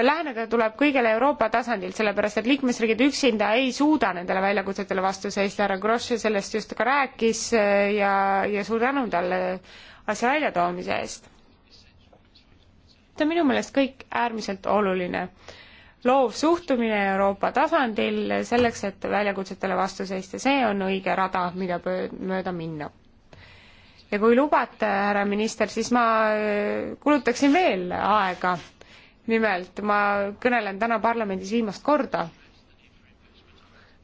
läheneda tuleb kõigele Euroopa tasandilt, sellepärast et liikmesriigid üksinda ei suuda nendele väljakutsetele vastu seista, härra Grosch sellest just ka rääkis eh, ja, ja suur tänu talle asja väljatoomise eest. see on minu meelest kõik äärmiselt oluline loov suhtumine Euroopa tasandil selleks, et väljakutsetele vastu seista, see on õige rada, mida mööda minna. ja kui lubate, härra minister, siis ma äh, kulutaksin veel aega. nimelt, ma kõnelen täna parlamendis viimast korda.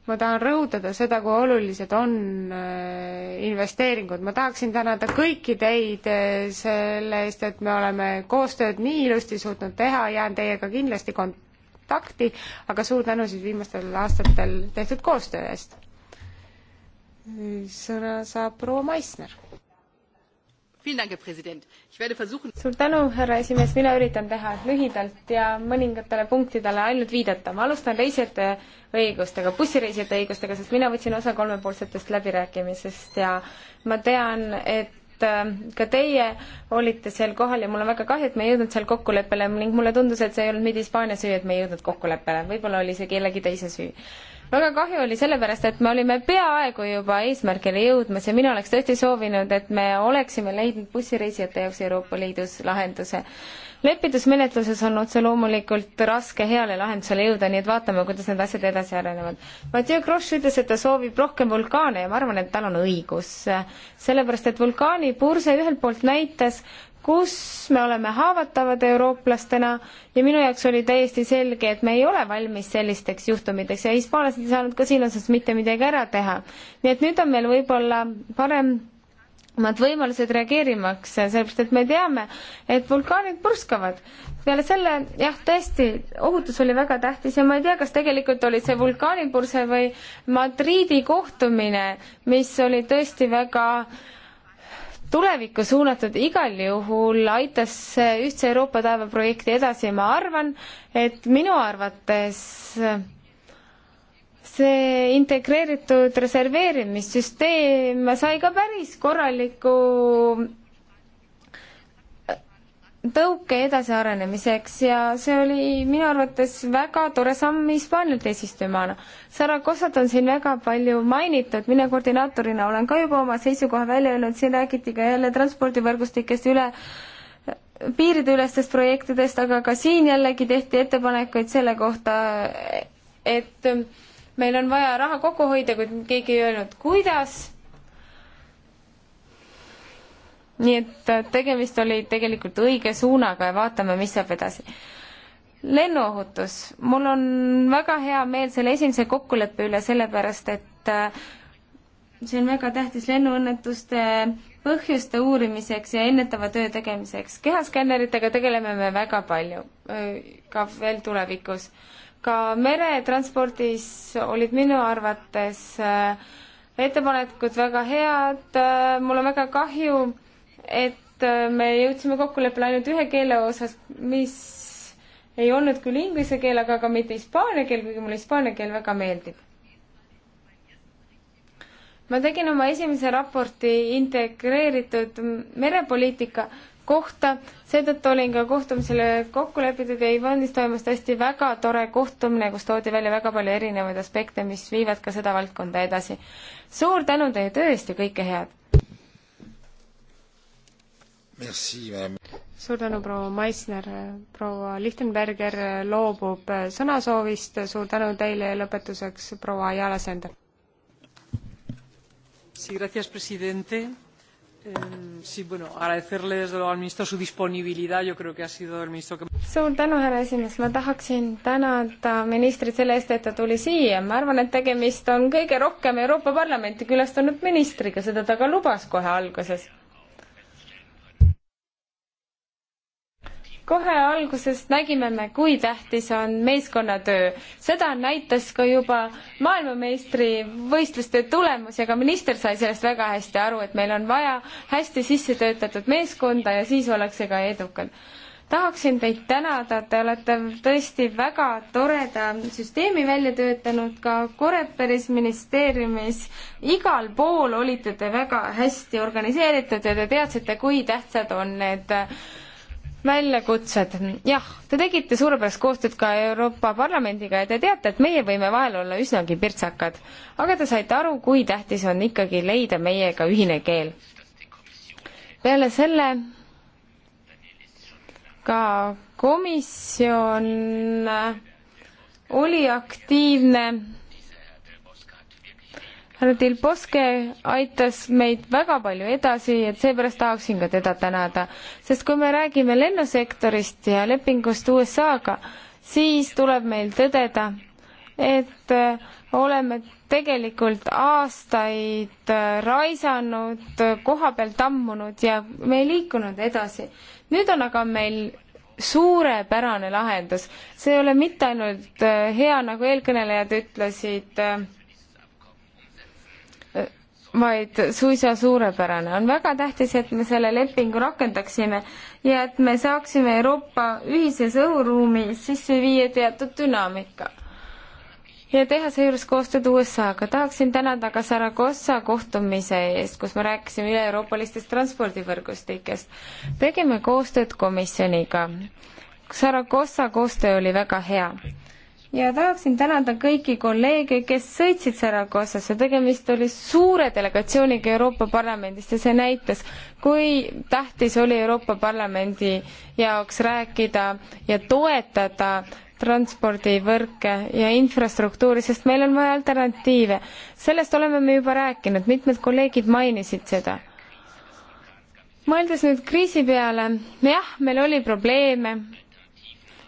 ma tahan rõhutada seda, kui olulised on äh, investeeringud. ma tahaksin tänada kõiki teid äh, selle eest, et me oleme koostööd nii ilusti suutnud teha, jään teiega kindlasti kont-, kontakti, aga suur tänu siis viimastel aastatel tehtud koostöö eest. sõna saab proua Maisner.
suur tänu, härra esimees, mina üritan teha lühidalt ja mõningatele punktidele ainult viidata. ma alustan reisijate õigustega, bussireisijate õigustega, sest mina võtsin osa kolmepoolsetest läbirääkimisest ja ma tean, et Äh, ka teie olite seal kohal ja mul on väga kahju, et me ei jõudnud seal kokkuleppele ning mulle tundus, et see ei olnud mitte Hispaania süü, et me ei jõudnud kokkuleppele, võib-olla oli see kellegi teise süü. väga kahju oli sellepärast, et me olime peaaegu juba eesmärgile jõudmas ja mina oleks tõesti soovinud, et me oleksime leidnud bussireisijate jaoks Euroopa Liidus lahenduse lepitusmenetluses on otse loomulikult raske heale lahendusele jõuda, nii et vaatame, kuidas need asjad edasi arenevad. Mathieu Grosch ütles, et ta soovib rohkem vulkaane ja ma arvan, et tal on õigus. sellepärast, et vulkaanipurse ühelt poolt näitas, kus me oleme haavatavad eurooplastena ja minu jaoks oli täiesti selge, et me ei ole valmis sellisteks juhtumiteks ja hispaanlased ei saanud ka siin osas mitte midagi ära teha. nii et nüüd on meil võib-olla parem omad võimalused reageerimaks, sellepärast et me teame, et vulkaanid purskavad. peale selle jah, tõesti, ohutus oli väga tähtis ja ma ei tea, kas tegelikult oli see vulkaanipurse või Madriidi kohtumine, mis oli tõesti väga tulevikku suunatud, igal juhul aitas see Ühtse Euroopa taeva projekti edasi ja ma arvan, et minu arvates see integreeritud reserveerimissüsteem sai ka päris korraliku tõuke edasiarenemiseks ja see oli minu arvates väga tore samm Hispaanialt eesistujamaana. Saragossat on siin väga palju mainitud, mina koordinaatorina olen ka juba oma seisukoha välja öelnud, siin räägiti ka jälle transpordivõrgustikest üle piirideülestest projektidest, aga ka siin jällegi tehti ettepanekuid selle kohta, et meil on vaja raha kokku hoida, kuid keegi ei öelnud, kuidas. nii et äh, tegemist oli tegelikult õige suunaga ja vaatame, mis saab edasi. lennuohutus, mul on väga hea meel selle esimese kokkuleppe üle, sellepärast et äh, see on väga tähtis lennuõnnetuste põhjuste uurimiseks ja ennetava töö tegemiseks. kehaskänneritega tegeleme me väga palju, äh, ka veel tulevikus ka meretranspordis olid minu arvates äh, ettepanekud väga head, äh, mul on väga kahju, et äh, me jõudsime kokkuleppele ainult ühe keele osas, mis ei olnud küll inglise keel, aga ka mitte hispaania keel, kuigi mulle hispaania keel väga meeldib. ma tegin oma esimese raporti integreeritud merepoliitika kohta, seetõttu olin ka kohtumisele kokku lepitud ja Ivanis toimus tõesti väga tore kohtumine, kus toodi välja väga palju erinevaid aspekte, mis viivad ka seda valdkonda edasi. suur tänu teie töö eest ja kõike head! suur tänu, proua Maisner,
proua Lichtenberger loobub sõnasoovist, suur tänu teile ja lõpetuseks proua Jala Sender. Sí, gracias, presidente Sí, bueno, agradecerle desde luego al ministro su disponibilidad, yo creo que ha sido el ministro que...
suur tänu, härra esimees, ma tahaksin tänada ministrit selle eest, et ta tuli siia, ma arvan, et tegemist on kõige rohkem Euroopa Parlamenti külastanud ministriga, seda ta ka lubas kohe alguses kohe algusest nägime me, kui tähtis on meeskonnatöö. seda näitas ka juba maailmameistrivõistluste tulemus ja ka minister sai sellest väga hästi aru, et meil on vaja hästi sisse töötatud meeskonda ja siis ollakse ka edukad tahaksin teid tänada, te olete tõesti väga toreda süsteemi välja töötanud ka Koreperis ministeeriumis. igal pool olite te väga hästi organiseeritud ja te teadsite, kui tähtsad on need äh, väljakutsed. jah, te tegite suurepärast koostööd ka Euroopa Parlamendiga ja te teate, et meie võime vahel olla üsnagi pirtsakad, aga te saite aru, kui tähtis on ikkagi leida meiega ühine keel. peale selle ka komisjon oli aktiivne härra Tilboske aitas meid väga palju edasi, et seepärast tahaksin ka teda tänada. sest kui me räägime lennusektorist ja lepingust USA-ga, siis tuleb meil tõdeda, et äh, oleme tegelikult aastaid äh, raisanud, äh, koha peal tammunud ja me ei liikunud edasi. nüüd on aga meil suurepärane lahendus. see ei ole mitte ainult hea, nagu eelkõnelejad ütlesid äh,, vaid suisa suurepärane. on väga tähtis, et me selle lepingu rakendaksime ja et me saaksime Euroopa ühises õhuruumis sisse viia teatud dünaamika ja teha seejuures koostööd USA-ga. tahaksin tänada ka Saragossa kohtumise eest, kus me rääkisime üle-euroopalistest transpordivõrgustikest. tegime koostööd komisjoniga. Saragossa koostöö oli väga hea ja tahaksin tänada kõiki kolleege, kes sõitsid Saragosasse, tegemist oli suure delegatsiooniga Euroopa Parlamendist ja see näitas, kui tähtis oli Euroopa Parlamendi jaoks rääkida ja toetada transpordivõrke ja infrastruktuuri, sest meil on vaja alternatiive. sellest oleme me juba rääkinud, mitmed kolleegid mainisid seda. mõeldes nüüd kriisi peale, jah, meil oli probleeme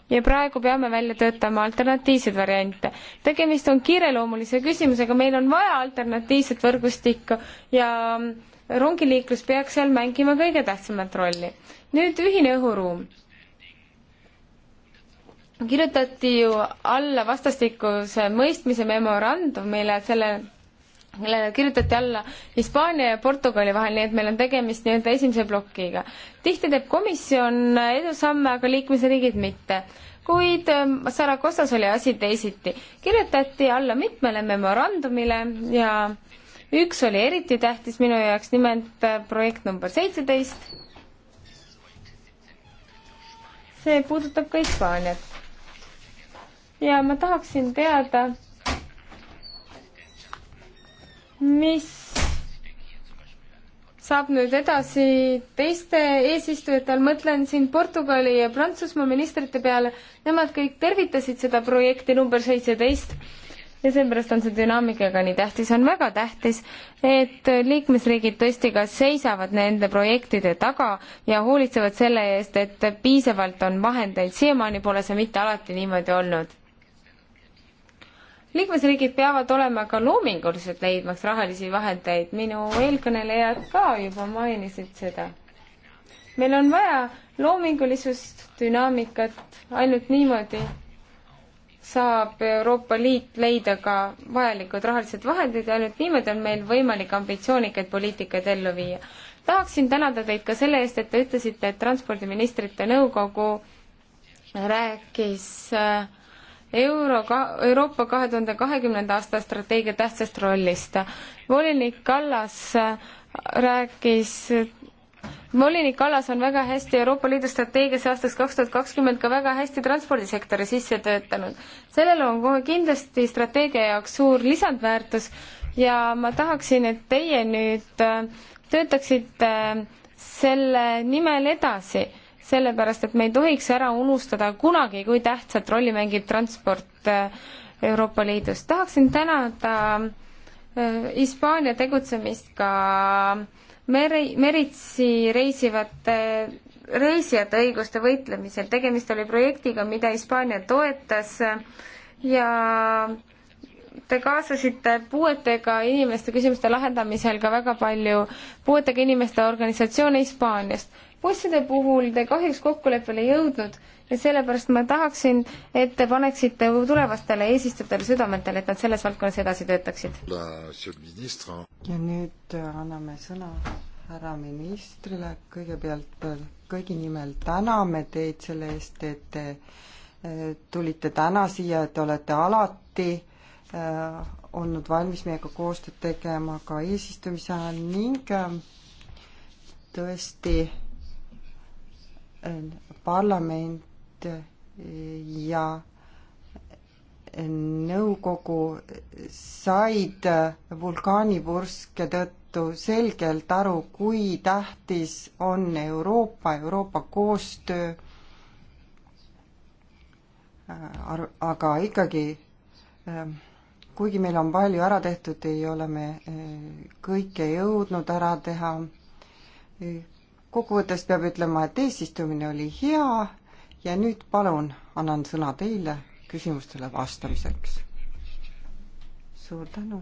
ja praegu peame välja töötama alternatiivseid variante. tegemist on kiireloomulise küsimusega, meil on vaja alternatiivset võrgustikku ja mm, rongiliiklus peaks seal mängima kõige tähtsamat rolli. nüüd ühine õhuruum. kirjutati ju alla vastastikuse mõistmise memorandum, mille selle millele kirjutati alla Hispaania ja Portugali vahel, nii et meil on tegemist nii-öelda esimese plokiga. tihti teeb komisjon edusamme, aga liikmesriigid mitte. kuid ähm, Saragossas oli asi teisiti. kirjutati alla mitmele memorandumile ja üks oli eriti tähtis minu jaoks, nimelt äh, projekt number seitseteist. see puudutab ka Hispaaniat. ja ma tahaksin teada, mis saab nüüd edasi teiste eesistujatel, mõtlen siin Portugali ja Prantsusmaa ministrite peale, nemad kõik tervitasid seda projekti number seitseteist ja seepärast on see dünaamikaga nii tähtis, on väga tähtis, et liikmesriigid tõesti ka seisavad nende projektide taga ja hoolitsevad selle eest, et piisavalt on vahendeid, siiamaani pole see mitte alati niimoodi olnud liikmesriigid peavad olema ka loomingulised, leidmaks rahalisi vahendeid, minu eelkõnelejad ka juba mainisid seda. meil on vaja loomingulisust, dünaamikat, ainult niimoodi saab Euroopa Liit leida ka vajalikud rahalised vahendid ja ainult niimoodi on meil võimalik ambitsioonikaid poliitikaid ellu viia. tahaksin tänada teid ka selle eest, et te ütlesite, et transpordiministrite nõukogu rääkis äh, euro ka, Euroopa kahe tuhande kahekümnenda aasta strateegia tähtsast rollist. volinik Kallas äh, rääkis volinik Kallas on väga hästi Euroopa Liidu strateegias aastaks kaks tuhat kakskümmend ka väga hästi transpordisektori sisse töötanud. sellel on kohe kindlasti strateegia jaoks suur lisandväärtus ja ma tahaksin, et teie nüüd äh, töötaksite äh, selle nimel edasi sellepärast et me ei tohiks ära unustada kunagi, kui tähtsat rolli mängib transport äh, Euroopa Liidus. tahaksin tänada äh, Hispaania tegutsemist ka meri, meritsi reisivate reisijate õiguste võitlemisel. tegemist oli projektiga, mida Hispaania toetas äh, ja te kaasasite puuetega inimeste küsimuste lahendamisel ka väga palju puuetega inimeste organisatsioone Hispaaniast busside puhul te kahjuks kokkuleppele ei jõudnud ja sellepärast ma tahaksin, et te paneksite tulevastele eesistujatele südametele, et nad selles valdkonnas edasi töötaksid.
ja nüüd äh, anname sõna härra
ministrile, kõigepealt äh, kõigi nimel täname teid selle eest, et te äh, tulite täna siia, et te olete alati olnud valmis meiega koostööd tegema ka eesistumise ajal ning tõesti parlament ja nõukogu said vulkaanipurske tõttu selgelt aru, kui tähtis on Euroopa, Euroopa koostöö. aga ikkagi, ähm, kuigi meil on palju ära tehtud, ei ole me äh, kõike jõudnud ära teha kokkuvõttes peab ütlema, et eesistumine oli hea ja nüüd palun annan sõna teile küsimustele vastamiseks. suur tänu.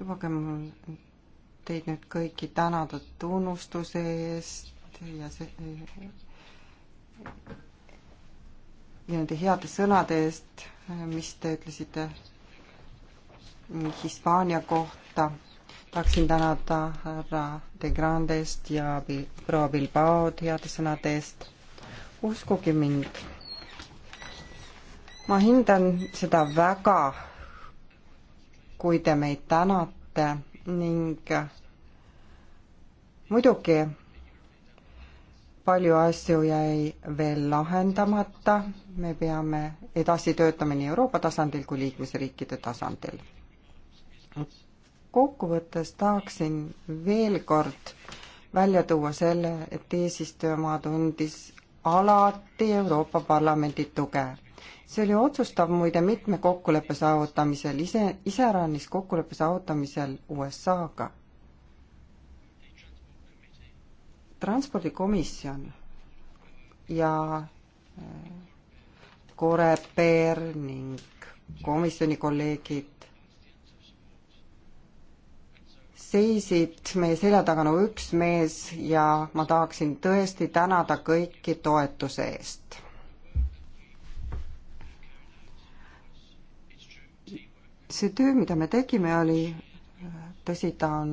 lubage mul teid nüüd kõiki tänada tunnustuse eest ja see ja nende heade sõnade eest, mis te ütlesite Hispaania kohta tahaksin tänada härra De Grandest ja proua Bilbaod heade sõnade eest. uskuge mind, ma hindan seda väga, kui te meid tänate ning muidugi palju asju jäi veel lahendamata, me peame edasi töötama nii Euroopa tasandil kui liikmesriikide tasandil kokkuvõttes tahaksin veel kord välja tuua selle, et eesistujamaa tundis alati Euroopa Parlamendi tuge. see oli otsustav muide mitme kokkuleppe saavutamisel, ise, iseäranis kokkuleppe saavutamisel USA-ga. transpordikomisjon ja äh, Koreper ning komisjoni kolleegid seisid meie selja taga nagu üks mees ja ma tahaksin tõesti tänada kõiki toetuse eest. see töö, mida me tegime, oli, tõsi, ta on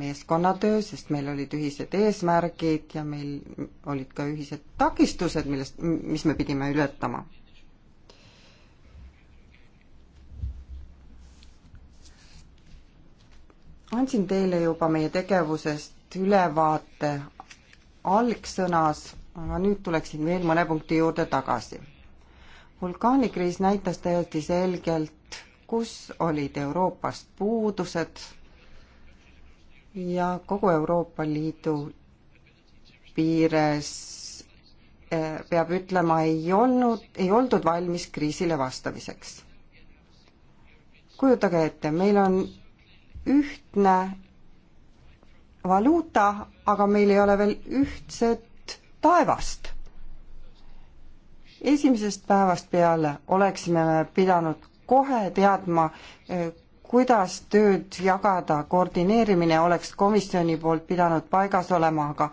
meeskonnatöö, sest meil olid ühised eesmärgid ja meil olid ka ühised takistused, millest, mis me pidime ületama andsin teile juba meie tegevusest ülevaate algsõnas, aga nüüd tuleksin veel mõne punkti juurde tagasi. vulkaanikriis näitas täiesti selgelt, kus olid Euroopast puudused ja kogu Euroopa Liidu piires eh, peab ütlema, ei olnud, ei oldud valmis kriisile vastamiseks. kujutage ette, meil on ühtne valuuta, aga meil ei ole veel ühtset taevast. esimesest päevast peale oleksime me pidanud kohe teadma, kuidas tööd jagada, koordineerimine oleks komisjoni poolt pidanud paigas olema, aga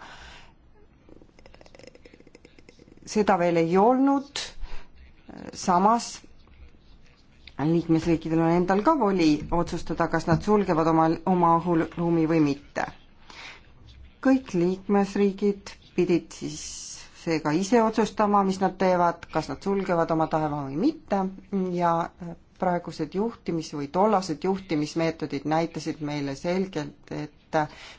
seda veel ei olnud, samas liikmesriikidel on endal ka voli otsustada, kas nad sulgevad oma, oma õhuruumi või mitte. kõik liikmesriigid pidid siis seega ise otsustama, mis nad teevad, kas nad sulgevad oma taeva või mitte ja praegused juhtimis- või tollased juhtimismeetodid näitasid meile selgelt, et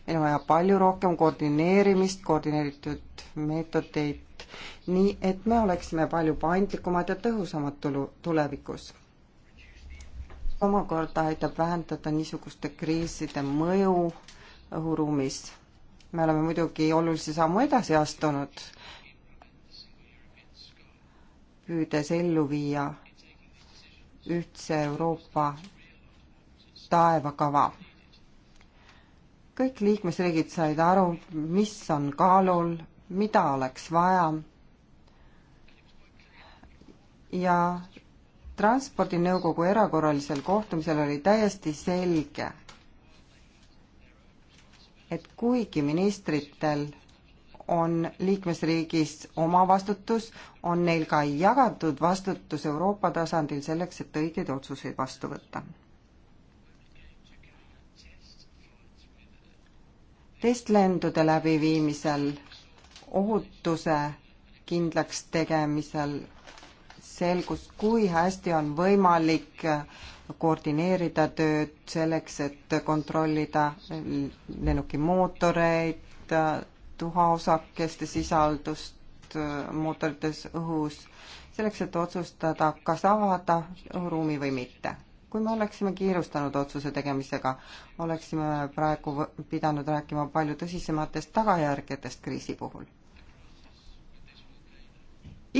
meil on vaja palju rohkem koordineerimist, koordineeritud meetodeid, nii et me oleksime palju paindlikumad ja tõhusamad tulu, tulevikus omakorda aitab vähendada niisuguste kriiside mõju õhuruumis. me oleme muidugi olulisi sammu edasi astunud, püüdes ellu viia ühtse Euroopa taevakava. kõik liikmesriigid said aru, mis on kaalul, mida oleks vaja ja transpordinõukogu erakorralisel kohtumisel oli täiesti selge, et kuigi ministritel on liikmesriigis oma vastutus, on neil ka jagatud vastutus Euroopa tasandil selleks, et õigeid otsuseid vastu võtta. testlendude läbiviimisel, ohutuse kindlaks tegemisel selgus, kui hästi on võimalik koordineerida tööd selleks, et kontrollida lennuki mootoreid, tuhaosakeste sisaldust mootorites õhus, selleks, et otsustada, kas avada õhuruumi või mitte. kui me oleksime kiirustanud otsuse tegemisega, oleksime praegu pidanud rääkima palju tõsisematest tagajärgedest kriisi puhul.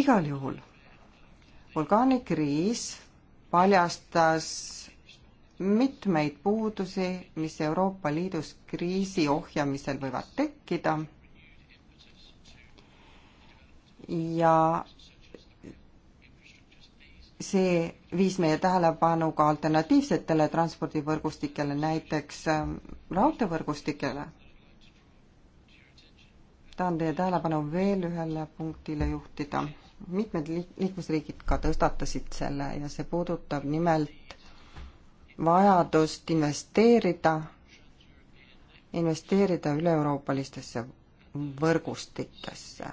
igal juhul vulkaanikriis paljastas mitmeid puudusi, mis Euroopa Liidus kriisi ohjamisel võivad tekkida. ja see viis meie tähelepanu ka alternatiivsetele transpordivõrgustikele, näiteks ähm, raudteevõrgustikele. tahan teie tähelepanu veel ühele punktile juhtida mitmed liikmesriigid ka tõstatasid selle ja see puudutab nimelt vajadust investeerida, investeerida üle-euroopalistesse võrgustikesse.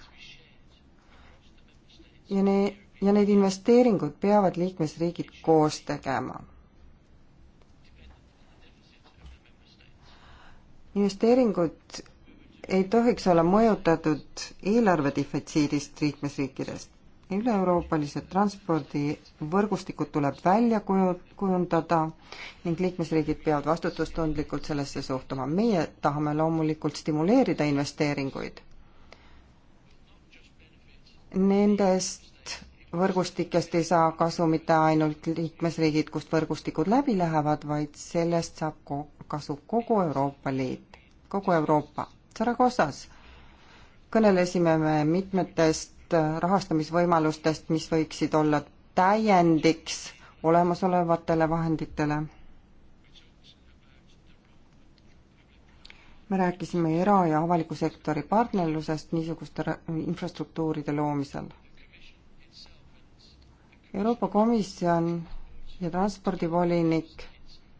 ja ne-, ja need investeeringud peavad liikmesriigid koos tegema. investeeringud ei tohiks olla mõjutatud eelarvedefitsiidist liikmesriikidest üle-euroopalised transpordivõrgustikud tuleb välja kuju-, kujundada ning liikmesriigid peavad vastutustundlikult sellesse suhtuma. meie tahame loomulikult stimuleerida investeeringuid. Nendest võrgustikest ei saa kasu mitte ainult liikmesriigid, kust võrgustikud läbi lähevad, vaid sellest saab ko-, kasu kogu Euroopa Liit, kogu Euroopa. Saragossas kõnelesime me mitmetest Äh, rahastamisvõimalustest, mis võiksid olla täiendiks olemasolevatele vahenditele. me rääkisime era- ja avaliku sektori partnerlusest niisuguste infrastruktuuride loomisel. Euroopa Komisjon ja transpordivolinik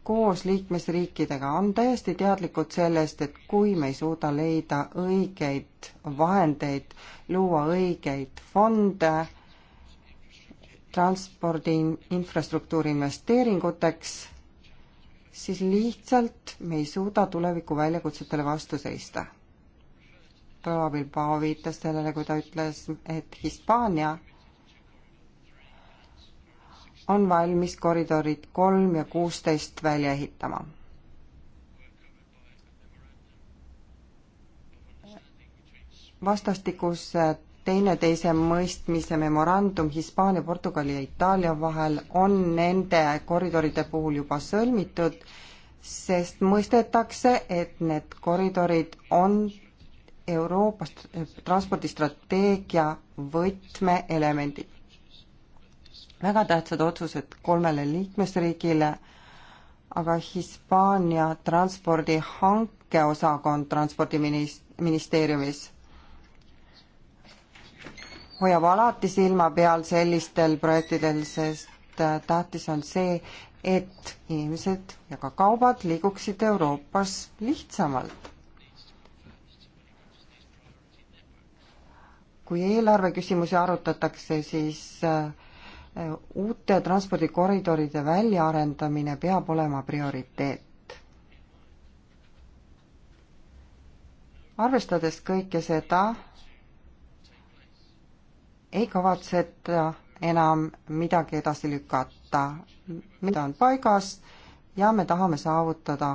koos liikmesriikidega on täiesti teadlikud sellest, et kui me ei suuda leida õigeid vahendeid, luua õigeid fonde transpordi infrastruktuuri investeeringuteks, siis lihtsalt me ei suuda tuleviku väljakutsetele vastu seista. proua Bilbao viitas sellele, kui ta ütles, et Hispaania on valmis koridorid kolm ja kuusteist välja ehitama. vastastikuse teineteise mõistmise memorandum Hispaania, Portugali ja Itaalia vahel on nende koridoride puhul juba sõlmitud, sest mõistetakse, et need koridorid on Euroopa transpordistrateegia võtmeelemendid väga tähtsad otsused kolmele liikmesriigile, aga Hispaania transpordihanke osakond transpordiministeeriumis hoiab alati silma peal sellistel projektidel, sest tähtis on see, et inimesed ja ka kaubad liiguksid Euroopas lihtsamalt. kui eelarve küsimusi arutatakse, siis äh, Äh, uute transpordikoridoride väljaarendamine peab olema prioriteet. arvestades kõike seda, ei kavatseta enam midagi edasi lükata, mida on paigas ja me tahame saavutada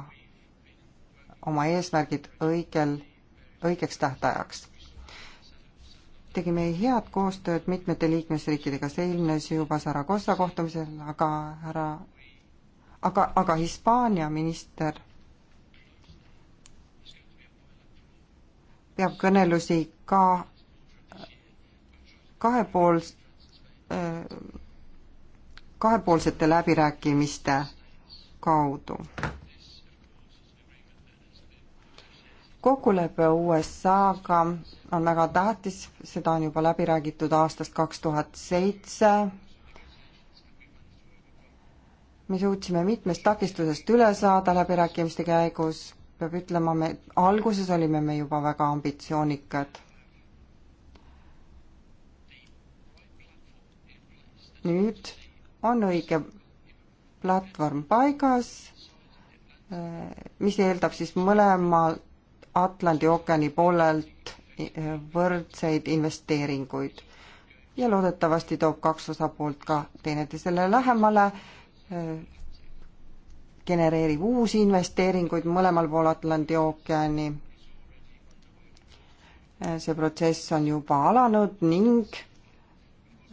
oma eesmärgid õigel, õigeks tähtajaks tegime head koostööd mitmete liikmesriikidega, see ilmnes juba Saragossa kohtumisel, aga härra, aga, aga Hispaania minister peab kõnelusi ka kahepoolst, kahepoolsete läbirääkimiste kaudu. kokkulepe USA-ga on väga tähtis, seda on juba läbi räägitud aastast kaks tuhat seitse. me suutsime mitmest takistusest üle saada läbirääkimiste käigus, peab ütlema, me alguses olime me juba väga ambitsioonikad nüüd on õige platvorm paigas, mis eeldab siis mõlemalt Atlandi ookeani poolelt võrdseid investeeringuid. ja loodetavasti toob kaks osapoolt ka teineteisele lähemale, eh, genereerib uusi investeeringuid mõlemal pool Atlandi ookeani. Eh, see protsess on juba alanud ning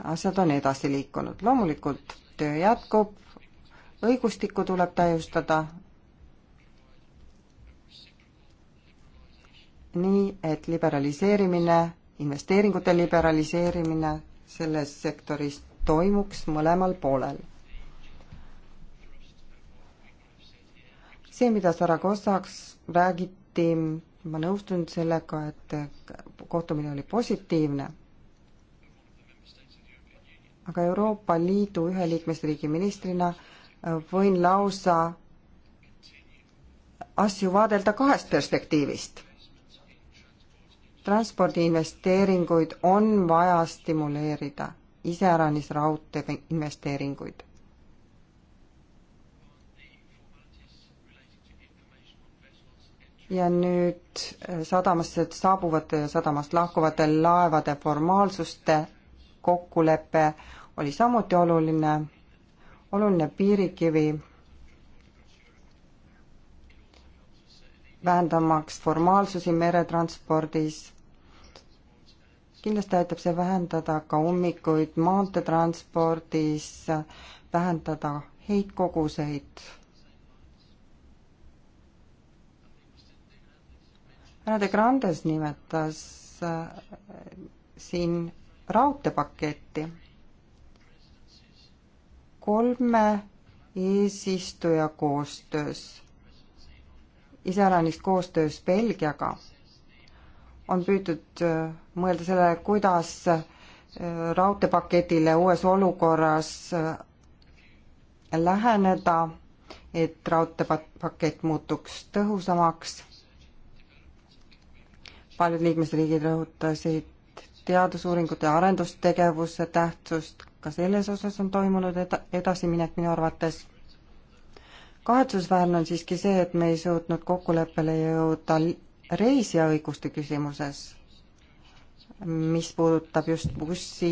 asjad on edasi liikunud. loomulikult töö jätkub, õigustikku tuleb täiustada, nii, et liberaliseerimine, investeeringute liberaliseerimine selles sektoris toimuks mõlemal poolel. see, mida Saragossaks räägiti, ma nõustun sellega, et kohtumine oli positiivne aga Euroopa Liidu ühe liikmesriigi ministrina võin lausa asju vaadelda kahest perspektiivist transpordiinvesteeringuid on vaja stimuleerida, iseäranis raudtee investeeringuid. ja nüüd eh, sadamasse saabuvate ja sadamast lahkuvate laevade formaalsuste kokkulepe oli samuti oluline, oluline piirikivi vähendamaks formaalsusi meretranspordis. kindlasti aitab see vähendada ka ummikuid maanteetranspordis, vähendada heitkoguseid. härra De Grandes nimetas äh, siin raudteepaketti. kolme eesistuja koostöös iseäranis koostöös Belgiaga on püütud äh, mõelda sellele, kuidas äh, raudteepaketile uues olukorras äh, läheneda, et raudteepakett muutuks tõhusamaks. paljud liikmesriigid rõhutasid teadusuuringute ja arendustegevuse tähtsust, ka selles osas on toimunud eda-, edasiminek minu arvates kahetsusväärne on siiski see, et me ei suutnud kokkuleppele jõuda reisijaõiguste küsimuses, mis puudutab just bussi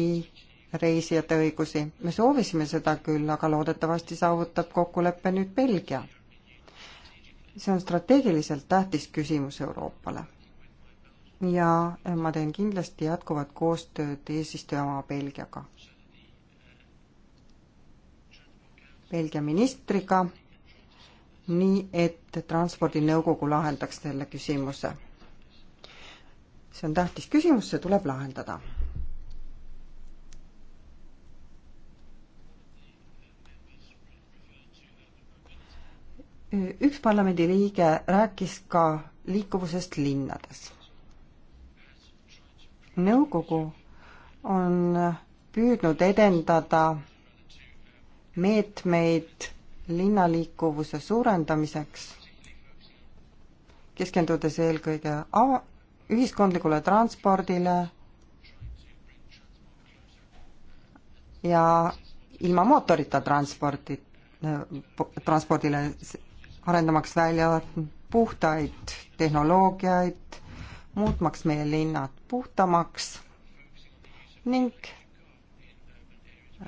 reisijate õigusi. me soovisime seda küll, aga loodetavasti saavutab kokkuleppe nüüd Belgia. see on strateegiliselt tähtis küsimus Euroopale. ja ma teen kindlasti jätkuvat koostööd eesistuja oma Belgiaga. Belgia ministriga nii et Transpordinõukogu lahendaks selle küsimuse. see on tähtis küsimus, see tuleb lahendada. üks parlamendiliige rääkis ka liikuvusest linnades. nõukogu on püüdnud edendada meetmeid linnaliikuvuse suurendamiseks, keskendudes eelkõige ava-, ühiskondlikule transpordile ja ilma mootorita transpordi, transpordile, arendamaks välja puhtaid tehnoloogiaid, muutmaks meie linnad puhtamaks ning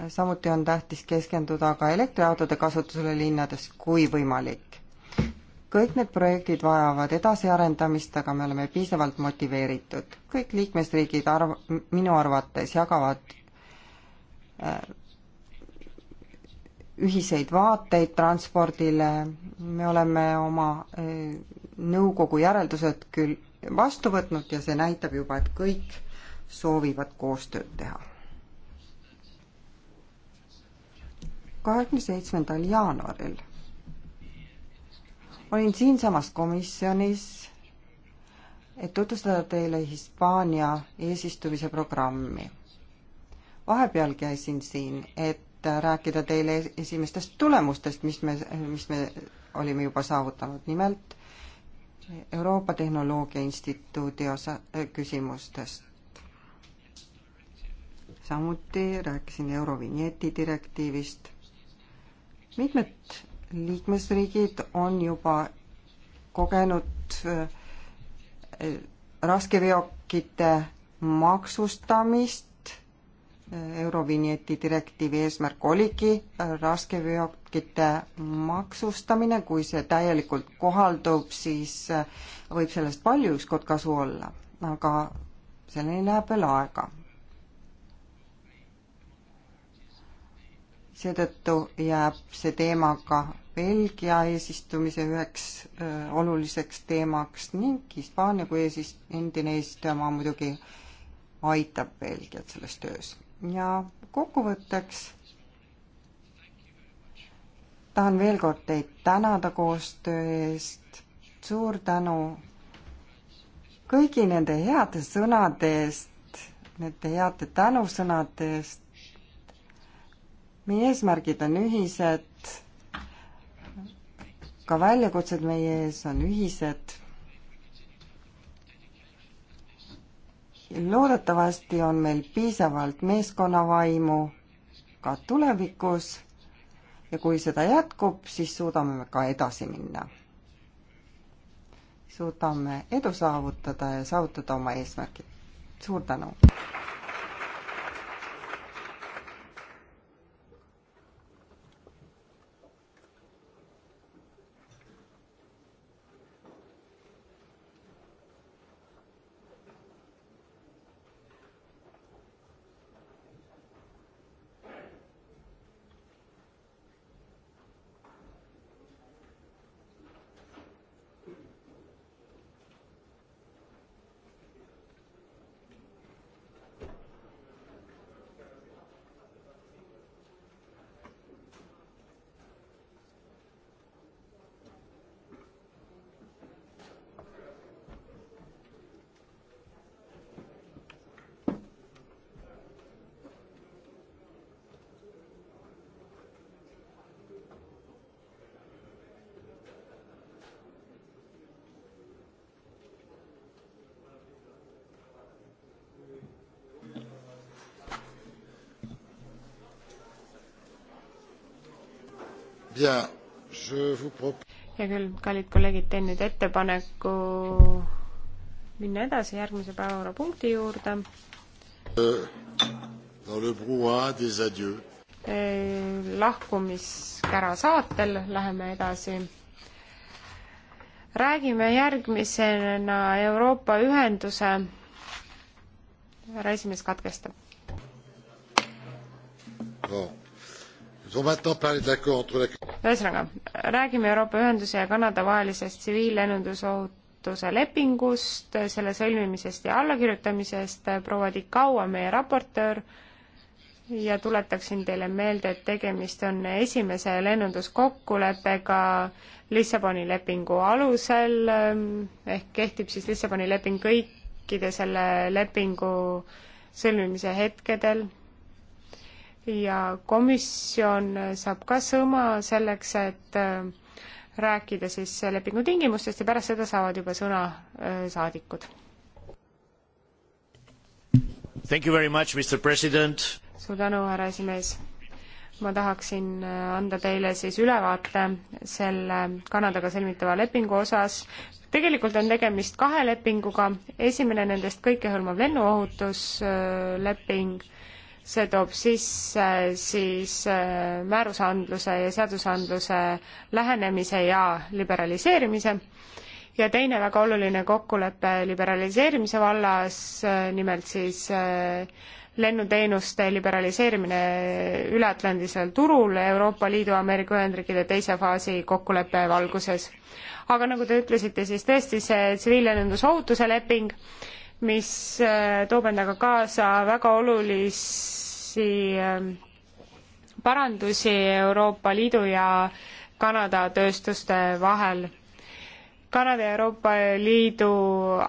samuti on tähtis keskenduda ka elektriautode kasutusele linnades, kui võimalik. kõik need projektid vajavad edasiarendamist, aga me oleme piisavalt motiveeritud. kõik liikmesriigid arv-, minu arvates jagavad äh, ühiseid vaateid transpordile, me oleme oma äh, nõukogu järeldused küll vastu võtnud ja see näitab juba, et kõik soovivad koostööd teha kahekümne seitsmendal jaanuaril olin siinsamas komisjonis, et tutvustada teile Hispaania eesistumise programmi. vahepeal käisin siin, et rääkida teile esimestest tulemustest, mis me, mis me olime juba saavutanud, nimelt Euroopa Tehnoloogia Instituudi osa äh,, küsimustest. samuti rääkisin Eurovinjeti direktiivist mitmed liikmesriigid on juba kogenud äh, raskeveokite maksustamist, Eurovinjeti direktiivi eesmärk oligi raskeveokite maksustamine, kui see täielikult kohaldub, siis äh, võib sellest palju ükskord kasu olla, aga selleni läheb veel aega seetõttu jääb see teema ka Belgia eesistumise üheks äh, oluliseks teemaks ning Hispaania kui eesist-, endine eesistujamaa muidugi aitab Belgiat selles töös. ja kokkuvõtteks tahan veel kord teid tänada koostöö eest, suur tänu kõigi nende heade sõnade eest, nende heade tänusõnade eest, meie eesmärgid on ühised, ka väljakutsed meie ees on ühised. loodetavasti on meil piisavalt meeskonnavaimu ka tulevikus ja kui seda jätkub, siis suudame ka edasi minna suudame edu saavutada ja saavutada oma eesmärgid. suur tänu!
hea
küll, kallid kolleegid, teen nüüd ettepaneku minna edasi järgmise päevakorrapunkti juurde. Euh, lahkumiskära saatel läheme edasi. räägime järgmisena Euroopa Ühenduse, härra esimees katkestab.
Bon. Nous allons maintenant parler de l'accord entre la
ühesõnaga, räägime Euroopa Ühenduse ja Kanada vahelisest tsiviillennundusohutuse lepingust, selle sõlmimisest ja allakirjutamisest, proua Dikau on meie raportöör ja tuletaksin teile meelde, et tegemist on esimese lennunduskokkuleppega Lissaboni lepingu alusel, ehk kehtib siis Lissaboni leping kõikide selle lepingu sõlmimise hetkedel ja komisjon saab ka sõna selleks, et äh, rääkida siis lepingu tingimustest ja pärast seda saavad juba sõna äh, saadikud. suur tänu, härra esimees. ma tahaksin äh, anda teile siis ülevaate selle Kanadaga sõlmitava lepingu osas. tegelikult on tegemist kahe lepinguga, esimene nendest kõikehõlmav lennuohutusleping äh, see toob sisse siis äh, määrusandluse ja seadusandluse lähenemise ja liberaliseerimise ja teine väga oluline kokkulepe liberaliseerimise vallas, äh, nimelt siis äh, lennuteenuste liberaliseerimine üleatlandisel turul Euroopa Liidu, Ameerika Ühendriikide teise faasi kokkuleppe valguses. aga nagu te ütlesite, siis tõesti see tsiviillennundusohutuse leping, mis äh, toob endaga kaasa väga olulisi ähm, parandusi Euroopa Liidu ja Kanada tööstuste vahel Kanada ja Euroopa Liidu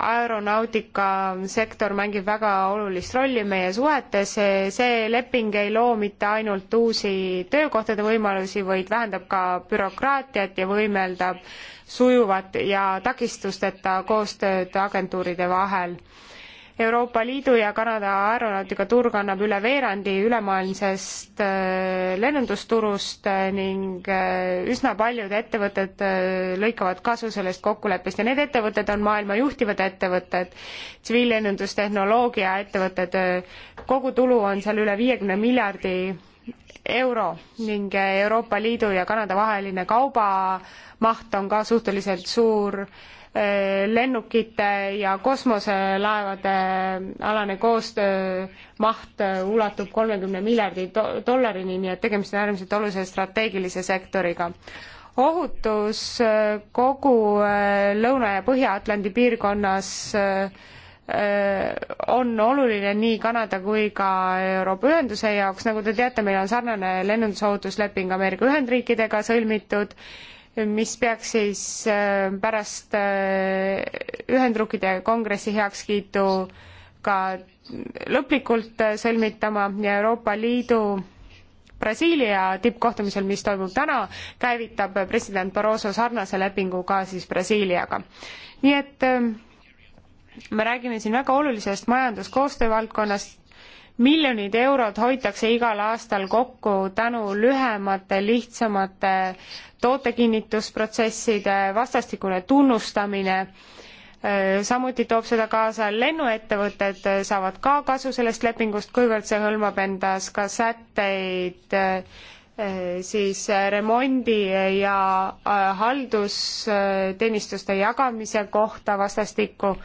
aeronautikasektor mängib väga olulist rolli meie suhetes, see leping ei loo mitte ainult uusi töökohtade võimalusi, vaid vähendab ka bürokraatiat ja võimeldab sujuvat ja takistusteta koostööd agentuuride vahel Euroopa Liidu ja Kanada aeronautika turg annab üle veerandi ülemaailmsest äh, lennundusturust äh, ning äh, üsna paljud ettevõtted lõikavad kasu sellest kokkuleppest ja need ettevõtted on maailma juhtivad ettevõtted, tsiviillennundustehnoloogia ettevõtted, kogutulu on seal üle viiekümne miljardi euro ning Euroopa Liidu ja Kanada vaheline kaubamaht on ka suhteliselt suur lennukite ja kosmoselaevade alane koostöö maht ulatub kolmekümne miljardi dollarini, nii et tegemist on äärmiselt olulise strateegilise sektoriga. ohutus äh, kogu äh, Lõuna- ja Põhja-Atlandi piirkonnas äh, on oluline nii Kanada kui ka Euroopa Ühenduse jaoks, nagu te teate, meil on sarnane lennundusohutusleping Ameerika Ühendriikidega sõlmitud mis peaks siis äh, pärast äh, Ühendriikide kongressi heakskiitu ka lõplikult äh, sõlmitama ja Euroopa Liidu Brasiilia tippkohtumisel, mis toimub täna, käivitab president Barroso sarnase lepingu ka siis Brasiiliaga. nii et me räägime siin väga olulisest majanduskoostöö valdkonnast, miljonid eurod hoitakse igal aastal kokku tänu lühemate, lihtsamate tootekinnitusprotsesside vastastikune tunnustamine, äh, samuti toob seda kaasa lennuettevõtted saavad ka kasu sellest lepingust, kuivõrd see hõlmab endas ka sätteid äh, siis remondi ja äh, haldusteenistuste jagamise kohta vastastikku.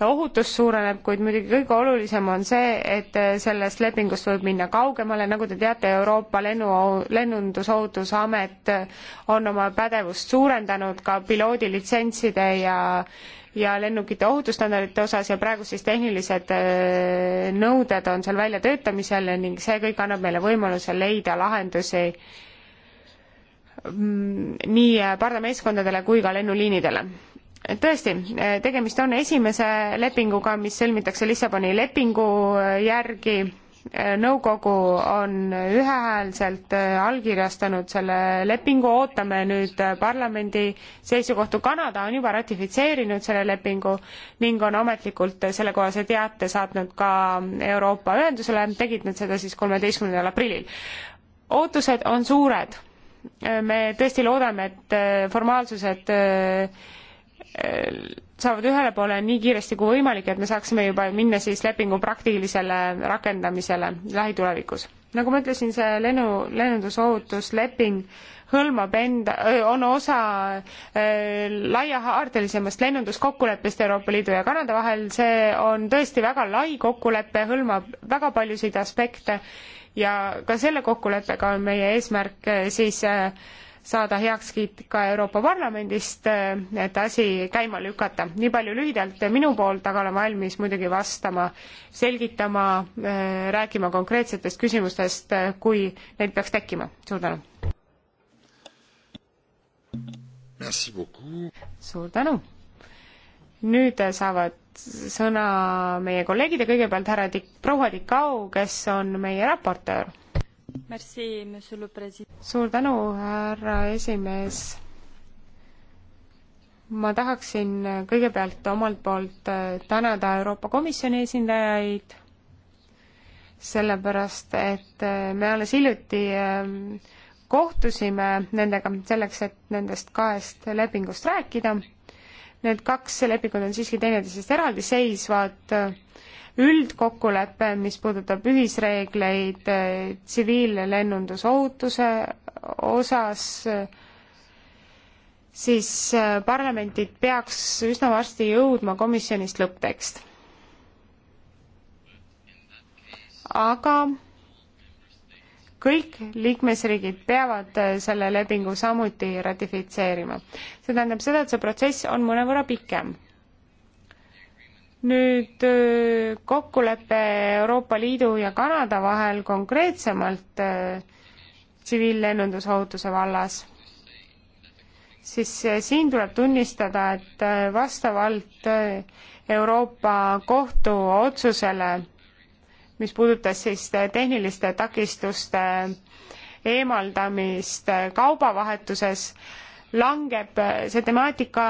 ohutus suureneb, kuid muidugi kõige olulisem on see, et äh, sellest lepingust võib minna kaugemale, nagu te teate, Euroopa lennu, lennundusohutusamet on oma pädevust suurendanud ka piloodilitsentside ja ja lennukite ohutusstandardite osas ja praegu siis tehnilised äh, nõuded on seal väljatöötamisel ning see kõik annab meile võimaluse leida lahendusi mm, nii äh, pardameeskondadele kui ka lennuliinidele tõesti, äh, tegemist on esimese lepinguga, mis sõlmitakse Lissaboni lepingu järgi nõukogu on ühehäälselt äh, allkirjastanud selle lepingu, ootame nüüd äh, parlamendi seisukohtu. Kanada on juba ratifitseerinud selle lepingu ning on ametlikult äh, sellekohase teate saatnud ka Euroopa Ühendusele, tegid nad seda siis kolmeteistkümnendal aprillil. ootused on suured. me tõesti loodame, et formaalsused saavad ühele poole nii kiiresti kui võimalik, et me saaksime juba minna siis lepingu praktilisele rakendamisele lähitulevikus. nagu ma ütlesin, see lennu, lennundusohutusleping hõlmab enda, on osa laiahaardelisemast lennunduskokkuleppest Euroopa Liidu ja Kanada vahel, see on tõesti väga lai kokkulepe, hõlmab väga paljusid aspekte ja ka selle kokkuleppega on meie eesmärk siis äh, saada heakskiit ka Euroopa Parlamendist, et asi käima lükata. nii palju lühidalt minu poolt, aga olen valmis muidugi vastama, selgitama, eh, rääkima konkreetsetest küsimustest, eh, kui neid peaks tekkima. suur tänu! suur tänu! nüüd saavad sõna meie kolleegid ja kõigepealt härra Dik-, proua Dikau, kes on meie raportöör suur tänu, härra esimees. ma tahaksin kõigepealt omalt poolt äh, tänada Euroopa Komisjoni esindajaid, sellepärast et äh, me alles hiljuti ähm, kohtusime nendega selleks, et nendest kahest lepingust rääkida need kaks lepingut on siiski teineteisest eraldiseisvad, üldkokkulepe, mis puudutab ühisreegleid eh, tsiviillennundusohutuse osas, eh, siis eh, parlamentid peaks üsna varsti jõudma komisjonist lõpptekst. aga kõik liikmesriigid peavad äh, selle lepingu samuti ratifitseerima. see tähendab seda, et see protsess on mõnevõrra pikem. nüüd äh, kokkulepe Euroopa Liidu ja Kanada vahel konkreetsemalt äh, tsiviillennundusohutuse vallas, siis siin tuleb tunnistada, et vastavalt Euroopa Kohtu otsusele mis puudutas siis tehniliste takistuste eemaldamist kaubavahetuses, langeb see temaatika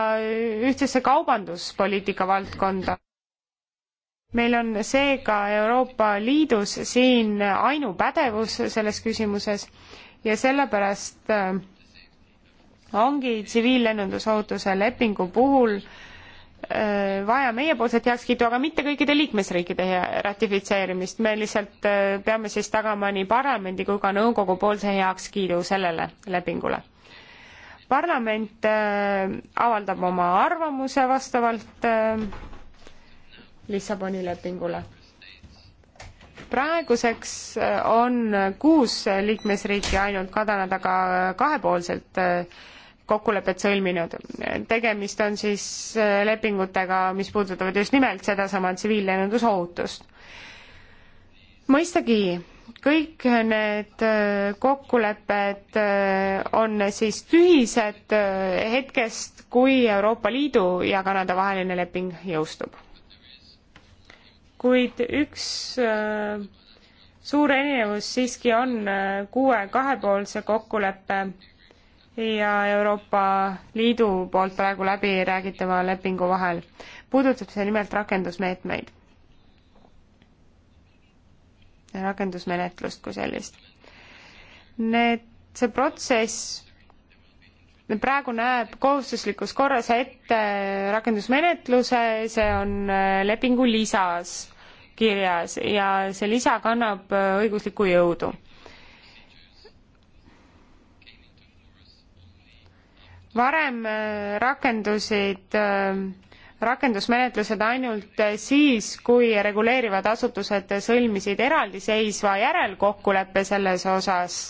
ühtsesse kaubanduspoliitika valdkonda. meil on seega Euroopa Liidus siin ainupädevus selles küsimuses ja sellepärast ongi tsiviillennundusohutuse lepingu puhul äh, Äh, vaja meiepoolset heakskiitu, aga mitte kõikide liikmesriikide ratifitseerimist. me lihtsalt äh, peame siis tagama nii parlamendi kui ka nõukogu poolse heakskiidu sellele lepingule. parlament äh, avaldab oma arvamuse vastavalt Lissaboni lepingule. praeguseks on kuus liikmesriiki ainult kadunud, aga kahepoolselt kokkulepet sõlminud. tegemist on siis äh, lepingutega, mis puudutavad just nimelt sedasama tsiviillennundusohutust. mõistagi, kõik need äh, kokkulepped äh, on siis tühised hetkest, kui Euroopa Liidu ja Kanada vaheline leping jõustub. kuid üks suur erinevus siiski on kuue kahepoolse kokkuleppe ja Euroopa Liidu poolt praegu läbi räägitava lepingu vahel. puudutab see nimelt rakendusmeetmeid. rakendusmenetlust kui sellist. Need, see protsess praegu näeb kohustuslikus korras ette rakendusmenetluse, see on äh, lepingu lisas kirjas ja see lisa kannab äh, õiguslikku jõudu varem äh, rakendusid äh, rakendusmenetlused ainult äh, siis, kui reguleerivad asutused sõlmisid eraldiseisva järelkokkuleppe selles osas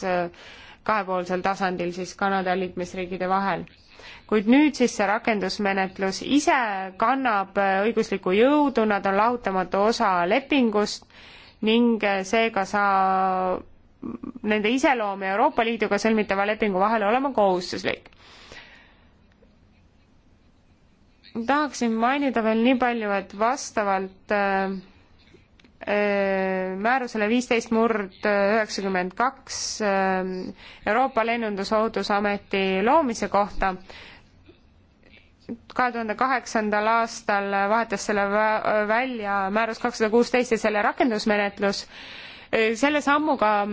kahepoolsel tasandil siis Kanada liikmesriikide vahel. kuid nüüd siis see rakendusmenetlus ise kannab õiguslikku jõudu, nad on lahutamatu osa lepingust ning seega saa nende iseloom Euroopa Liiduga sõlmitava lepingu vahel olema kohustuslik tahaksin mainida veel nii palju, et vastavalt äh, äh määrusele viisteist murd üheksakümmend kaks äh, Euroopa Lennundusohutusameti loomise kohta. kahe tuhande kaheksandal aastal vahetas selle välja määrus kakssada kuusteist ja selle rakendusmenetlus. Äh, selle sammuga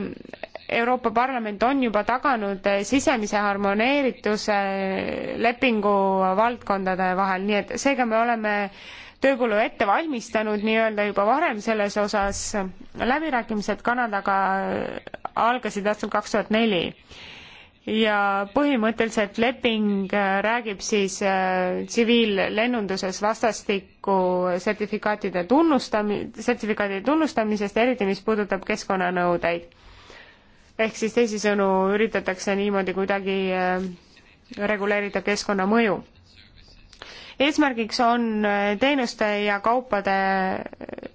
Euroopa Parlament on juba taganud eh, sisemise harmoneerituse eh, lepingu valdkondade vahel, nii et seega me oleme tööpõllu ette valmistanud nii-öelda juba varem selles osas. läbirääkimised Kanadaga eh, algasid aastal kaks tuhat neli ja põhimõtteliselt leping räägib siis tsiviillennunduses äh, vastastikku sertifikaatide tunnustami-, sertifikaatide tunnustamisest, eriti mis puudutab keskkonnanõudeid ehk siis teisisõnu üritatakse niimoodi kuidagi äh, reguleerida keskkonnamõju. eesmärgiks on äh, teenuste ja kaupade äh,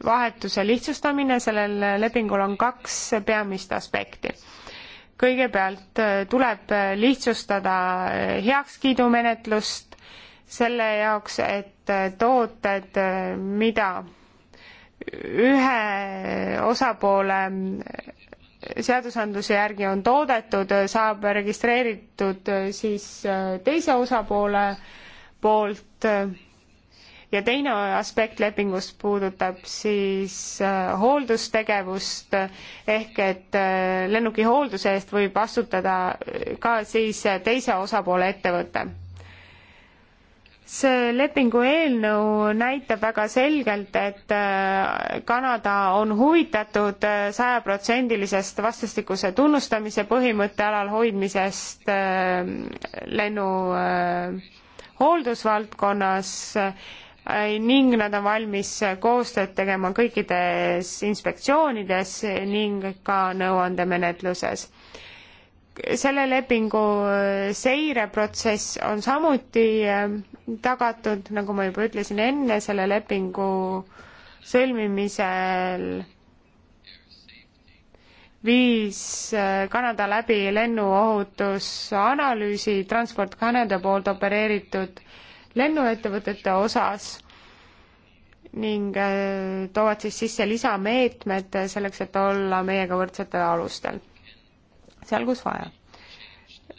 vahetuse lihtsustamine, sellel lepingul on kaks peamist aspekti kõigepealt tuleb lihtsustada heakskiidumenetlust selle jaoks, et tooted, mida ühe osapoole seadusandluse järgi on toodetud, saab registreeritud äh, siis äh, teise osapoole poolt äh, ja teine aspekt lepingust puudutab siis hooldustegevust ehk et lennuki hoolduse eest võib vastutada ka siis teise osapoole ettevõte see lepingu eelnõu näitab väga selgelt, et äh, Kanada on huvitatud äh, sajaprotsendilisest vastastikuse tunnustamise põhimõtte alal hoidmisest äh, lennu hooldusvaldkonnas ning nad on valmis koostööd tegema kõikides inspektsioonides ning ka nõuandemenetluses selle lepingu seireprotsess on samuti tagatud, nagu ma juba ütlesin enne selle lepingu sõlmimisel viis äh, Kanada läbi lennuohutusanalüüsi Transport Canada poolt opereeritud lennuettevõtete osas ning äh, toovad siis sisse lisameetmed selleks, et olla meiega võrdsetel alustel, seal kus vaja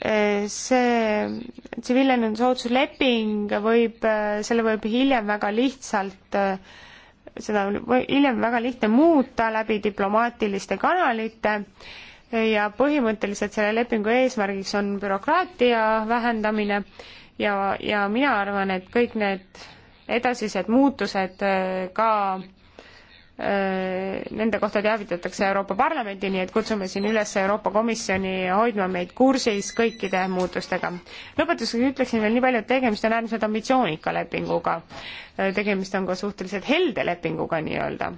Eh, see tsiviillennundusootusleping võib, eh, selle võib hiljem väga lihtsalt, eh, seda hiljem väga lihtne muuta läbi diplomaatiliste kanalite ja põhimõtteliselt selle lepingu eesmärgiks on bürokraatia vähendamine ja, ja mina arvan, et kõik need edasised muutused ka äh, Äh, nende kohta teavitatakse Euroopa Parlamendi, nii et kutsume siin üles Euroopa Komisjoni hoidma meid kursis kõikide muutustega. lõpetuseks ütleksin veel nii palju, et tegemist on äärmiselt ambitsioonika lepinguga. Äh, tegemist on ka suhteliselt helde lepinguga nii-öelda.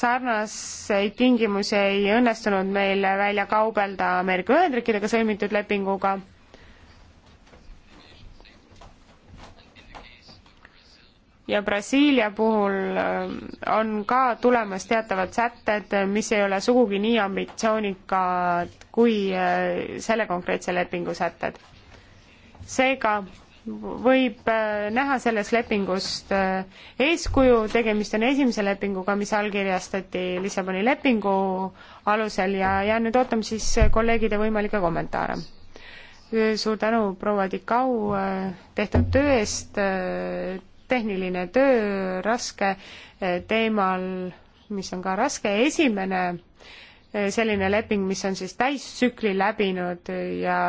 sarnaseid tingimusi ei õnnestunud meil välja kaubelda Ameerika Ühendriikidega sõlmitud lepinguga ja Brasiilia puhul äh, on ka tulemas teatavad sätted, mis ei ole sugugi nii ambitsioonikad kui äh, selle konkreetse lepingu sätted. seega võib äh, näha selles lepingust eeskuju, tegemist on esimese lepinguga, mis allkirjastati Lissaboni lepingu alusel ja jään nüüd ootama siis kolleegide võimalikke kommentaare. suur tänu, proua Tikau, tehtud töö eest tehniline töö raske eh, teemal, mis on ka raske, esimene eh, selline leping, mis on siis täistsükli läbinud ja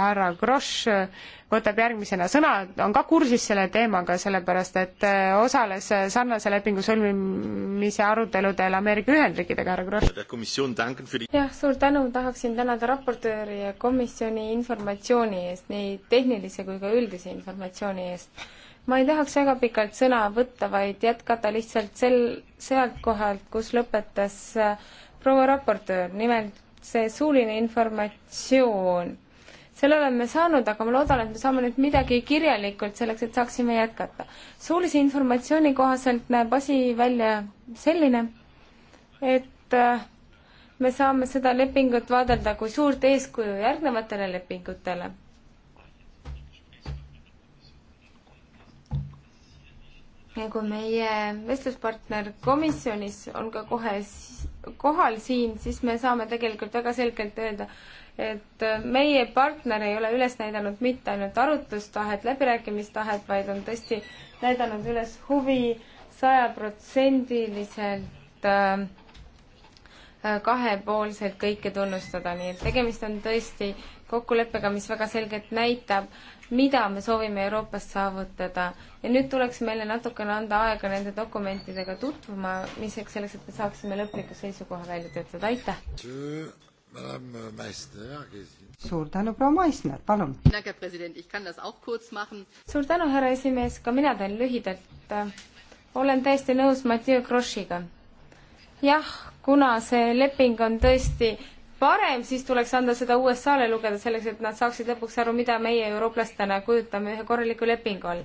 härra Grosch eh, võtab järgmisena sõna, on ka kursis selle teemaga, sellepärast et osales sarnase lepingu sõlmimise aruteludel Ameerika Ühendriikidega, härra Grosch.
jah, suur tänu, tahaksin tänada raportööri ja komisjoni informatsiooni eest, nii tehnilise kui ka üldise informatsiooni eest ma ei tahaks väga pikalt sõna võtta, vaid jätkata lihtsalt sel, sealt kohalt, kus lõpetas äh, proua raportöör, nimelt see suuline informatsioon. selle oleme saanud, aga ma loodan, et me saame nüüd midagi kirjalikult selleks, et saaksime jätkata. suulise informatsiooni kohaselt näeb asi välja selline, et äh, me saame seda lepingut vaadelda kui suurt eeskuju järgnevatele lepingutele kui nagu meie vestluspartner komisjonis on ka kohe kohal siin, siis me saame tegelikult väga selgelt öelda, et meie partner ei ole üles näidanud mitte ainult arutlustahet, läbirääkimistahet, vaid on tõesti näidanud üles huvi sajaprotsendiliselt äh, kahepoolselt kõike tunnustada, nii et tegemist on tõesti kokkuleppega, mis väga selgelt näitab, mida me soovime Euroopast saavutada. ja nüüd tuleks meile natukene anda aega nende dokumentidega tutvumiseks, selleks et me saaksime lõpliku seisukoha välja töötada, aitäh!
suur tänu, proua Maisner,
palun! suur tänu, härra esimees, ka mina teen lühidalt. olen täiesti nõus Mathieu Grossiga jah, kuna see leping on tõesti parem, siis tuleks anda seda USA-le lugeda, selleks et nad saaksid lõpuks aru, mida meie eurooplastena kujutame ühe korraliku lepingu all.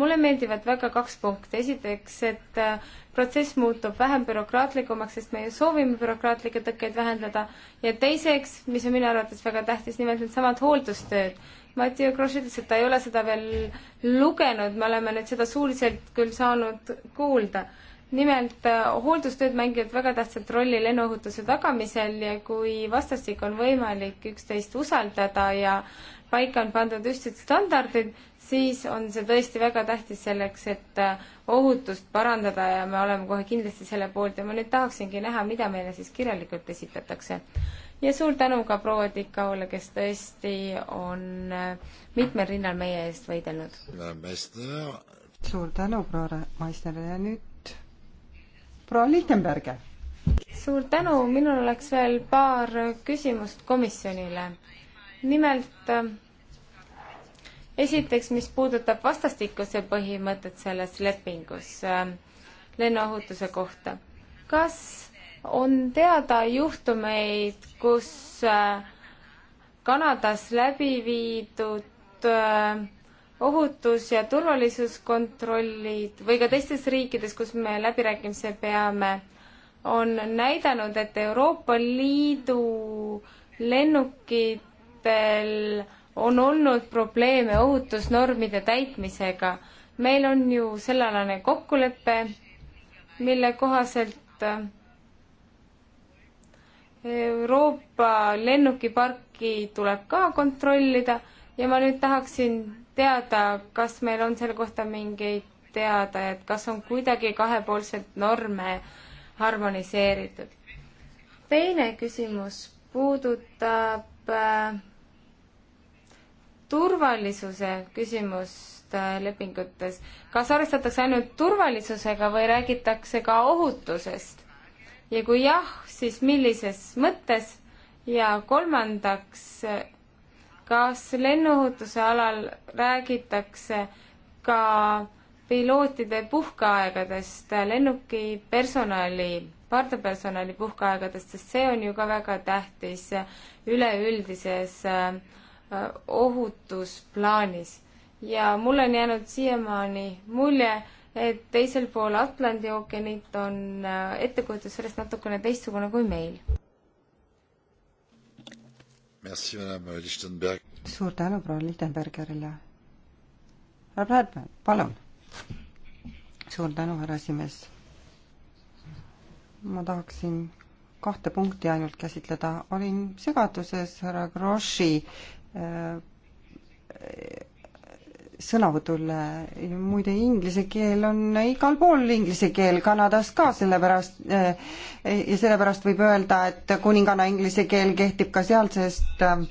mulle meeldivad väga kaks punkti, esiteks, et äh, protsess muutub vähem bürokraatlikumaks, sest me ju soovime bürokraatlikke tõkkeid vähendada, ja teiseks, mis on minu arvates väga tähtis, nimelt needsamad hooldustööd. Mati Okroš ütles, et ta ei ole seda veel lugenud, me oleme nüüd seda suuliselt küll saanud kuulda nimelt äh, hooldustööd mängivad väga tähtsat rolli lennuohutuse tagamisel ja kui vastastik on võimalik üksteist usaldada ja paika on pandud ühtsed standardid, siis on see tõesti väga tähtis selleks, et äh, ohutust parandada ja me oleme kohe kindlasti selle poolt ja ma nüüd tahaksingi näha, mida meile siis kirjalikult esitatakse. ja suur tänu ka proua Tikaule, kes tõesti on äh, mitmel rinnal meie eest võidelnud.
suur tänu, proua Maisner ja nüüd proua Lichtenberger.
suur tänu, minul oleks veel paar küsimust komisjonile. nimelt esiteks, mis puudutab vastastikuse põhimõtet selles lepingus äh, lennuohutuse kohta. kas on teada juhtumeid, kus äh, Kanadas läbi viidud äh, ohutus- ja turvalisuskontrollid või ka teistes riikides, kus me läbirääkimisi peame, on näidanud, et Euroopa Liidu lennukitel on olnud probleeme ohutusnormide täitmisega. meil on ju sellealane kokkulepe, mille kohaselt Euroopa lennukiparki tuleb ka kontrollida ja ma nüüd tahaksin teada, kas meil on selle kohta mingeid teada, et kas on kuidagi kahepoolselt norme harmoniseeritud. teine küsimus puudutab äh, turvalisuse küsimust äh, lepingutes. kas arvestatakse ainult turvalisusega või räägitakse ka ohutusest? ja kui jah, siis millises mõttes? ja kolmandaks äh, kas lennuohutuse alal räägitakse ka pilootide puhkeaegadest, lennuki personali, pardapersonali puhkeaegadest, sest see on ju ka väga tähtis üleüldises äh, ohutusplaanis. ja mul on jäänud siiamaani mulje, et teisel pool Atlandi ookeanit on äh, ettekujutus sellest natukene teistsugune kui meil
suur tänu
proua Lichtenbergerile. härra Bradman, palun. suur tänu, härra esimees. ma tahaksin kahte punkti ainult käsitleda. olin segaduses härra Grossi äh, sõnavõtule. muide, inglise keel on igal pool inglise keel, Kanadas ka, sellepärast eh, ja sellepärast võib öelda, et kuninganna inglise keel kehtib ka seal, sest eh,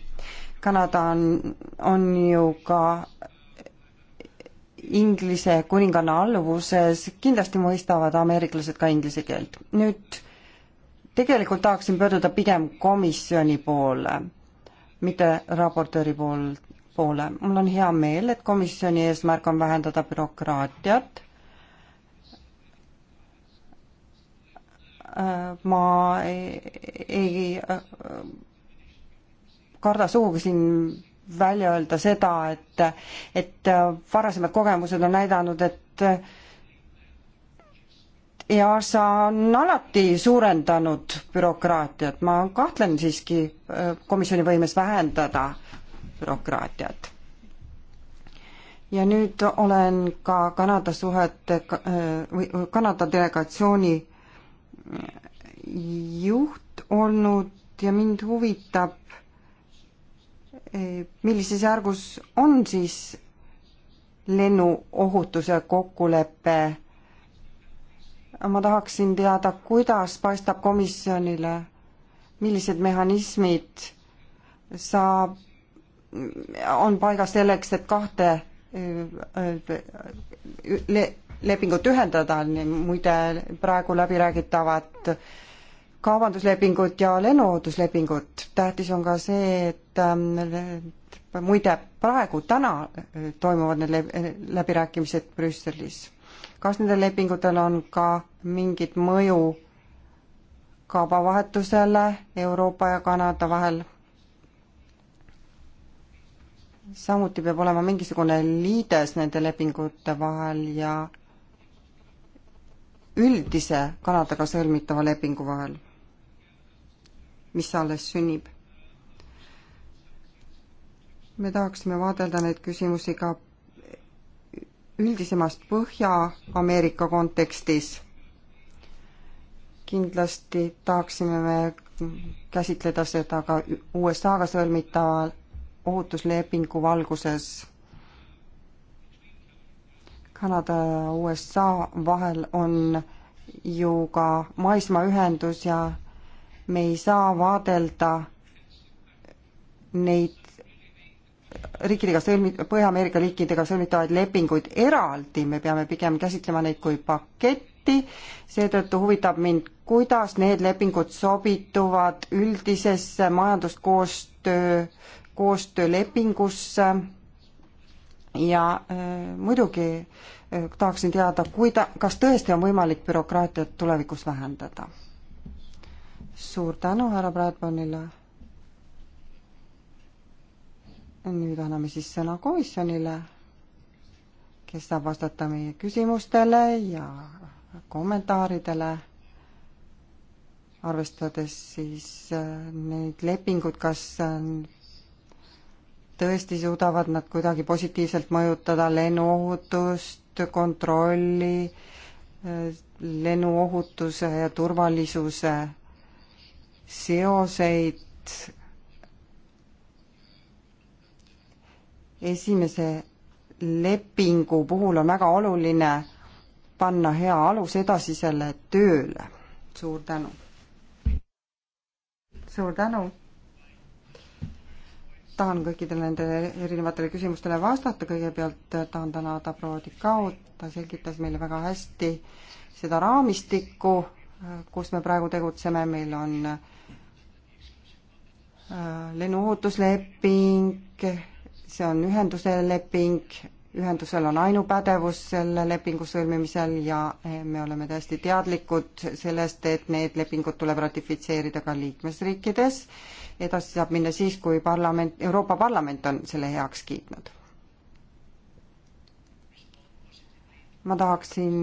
Kanada on, on ju ka Inglise kuninganna alluvuses, kindlasti mõistavad ameeriklased ka inglise keelt. nüüd tegelikult tahaksin pöörduda pigem komisjoni poole, mitte raportööri poolt poole. mul on hea meel, et komisjoni eesmärk on vähendada bürokraatiat. Äh, ma ei, ei äh, karda sugugi siin välja öelda seda, et, et äh, varasemad kogemused on näidanud, et EASA on alati suurendanud bürokraatiat, ma kahtlen siiski komisjoni võimes vähendada bürokraatiat. ja nüüd olen ka Kanada suhete või Kanada delegatsiooni juht olnud ja mind huvitab, millises järgus on siis lennuohutuse kokkulepe. ma tahaksin teada, kuidas paistab komisjonile, millised mehhanismid saab on paigas selleks, et kahte äh, äh, le lepingut ühendada, muide praegu läbiräägitavad kaubanduslepingut ja lennuohutuslepingut. tähtis on ka see, et ähm, muide, praegu, täna äh, toimuvad need läbirääkimised Brüsselis. kas nendel lepingutel on ka mingit mõju kaubavahetusele Euroopa ja Kanada vahel? samuti peab olema mingisugune liides nende lepingute vahel ja üldise Kanadaga sõlmitava lepingu vahel, mis alles sünnib. me tahaksime vaadelda neid küsimusi ka üldisemas Põhja-Ameerika kontekstis. kindlasti tahaksime me käsitleda seda ka USA-ga sõlmitaval ohutuslepingu valguses. Kanada ja USA vahel on ju ka maismaaühendus ja me ei saa vaadelda neid riikidega sõlmi-, Põhja-Ameerika riikidega sõlmitavaid lepinguid eraldi, me peame pigem käsitlema neid kui paketti, seetõttu huvitab mind, kuidas need lepingud sobituvad üldisesse majanduskoostöö koostöölepingusse ja äh, muidugi äh, tahaksin teada, kuida-, kas tõesti on võimalik bürokraatiat tulevikus vähendada? suur tänu härra Bradmanile. nüüd anname siis sõna komisjonile, kes saab vastata meie küsimustele ja kommentaaridele, arvestades siis äh, neid lepinguid, kas tõesti suudavad nad kuidagi positiivselt mõjutada lennuohutust, kontrolli, lennuohutuse ja turvalisuse seoseid. esimese lepingu puhul on väga oluline panna hea alus edasisele tööle. suur tänu! suur tänu! tahan kõikidele nendele erinevatele küsimustele vastata, kõigepealt äh, tahan tänada proua Dikaot, ta selgitas meile väga hästi seda raamistikku, äh, kus me praegu tegutseme, meil on äh, lennuohutusleping, see on ühenduse leping, ühendusel on ainupädevus selle lepingu sõlmimisel ja me oleme täiesti teadlikud sellest, et need lepingud tuleb ratifitseerida ka liikmesriikides äh, edasi saab minna siis, kui parlament, Euroopa Parlament on selle heaks kiitnud. ma tahaksin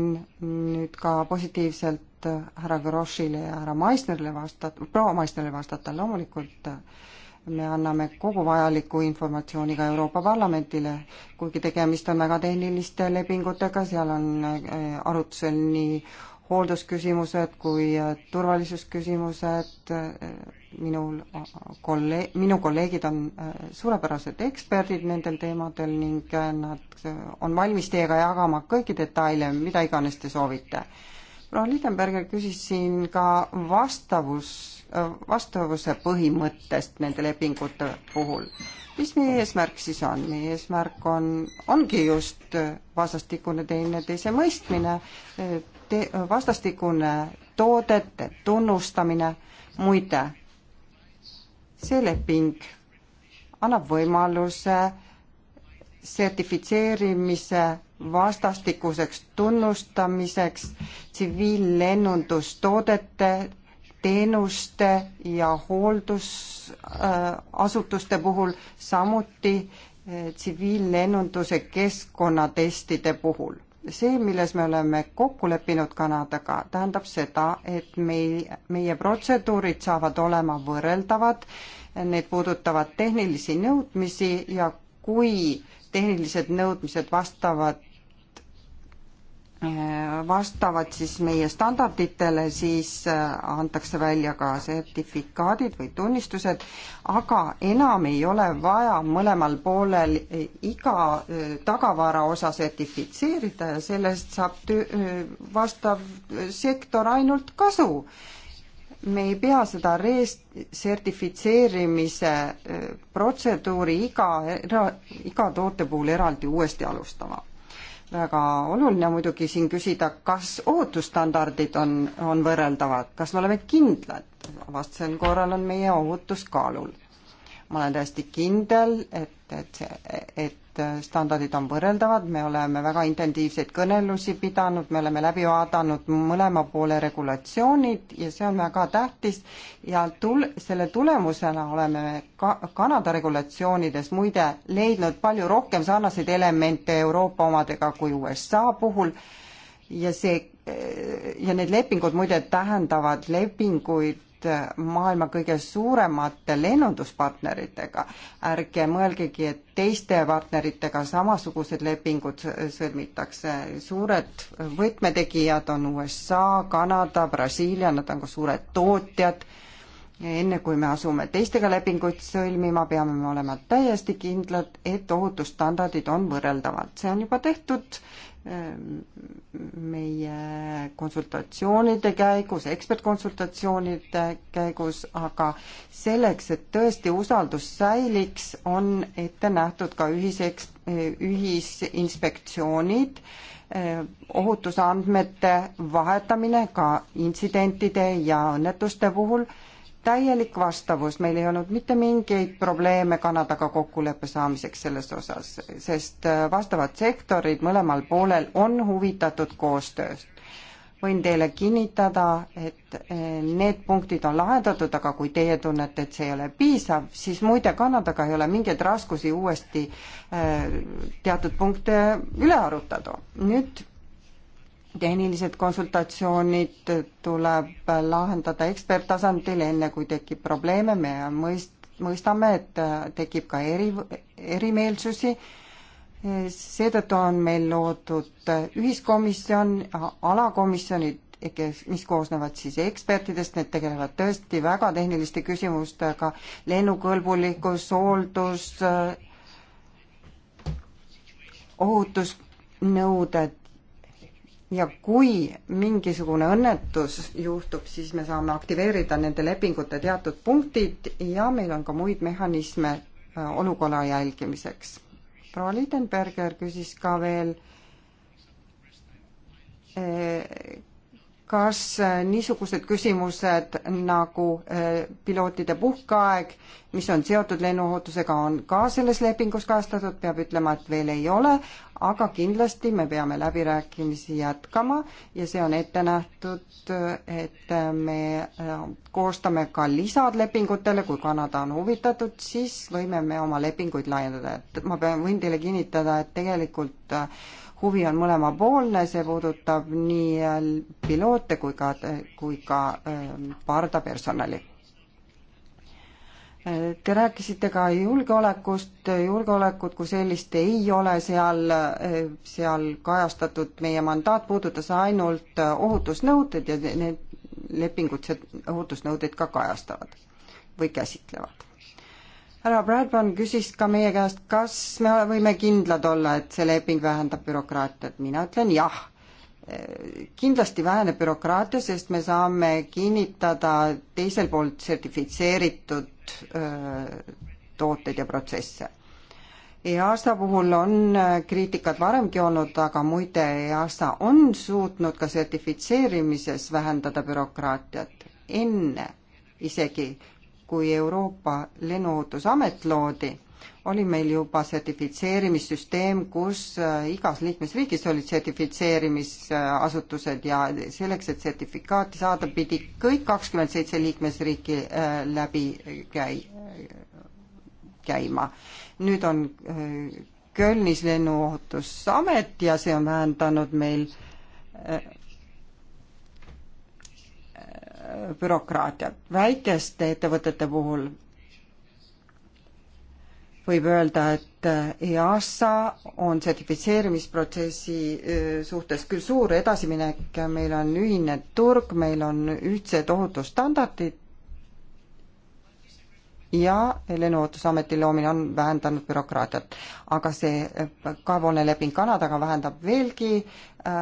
nüüd ka positiivselt härra Grossile ja härra Meissnerile vastata, proua Meissnerile vastata, loomulikult me anname kogu vajaliku informatsiooni ka Euroopa Parlamendile, kuigi tegemist on väga tehniliste lepingutega, seal on äh, arutusel nii hooldusküsimused kui äh, turvalisusküsimused. Äh, minul äh, kolleeg, minu kolleegid on suurepärased eksperdid nendel teemadel ning nad on valmis teiega jagama kõiki detaile, mida iganes te soovite. proua Lichtenberger küsis siin ka vastavus, vastavuse põhimõttest nende lepingute puhul. mis meie eesmärk siis on? meie eesmärk on, ongi just vastastikune teineteise mõistmine, te-, äh, vastastikune toodete tunnustamine, muide, see leping annab võimaluse sertifitseerimise vastastikuseks tunnustamiseks tsiviillennundustoodete, teenuste ja hooldusasutuste puhul, samuti äh, tsiviillennunduse keskkonnatestide puhul see, milles me oleme kokku leppinud Kanadaga, tähendab seda, et meie, meie protseduurid saavad olema võrreldavad, need puudutavad tehnilisi nõudmisi ja kui tehnilised nõudmised vastavad vastavad siis meie standarditele, siis äh, antakse välja ka sertifikaadid või tunnistused, aga enam ei ole vaja mõlemal poolel iga äh, tagavara osa sertifitseerida ja sellest saab töö, äh, vastav sektor ainult kasu. me ei pea seda reest-, sertifitseerimise protseduuri iga, iga toote puhul eraldi uuesti alustama väga oluline muidugi siin küsida, kas ohutusstandardid on, on võrreldavad, kas me oleme kindlad, vastasel korral on meie ohutus kaalul ma olen täiesti kindel, et, et see, et standardid on võrreldavad, me oleme väga intensiivseid kõnelusi pidanud, me oleme läbi vaadanud mõlema poole regulatsioonid ja see on väga tähtis ja tul-, selle tulemusena oleme ka Kanada regulatsioonides muide leidnud palju rohkem sarnaseid elemente Euroopa omadega kui USA puhul ja see ja need lepingud muide tähendavad lepinguid maailma kõige suuremate lennunduspartneritega. ärge mõelgegi, et teiste partneritega samasugused lepingud sõlmitakse. suured võtmetegijad on USA, Kanada, Brasiilia, nad on ka suured tootjad. enne kui me asume teistega lepinguid sõlmima, peame me olema täiesti kindlad, et ohutusstandardid on võrreldavad. see on juba tehtud meie konsultatsioonide käigus, ekspertkonsultatsioonide käigus, aga selleks, et tõesti usaldus säiliks, on ette nähtud ka ühiseks, ühisinspektsioonid, ohutusandmete vahetamine ka intsidentide ja õnnetuste puhul täielik vastavus, meil ei olnud mitte mingeid probleeme Kanadaga kokkuleppe saamiseks selles osas, sest äh, vastavad sektorid mõlemal poolel on huvitatud koostööst. võin teile kinnitada, et äh, need punktid on lahendatud, aga kui teie tunnete, et see ei ole piisav, siis muide, Kanadaga ei ole mingeid raskusi uuesti äh, teatud punkte üle arutada. nüüd tehnilised konsultatsioonid tuleb lahendada eksperttasandil, enne kui tekib probleeme, me mõist-, mõistame, et tekib ka eri, erimeelsusi, seetõttu on meil loodud ühiskomisjon, alakomisjonid, kes, mis koosnevad siis ekspertidest, need tegelevad tõesti väga tehniliste küsimustega, lennukõlbulikkus, hooldus, ohutusnõuded ja kui mingisugune õnnetus juhtub, siis me saame aktiveerida nende lepingute teatud punktid ja meil on ka muid mehhanisme äh, olukorra jälgimiseks. proua Lidenberger küsis ka veel, äh, kas äh, niisugused küsimused nagu äh, pilootide puhkeaeg, mis on seotud lennuohutusega, on ka selles lepingus kajastatud, peab ütlema, et veel ei ole, aga kindlasti me peame läbirääkimisi jätkama ja see on ette nähtud, et äh, me koostame ka lisad lepingutele, kui Kanada on huvitatud, siis võime me oma lepinguid laiendada, et ma pean, võin teile kinnitada, et tegelikult äh, huvi on mõlemapoolne, see puudutab nii äh, piloote kui ka, kui ka ähm, pardapersonali. Äh, te rääkisite ka julgeolekust, julgeolekut kui sellist ei ole seal, äh, seal kajastatud, meie mandaat puudutas ainult ohutusnõuded ja need lepingud ohutusnõudeid ka kajastavad või käsitlevad härra Bradman küsis ka meie käest, kas me võime kindlad olla, et see leping vähendab bürokraatiat, mina ütlen jah. kindlasti väheneb bürokraatia, sest me saame kinnitada teiselt poolt sertifitseeritud tooteid ja protsesse. EASA puhul on kriitikat varemgi olnud, aga muide, EASA on suutnud ka sertifitseerimises vähendada bürokraatiat enne isegi kui Euroopa Lennuohutusamet loodi, oli meil juba sertifitseerimissüsteem, kus äh, igas liikmesriigis olid sertifitseerimisasutused ja selleks, et sertifikaati saada, pidi kõik kakskümmend seitse liikmesriiki äh, läbi käi-, käima. nüüd on äh, Kölnis lennuohutusamet ja see on vähendanud meil bürokraatiat. väikeste ettevõtete puhul võib öelda, et äh, EASA on sertifitseerimisprotsessi äh, suhtes küll suur edasiminek, meil on ühine turg, meil on ühtsed ohutusstandardid, ja Lennuohutusameti loomine on vähendanud bürokraatiat. aga see äh, kahepoolne leping Kanadaga vähendab veelgi äh,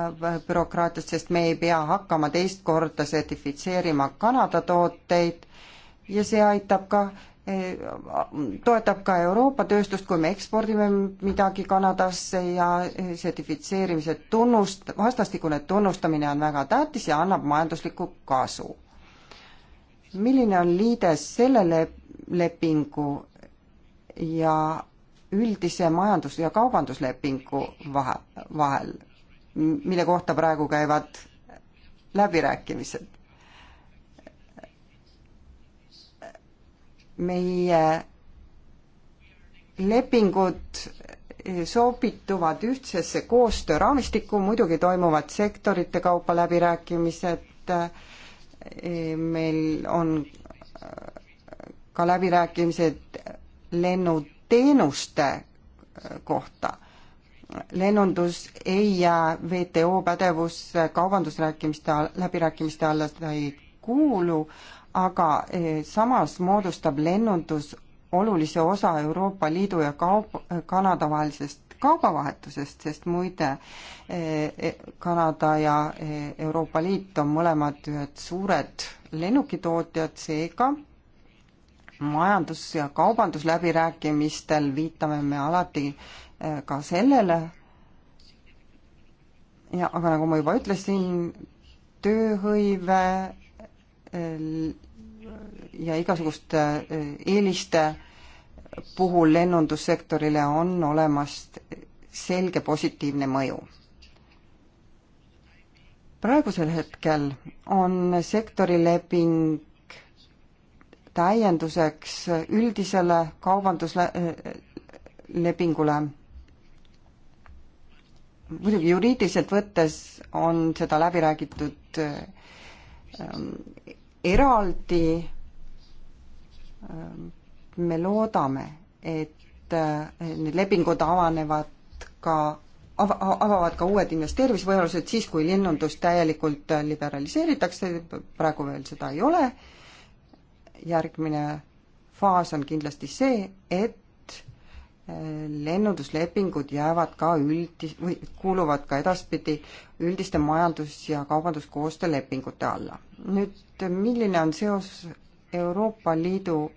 bürokraatiat, sest me ei pea hakkama teist korda sertifitseerima Kanada tooteid ja see aitab ka äh, toetab ka Euroopa tööstust, kui me ekspordime midagi Kanadasse ja sertifitseerimise tunnust, vastastikune tunnustamine on väga tähtis ja annab majanduslikku kasu. milline on liides sellele lepingu ja üldise majandus- ja kaubanduslepingu vahe, vahel, mille kohta praegu käivad läbirääkimised. meie lepingud sobituvad ühtsesse koostööraamistikku, muidugi toimuvad sektorite kaupa läbirääkimised, meil on ka läbirääkimised lennuteenuste äh, kohta. lennundus ei jää WTO pädevusse kaubandusrääkimiste, läbirääkimiste alla seda ei kuulu, aga äh, samas moodustab lennundus olulise osa Euroopa Liidu ja kaup-, Kanada vahelisest kaubavahetusest, sest muide äh, e, Kanada ja Euroopa Liit on mõlemad ühed suured lennukitootjad, seega majandus- ja kaubandusläbirääkimistel viitame me alati eh, ka sellele, ja aga nagu ma juba ütlesin, tööhõive eh, ja igasuguste eh, eeliste puhul lennundussektorile on olemas selge positiivne mõju. praegusel hetkel on sektorileping täienduseks üldisele kaubanduslepingule. muidugi juriidiliselt võttes on seda läbi räägitud ähm, eraldi. Ähm, me loodame, et äh, need lepingud avanevad ka av-, avavad ka uued investeerimisvõimalused siis, kui linnundust täielikult äh, liberaliseeritakse, praegu veel seda ei ole järgmine faas on kindlasti see, et äh, lennunduslepingud jäävad ka üldis- või kuuluvad ka edaspidi üldiste majandus- ja kaubanduskoostöö lepingute alla. nüüd milline on seos Euroopa Liidu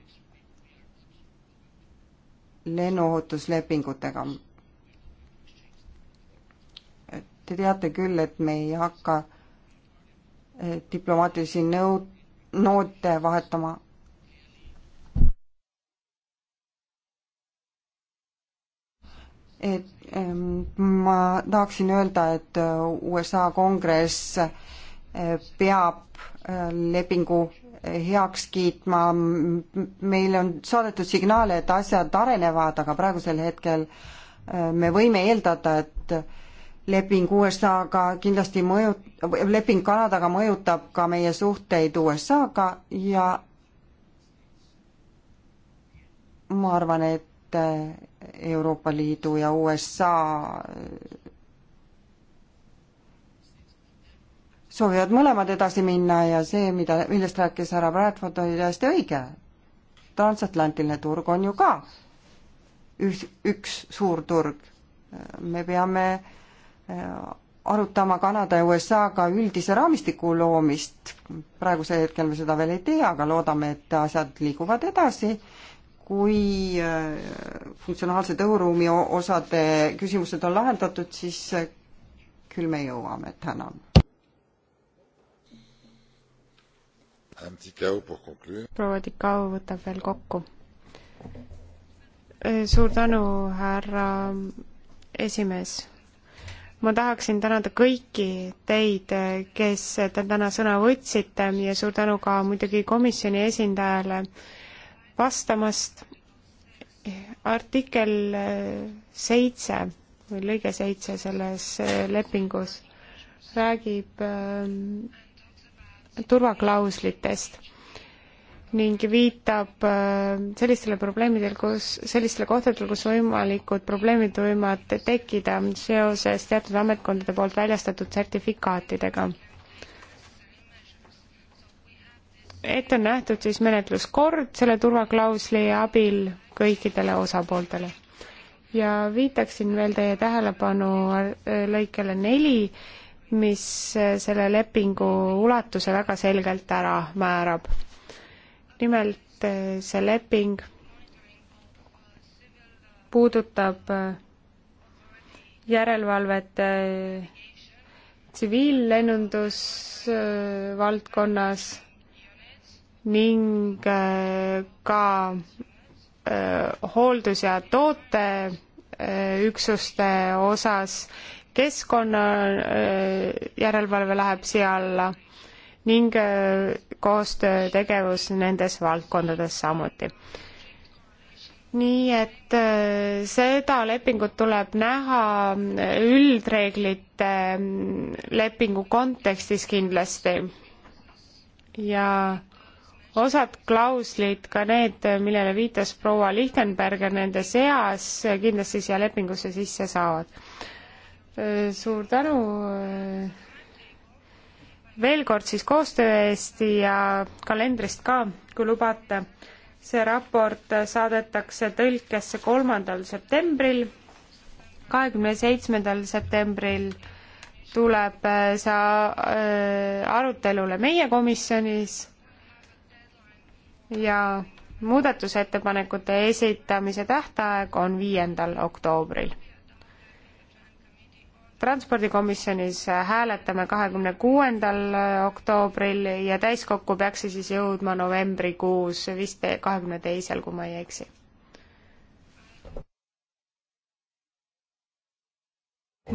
lennuohutuslepingutega? Te teate küll, et me ei hakka äh, diplomaatilisi nõu-, noote vahetama, et ma tahaksin öelda, et äh, USA kongress äh, peab äh, lepingu heaks kiitma, meile on saadetud signaale, et asjad arenevad, aga praegusel hetkel me võime eeldada, et leping USA-ga kindlasti mõju, leping Kanadaga mõjutab ka meie suhteid USA-ga ja ma arvan, et Euroopa Liidu ja USA soovivad mõlemad edasi minna ja see, mida, millest rääkis härra Bradford, oli täiesti õige. transatlantiline turg on ju ka üks, üks suur turg. me peame eh, arutama Kanada ja USA-ga üldise raamistiku loomist. praegusel hetkel me seda veel ei tea, aga loodame, et asjad liiguvad edasi kui äh, funktsionaalsed õhuruumi osade küsimused on lahendatud, siis äh, küll me jõuame, tänan.
proua Tikau võtab veel kokku. Äh, suur tänu, härra esimees ma tahaksin tänada kõiki teid, kes te täna sõna võtsite ja suur tänu ka muidugi komisjoni esindajale vastamast. artikkel seitse või lõige seitse selles äh, lepingus räägib ähm, turvaklauslitest ning viitab äh, sellistele probleemidele, kus, sellistele kohtadele, kus võimalikud probleemid võivad tekkida seoses teatud ametkondade poolt väljastatud sertifikaatidega ette on nähtud siis menetluskord selle turvaklausli abil kõikidele osapooltele. ja viitaksin veel teie tähelepanu lõikele neli, mis selle lepingu ulatuse väga selgelt ära määrab. nimelt see leping puudutab järelevalvet tsiviillennundusvaldkonnas äh, ning äh, ka äh, hooldus- ja tooteüksuste äh, osas keskkonnajärelevalve läheb siia alla ning koostöötegevus nendes valdkondades samuti. nii et seda lepingut tuleb näha üldreeglite mm, lepingu kontekstis kindlasti ja osad klauslid, ka need, millele viitas proua Lichtenberger nende seas, kindlasti siia lepingusse sisse saavad. suur tänu eh, veel kord siis koostöö eest ja kalendrist ka, kui lubate. see raport saadetakse tõlkesse kolmandal septembril, kahekümne seitsmendal septembril tuleb eh, see eh, arutelule meie komisjonis ja muudatusettepanekute esitamise tähtaeg on viiendal oktoobril. transpordikomisjonis hääletame kahekümne kuuendal oktoobril ja täiskokku peaks see siis jõudma novembrikuus, vist kahekümne teisel, kui ma ei eksi.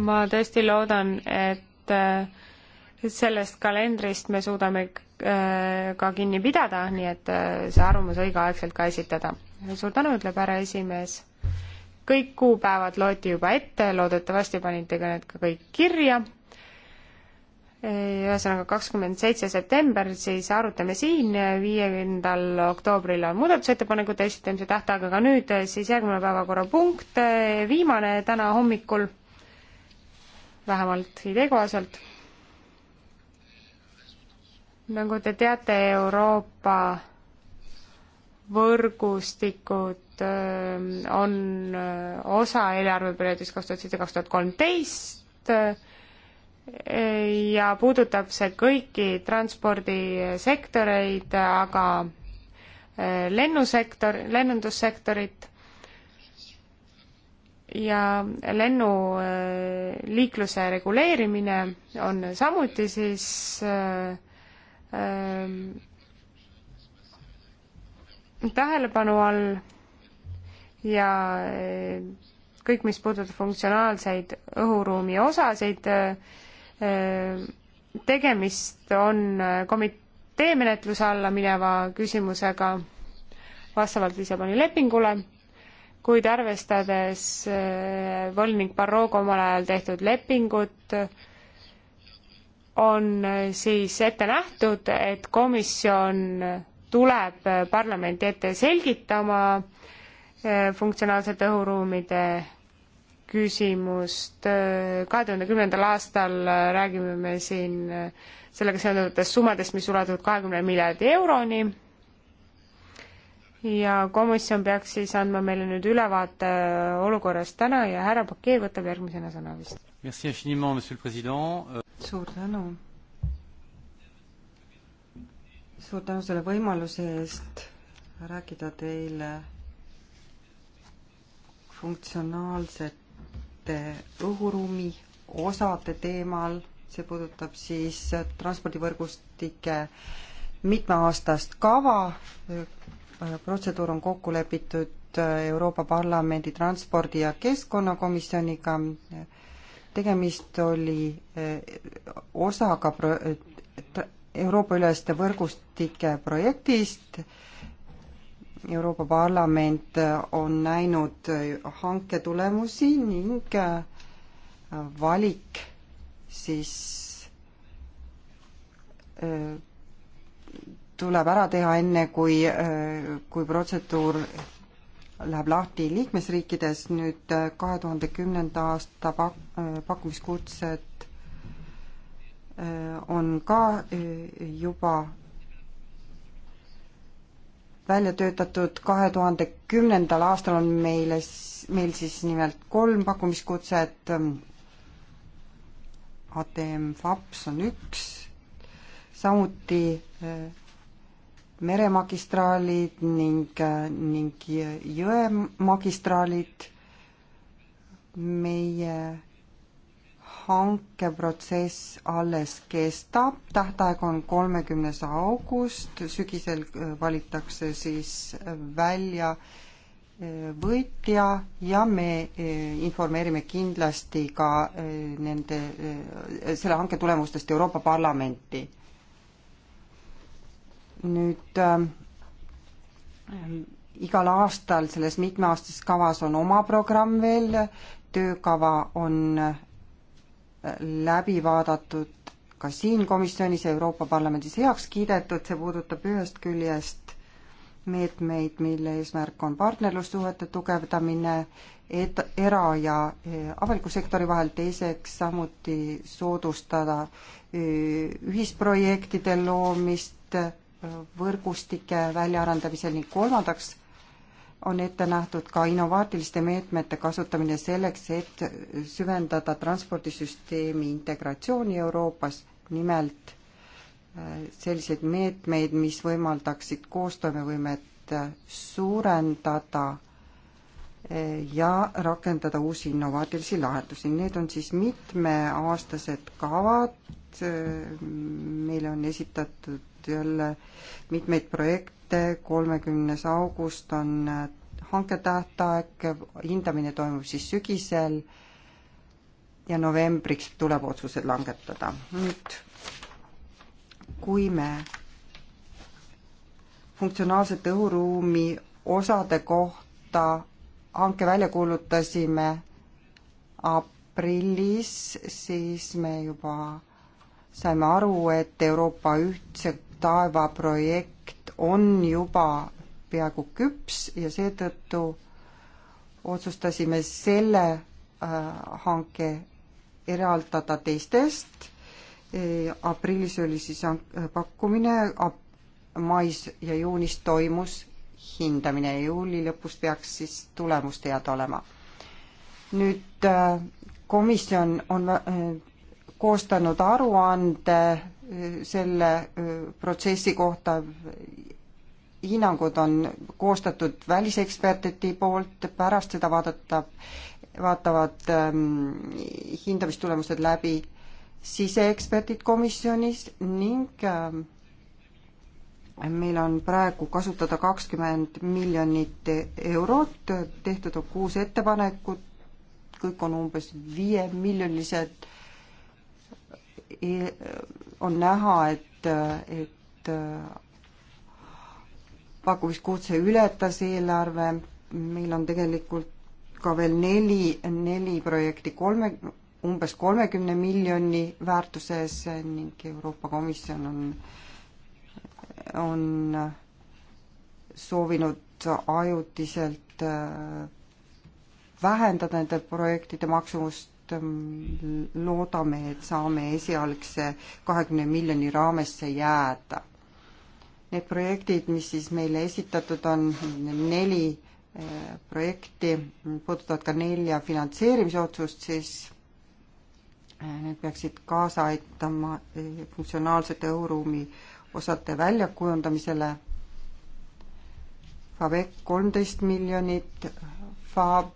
ma tõesti loodan, et sellest kalendrist me suudame äh, ka kinni pidada, nii et äh, see arvamus õigeaegselt ka esitada. suur tänu, ütleb härra esimees. kõik kuupäevad loeti juba ette, loodetavasti panite ka need ka kõik kirja. Äh, ühesõnaga kakskümmend seitse september, siis arutame siin, viiendal oktoobril on muudatusettepanekute esitamise tähtaeg, aga nüüd siis järgmine päevakorrapunkt, viimane täna hommikul, vähemalt idee kohaselt nagu te teate, Euroopa võrgustikud ähm, on äh, osa eelarveperioodist kaks tuhat seitse, kaks tuhat kolmteist äh, ja puudutab see kõiki transpordisektoreid, aga äh, lennusektor, lennundussektorit ja lennuliikluse reguleerimine on samuti siis äh, ähm, tähelepanu all ja eh, kõik, mis puudutab funktsionaalseid õhuruumi osasid äh,, tegemist on eh, komitee menetluse alla mineva küsimusega vastavalt Lissaboni lepingule, kuid arvestades äh, volinik Barroga omal ajal tehtud lepingut äh,, on eh, siis ette nähtud, et komisjon tuleb eh, parlamendi ette selgitama eh, funktsionaalsete õhuruumide küsimust. kahe tuhande kümnendal aastal räägime me siin sellega seonduvatest summadest, mis ulatuvad kahekümne miljardi euroni. ja komisjon peaks siis andma meile nüüd ülevaate olukorrast täna ja härra Pakee võtab järgmisena sõna vist.
Merci infiniment, monsieur le president suur tänu.
suur tänu selle võimaluse eest rääkida teile funktsionaalsete õhuruumi osade teemal, see puudutab siis transpordivõrgustike mitmeaastast kava, protseduur on kokku lepitud Euroopa Parlamendi transpordi- ja keskkonnakomisjoniga, tegemist oli eh, osaga pro-, Euroopa-üleste võrgustike projektist, Euroopa Parlament on näinud hanke tulemusi ning eh, valik siis eh, tuleb ära teha enne, kui, kui protseduur läheb lahti liikmesriikides, nüüd äh, kahe tuhande kümnenda aasta pak-, äh, pakkumiskutsed äh, on ka juba välja töötatud kahe tuhande kümnendal aastal on meile, meil siis nimelt kolm pakkumiskutset. ATM FAPS on üks, samuti meremagistraalid ning, ning jõemagistraalid. meie hankeprotsess alles kestab, tähtaeg on kolmekümnes august, sügisel äh, valitakse siis äh, välja äh, võitja ja me informeerime kindlasti ka nende, selle hanke tulemustest Euroopa Parlamenti nüüd äh, igal aastal selles mitmeaastases kavas on oma programm veel, töökava on äh, läbi vaadatud ka siin komisjonis ja Euroopa Parlamendis heaks kiidetud, see puudutab ühest küljest meetmeid, mille eesmärk on partnerlussuhete tugevdamine et-, era- ja äh, avaliku sektori vahel, teiseks samuti soodustada äh, ühisprojektide loomist, võrgustike väljaarendamisel ning kolmandaks on ette nähtud ka innovaatiliste meetmete kasutamine selleks, et süvendada transpordisüsteemi integratsiooni Euroopas, nimelt äh, selliseid meetmeid, mis võimaldaksid koostoimevõimet äh, suurendada äh, ja rakendada uusi innovaatilisi lahendusi. Need on siis mitmeaastased kavad, meile on esitatud jälle mitmeid projekte, kolmekümnes august on äh, hanketähtaeg, hindamine toimub siis sügisel ja novembriks tuleb otsused langetada. nüüd, kui me funktsionaalset õhuruumi osade kohta hanke välja kuulutasime aprillis, siis me juba saime aru, et Euroopa ühtse taeva projekt on juba peaaegu küps ja seetõttu otsustasime selle äh, hanke eraldada teistest. E, aprillis oli siis äh, pakkumine, mais ja juunis toimus hindamine ja juuli lõpus peaks siis tulemus teada olema. nüüd äh, komisjon on koostanud aruande selle protsessi kohta hinnangud on koostatud välisekspertide poolt, pärast seda vaadata, vaatavad ähm, hindamistulemused läbi siseeksperdid komisjonis ning ähm, meil on praegu kasutada kakskümmend miljonit eurot, tehtud on kuus ettepanekut, kõik on umbes viiemiljonilised e on näha, et, et äh, pakkumiskuutse ületas eelarve, meil on tegelikult ka veel neli, neli projekti kolme, umbes kolmekümne miljoni väärtuses ning Euroopa Komisjon on, on soovinud ajutiselt äh, vähendada nende projektide maksumust Ähm, loodame, et saame esialgse kahekümne miljoni raamesse jääda. Need projektid, mis siis meile esitatud on, neli äh, projekti, puudutavad ka nelja finantseerimisotsust, siis äh, need peaksid kaasa aitama äh, funktsionaalsete õhuruumi osade väljakujundamisele. FABEC kolmteist miljonit, FAB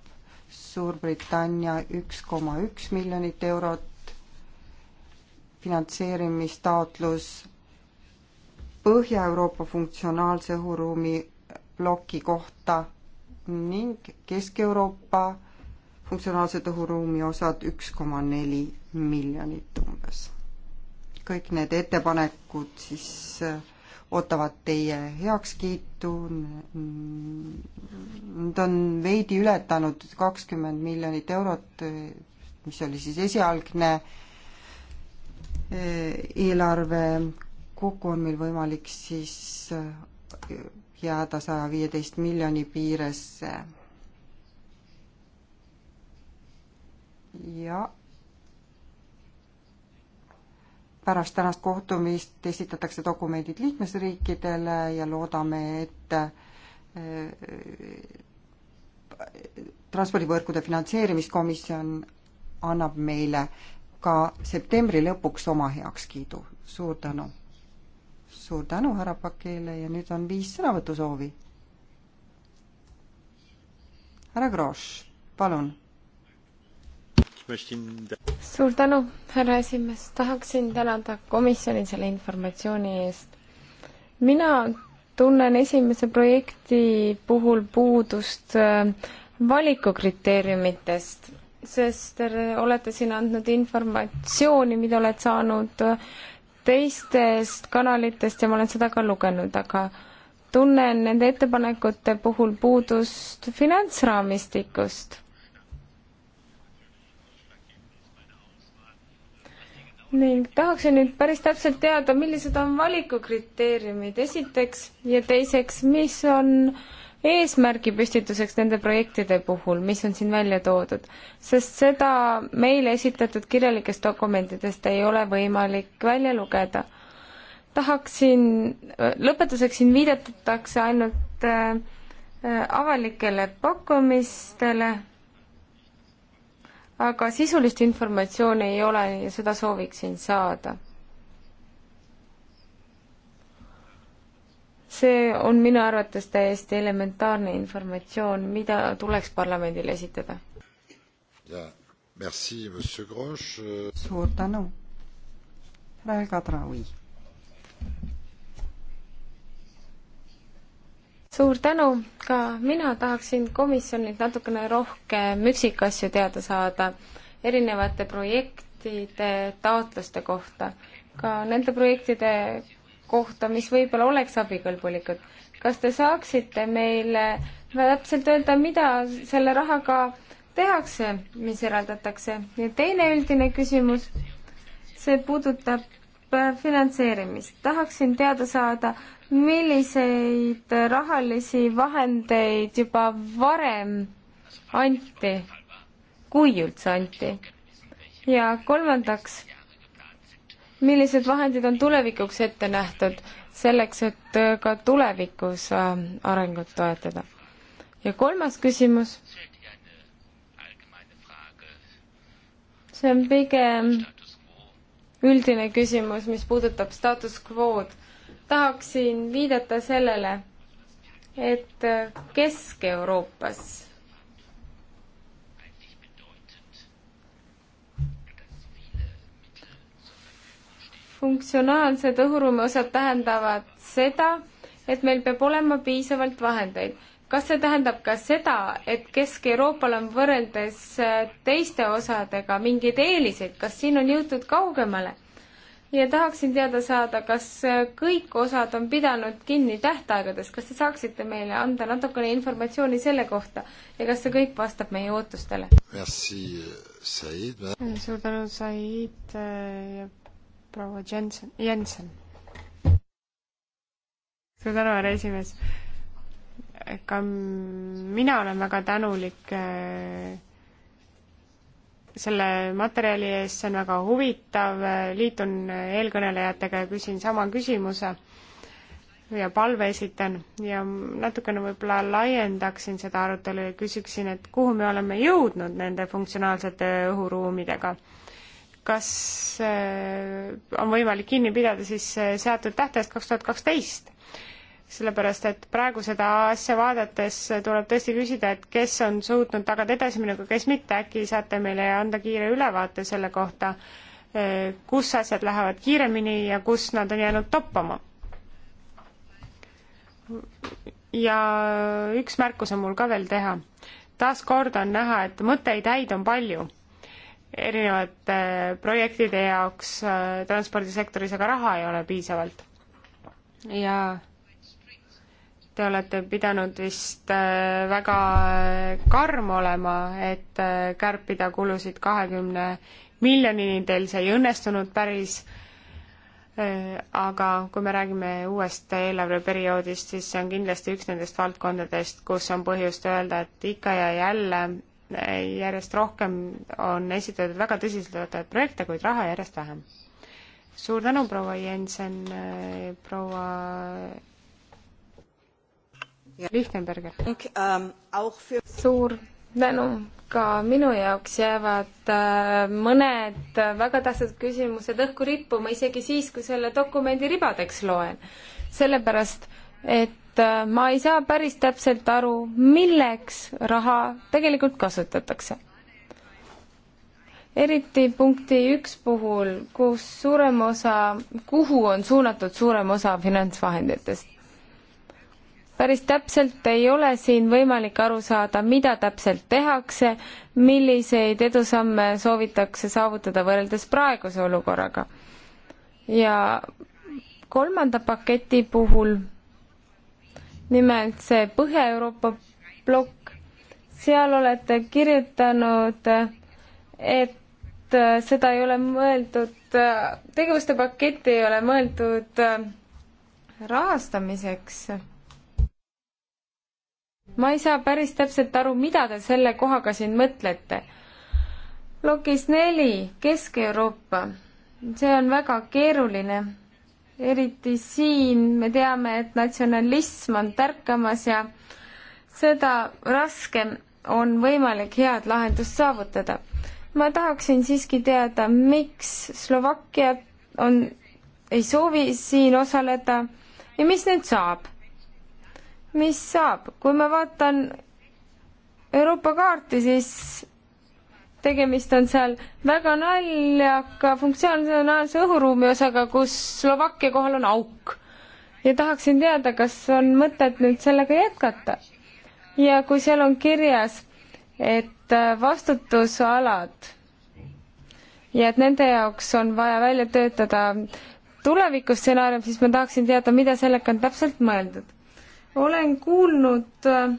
Suurbritannia üks koma üks miljonit eurot, finantseerimistaotlus Põhja-Euroopa funktsionaalse õhuruumi ploki kohta ning Kesk-Euroopa funktsionaalsed õhuruumi osad üks koma neli miljonit umbes. kõik need ettepanekud siis äh, ootavad teie heakskiitu. Nad on veidi ületanud kakskümmend miljonit eurot, mis oli siis esialgne eh, eelarve. kokku on meil võimalik siis eh, jääda saja viieteist miljoni piiresse. ja pärast tänast kohtumist esitatakse dokumendid liikmesriikidele ja loodame, et äh, transpordivõrkude finantseerimiskomisjon annab meile ka septembri lõpuks oma heakskiidu. suur tänu! suur tänu härra Pakile ja nüüd on viis sõnavõtusoovi. härra Grosch, palun
suur tänu, härra esimees, tahaksin tänada komisjoni selle informatsiooni eest. mina tunnen esimese projekti puhul puudust äh, valikukriteeriumitest, sest te äh, olete siin andnud informatsiooni, mida oled saanud äh, teistest kanalitest ja ma olen seda ka lugenud, aga tunnen nende ettepanekute puhul puudust finantsraamistikust ning tahaksin nüüd päris täpselt teada, millised on valikukriteeriumid esiteks ja teiseks, mis on eesmärgi püstituseks nende projektide puhul, mis on siin välja toodud, sest seda meile esitatud kirjalikest dokumentidest ei ole võimalik välja lugeda. tahaksin, lõpetuseks siin viidatakse ainult äh, äh, avalikele pakkumistele aga sisulist informatsiooni ei ole ja seda sooviksin saada. see on minu arvates täiesti elementaarne informatsioon, mida tuleks parlamendile esitada.
suur tänu,
härra Kadraui. suur tänu, ka mina tahaksin komisjonilt natukene rohkem üksikasju teada saada erinevate projektide taotluste kohta, ka nende projektide kohta, mis võib-olla oleks abikõlbulikud. kas te saaksite meile täpselt öelda, mida selle rahaga tehakse, mis eraldatakse? ja teine üldine küsimus, see puudutab äh, finantseerimist. tahaksin teada saada, milliseid rahalisi vahendeid juba varem anti, kui üldse anti? ja kolmandaks, millised vahendid on tulevikuks ette nähtud selleks, et ka tulevikus ähm, arengut toetada? ja kolmas küsimus, see on pigem üldine küsimus, mis puudutab status quo'd tahaksin viidata sellele, et Kesk-Euroopas funktsionaalsed õhuruumiosad tähendavad seda, et meil peab olema piisavalt vahendeid. kas see tähendab ka seda, et Kesk-Euroopal on võrreldes teiste osadega mingeid eeliseid, kas siin on jõutud kaugemale? ja tahaksin teada saada, kas kõik osad on pidanud kinni tähtaegadest, kas te saaksite meile anda natukene informatsiooni selle kohta ja kas see kõik vastab meie ootustele? suur tänu, Said äh, ja proua Jensen, Jensen.
suur tänu, härra esimees. ka mina olen väga tänulik äh, selle materjali eest, see on väga huvitav, liitun eelkõnelejatega ja küsin sama küsimuse ja palve esitan ja natukene võib-olla laiendaksin seda arutelu ja küsiksin, et kuhu me oleme jõudnud nende funktsionaalsete õhuruumidega. kas äh, on võimalik kinni pidada siis äh, seatud tähtajast kaks tuhat kaksteist? sellepärast et praegu seda asja vaadates tuleb tõesti küsida, et kes on suutnud tagada edasimineku, kes mitte, äkki saate meile anda kiire ülevaate selle kohta, eh, kus asjad lähevad kiiremini ja kus nad on jäänud toppama. ja üks märkus on mul ka veel teha. taaskord on näha, et mõtteid häid on palju erinevate eh, projektide jaoks eh, transpordisektoris, aga raha ei ole piisavalt. ja Te olete pidanud vist äh, väga äh, karm olema, et äh, kärpida kulusid kahekümne miljonini, teil see ei õnnestunud päris aga kui me räägime uuest eelarveperioodist, siis see on kindlasti üks nendest valdkondadest, kus on põhjust öelda, et ikka ja jälle järjest rohkem on esitatud väga tõsiseltvõetavaid projekte, kuid raha järjest vähem. suur tänu, proua Jensen,
proua Lichtenberger. Ähm, suur tänu ka minu jaoks jäävad äh, mõned äh, väga tähtsad küsimused õhku rippuma, isegi siis, kui selle dokumendi ribadeks loen. sellepärast, et äh, ma ei saa päris täpselt aru, milleks raha tegelikult kasutatakse. eriti punkti üks puhul, kus suurem osa, kuhu on suunatud suurem osa finantsvahenditest päris täpselt ei ole siin võimalik aru saada, mida täpselt tehakse, milliseid edusamme soovitakse saavutada võrreldes praeguse olukorraga. ja kolmanda paketi puhul, nimelt see Põhja-Euroopa plokk, seal olete kirjutanud, et seda ei ole mõeldud, tegevuste paketti ei ole mõeldud rahastamiseks ma ei saa päris täpselt aru, mida te selle kohaga siin mõtlete. plokis neli, Kesk-Euroopa, see on väga keeruline, eriti siin me teame, et natsionalism on tärkamas ja seda raskem on võimalik head lahendust saavutada. ma tahaksin siiski teada, miks Slovakkia on, ei soovi siin osaleda ja mis nüüd saab mis saab, kui ma vaatan Euroopa kaarti, siis tegemist on seal väga naljaka funktsionaalse õhuruumi osaga, kus Slovakkia kohal on auk. ja tahaksin teada, kas on mõtet nüüd sellega jätkata. ja kui seal on kirjas, et vastutusalad ja et nende jaoks on vaja välja töötada tulevikustsenaarium, siis ma tahaksin teada, mida sellega on täpselt mõeldud olen kuulnud äh,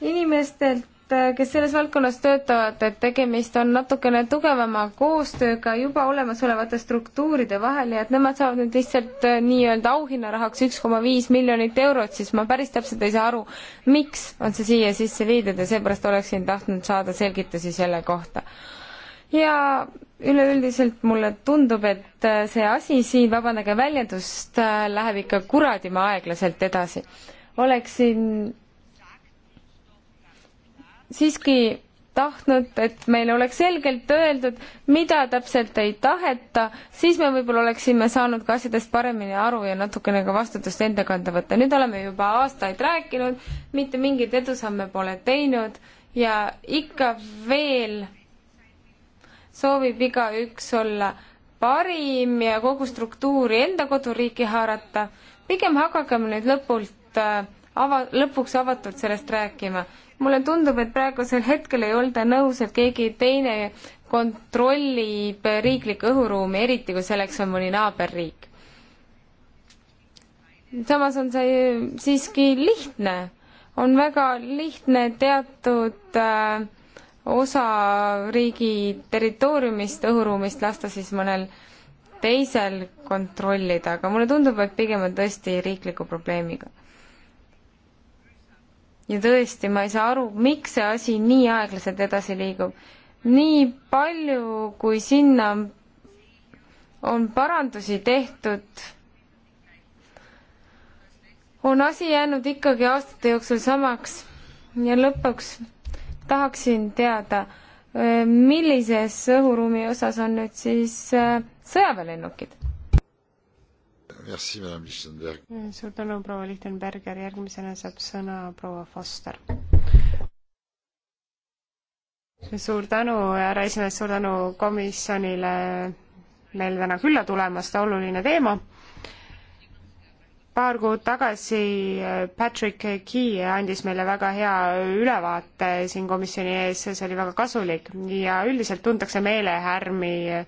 inimestelt, äh, kes selles valdkonnas töötavad, et tegemist on natukene tugevama koostööga juba olemasolevate struktuuride vahel ja et nemad saavad nüüd lihtsalt äh, nii-öelda auhinnarahaks üks koma viis miljonit eurot, siis ma päris täpselt ei saa aru, miks on see siia sisse viidud ja seepärast oleksin tahtnud saada selgitusi selle kohta. ja üleüldiselt mulle tundub, et äh, see asi siin, vabandage väljendust, äh, läheb ikka kuradima aeglaselt edasi. oleksin siiski tahtnud, et meile oleks selgelt öeldud, mida täpselt ei taheta, siis me võib-olla oleksime saanud ka asjadest paremini aru ja natukene ka vastutust enda kanda võtta. nüüd oleme juba aastaid rääkinud, mitte mingeid edusamme pole teinud ja ikka veel soovib igaüks olla parim ja kogu struktuuri enda koduriiki haarata, pigem hakakem nüüd lõpult äh, ava-, lõpuks avatult sellest rääkima. mulle tundub, et praegusel hetkel ei olda nõus, et keegi teine kontrollib riiklikku õhuruumi, eriti kui selleks on mõni naaberriik. samas on see siiski lihtne, on väga lihtne teatud äh, osa riigi territooriumist, õhuruumist lasta siis mõnel teisel kontrollida, aga mulle tundub, et pigem on tõesti riikliku probleemiga. ja tõesti, ma ei saa aru, miks see asi nii aeglaselt edasi liigub. nii palju, kui sinna on parandusi tehtud, on asi jäänud ikkagi aastate jooksul samaks ja lõpuks tahaksin teada, äh, millises õhuruumi osas on nüüd siis äh, sõjaväelennukid?
Mm,
suur tänu, proua Lichtenberger, järgmisena saab sõna
proua Foster. suur tänu, härra esimees, suur tänu komisjonile meil täna külla tulemast, oluline teema paar kuud tagasi eh, Patrick Key andis meile väga hea ülevaate siin komisjoni ees, see oli väga kasulik ja üldiselt tuntakse meelehärmi eh,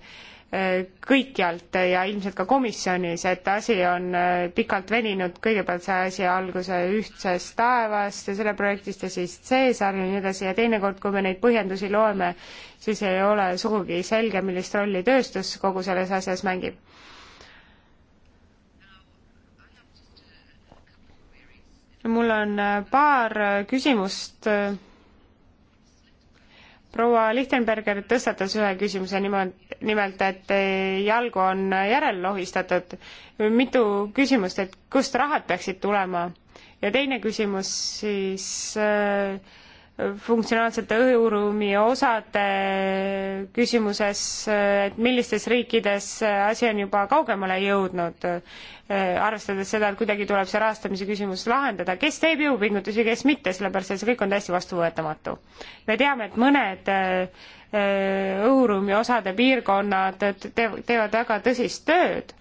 kõikjalt ja ilmselt ka komisjonis, et asi on eh, pikalt veninud, kõigepealt sai asi alguse Ühtsest taevast ja selle projektist ja siis Caesar ja nii edasi ja teinekord, kui me neid põhjendusi loeme, siis ei ole sugugi selge, millist rolli tööstus kogu selles asjas mängib mul on äh, paar äh, küsimust. proua Lichtenberger tõstatas ühe küsimuse nimelt, nimelt, et äh, jalgu on järel lohistatud. mitu küsimust, et kust rahad peaksid tulema? ja teine küsimus siis äh, funktsionaalsete õhuruumi osade küsimuses, et millistes riikides asi on juba kaugemale jõudnud, arvestades seda, et kuidagi tuleb see rahastamise küsimus lahendada, kes teeb jõupingutusi, kes mitte, sellepärast et see kõik on täiesti vastuvõetamatu. me teame, et mõned äh, õhuruumi osade piirkonnad teevad väga tõsist tööd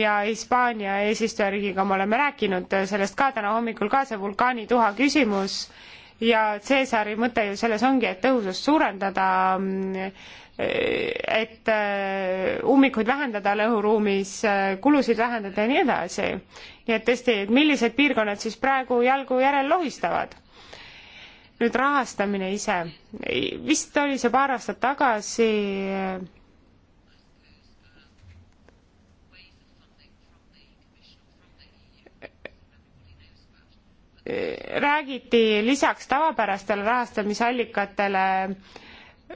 ja Hispaania eesistujariigiga me oleme rääkinud sellest ka täna hommikul, ka see vulkaanituha küsimus ja Cäsari mõte ju selles ongi, et tõhusust suurendada, mm, et äh, ummikuid vähendada lõhuruumis, äh, kulusid vähendada ja nii edasi. nii et tõesti, et millised piirkonnad siis praegu jalgu järel lohistavad? nüüd rahastamine ise, vist oli see paar aastat tagasi äh, räägiti lisaks tavapärastele rahastamisallikatele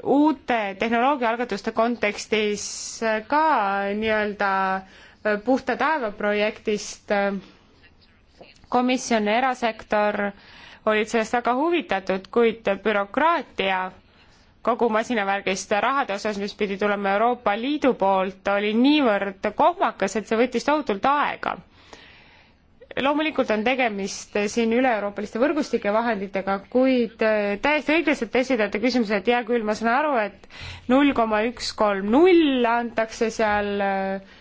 uute tehnoloogiaalgatuste kontekstis ka nii-öelda äh, puhta taeva projektist. komisjon ja erasektor olid sellest väga huvitatud, kuid bürokraatia kogu masinavärgist rahade osas, mis pidi tulema Euroopa Liidu poolt, oli niivõrd kohmakas, et see võttis tohutult aega loomulikult on tegemist siin üle-euroopaliste võrgustike vahenditega, kuid äh, täiesti õiglaselt esitate küsimuse, et hea küll, ma saan aru, et null koma üks kolm null antakse seal äh,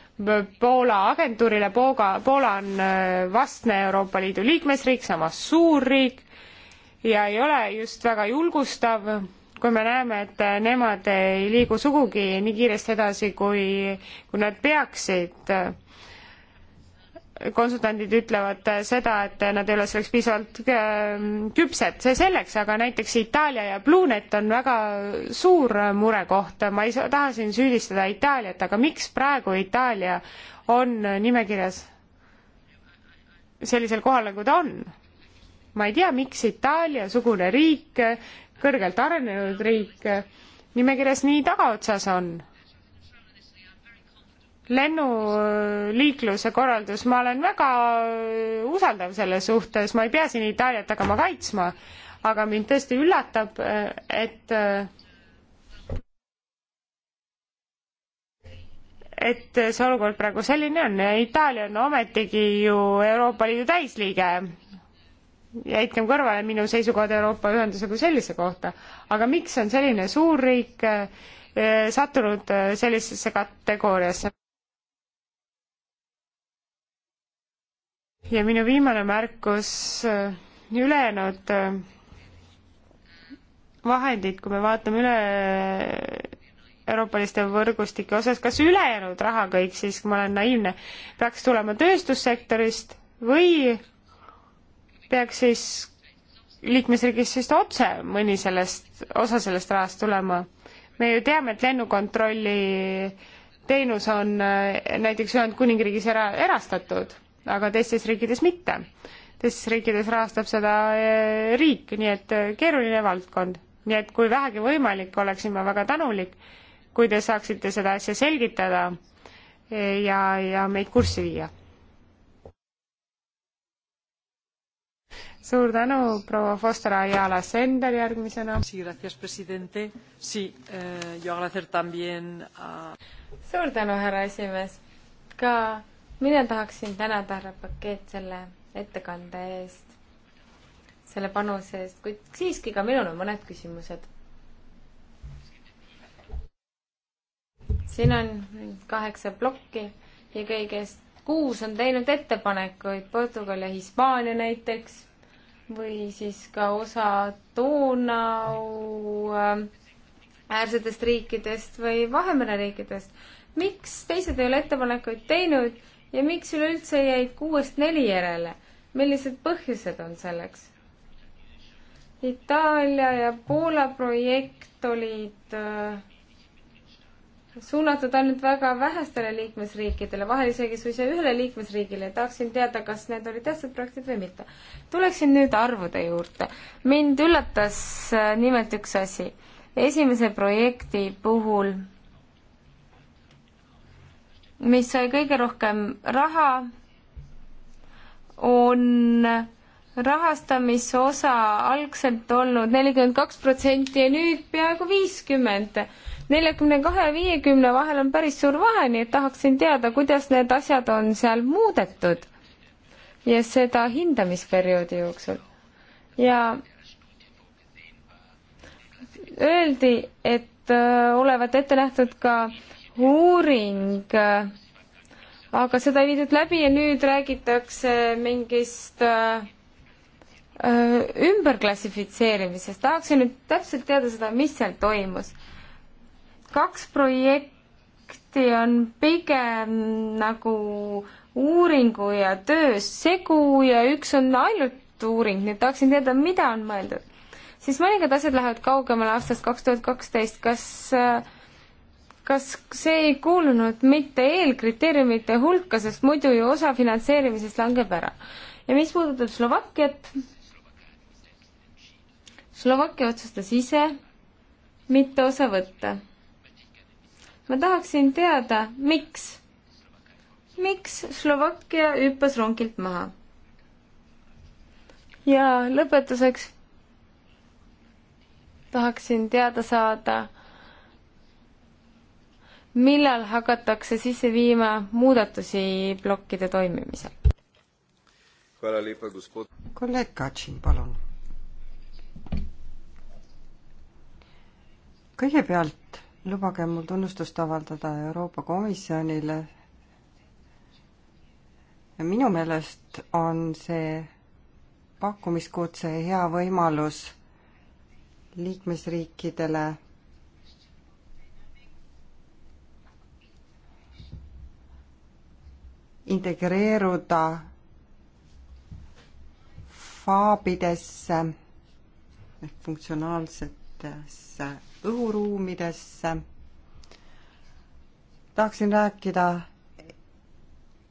Poola agentuurile, Pooga, Poola on äh, vastne Euroopa Liidu liikmesriik, samas suurriik ja ei ole just väga julgustav, kui me näeme, et nemad ei liigu sugugi nii kiiresti edasi, kui, kui nad peaksid konsultandid ütlevad äh, seda, et nad ei ole selleks piisavalt äh, küpsed, see selleks, aga näiteks Itaalia ja Bluenet on väga suur murekoht, ma ei taha siin süüdistada Itaaliat, aga miks praegu Itaalia on nimekirjas sellisel kohal, nagu ta on? ma ei tea, miks Itaalia-sugune riik, kõrgelt arenenud riik, nimekirjas nii tagaotsas on lennuliikluse korraldus, ma olen väga äh, usaldav selle suhtes, ma ei pea siin Itaaliat hakkama kaitsma, aga mind tõesti üllatab, äh, et äh, et see olukord praegu selline on. Itaalia on ometigi ju Euroopa Liidu täisliige. jäitkem kõrvale minu seisukohad Euroopa Ühenduse kui sellise kohta. aga miks on selline suurriik sattunud sellisesse kategooriasse? ja minu viimane märkus, äh, ülejäänud äh, vahendid, kui me vaatame üle äh, euroopaliste võrgustike osas, kas ülejäänud raha kõik siis, kui ma olen naiivne, peaks tulema tööstussektorist või peaks siis liikmesriigist vist otse mõni sellest, osa sellest rahast tulema? me ju teame, et lennukontrolli teenus on näiteks Ühendkuningriigis era-, erastatud aga teistes riikides mitte. teistes riikides rahastab seda eh, riik, nii et eh, keeruline valdkond. nii et kui vähegi võimalik, oleksin ma väga tänulik, kui te saaksite seda asja selgitada eh, ja, ja meid kurssi viia. suur tänu, proua Foster Ayala Sender järgmisena.
suur tänu, härra esimees. ka mina tahaksin tänada härra Paket selle ettekande eest, selle panuse eest, kuid siiski ka minul on mõned küsimused. siin on kaheksa plokki ja kõigest kuus on teinud ettepanekuid, Portugal ja Hispaania näiteks või siis ka osa Donau ähm, äärsetest riikidest või Vahemere riikidest. miks teised ei ole ettepanekuid teinud ja miks üleüldse jäid kuuest neli järele? millised põhjused on selleks? Itaalia ja Poola projekt olid äh, suunatud ainult väga vähestele liikmesriikidele, vahel isegi suisa ühele liikmesriigile. tahaksin teada, kas need olid tähtsad projektid või mitte. tuleksin nüüd arvude juurde. mind üllatas äh, nimelt üks asi. esimese projekti puhul mis sai kõige rohkem raha, on rahastamise osa algselt olnud nelikümmend kaks protsenti ja nüüd peaaegu viiskümmend. neljakümne kahe ja viiekümne vahel on päris suur vahe, nii et tahaksin teada, kuidas need asjad on seal muudetud ja seda hindamisperioodi jooksul. ja öeldi, et äh, olevat ette nähtud ka äh, uuring, aga seda ei viidud läbi ja nüüd räägitakse mingist äh, äh, ümberklassifitseerimisest. tahaksin nüüd täpselt teada seda, mis seal toimus. kaks projekti on pigem nagu uuringu ja töö segu ja üks on ainult uuring, nii et tahaksin teada, mida on mõeldud. siis mõningad asjad lähevad kaugemale aastast kaks tuhat kaksteist, kas äh, kas see ei kuulunud mitte eelkriteeriumite hulka, sest muidu ju osa finantseerimisest langeb ära. ja mis puudutab Slovakkiat, Slovakkia otsustas ise mitte osa võtta. ma tahaksin teada, miks, miks Slovakkia hüppas rongilt maha? ja lõpetuseks tahaksin teada saada millal hakatakse sisse viima muudatusi plokkide toimimisel? kolleeg Katšin,
palun. kõigepealt lubage mul tunnustust avaldada Euroopa Komisjonile. minu meelest on see pakkumiskutse hea võimalus liikmesriikidele integreeruda faabidesse ehk funktsionaalsetesse õhuruumidesse. tahaksin rääkida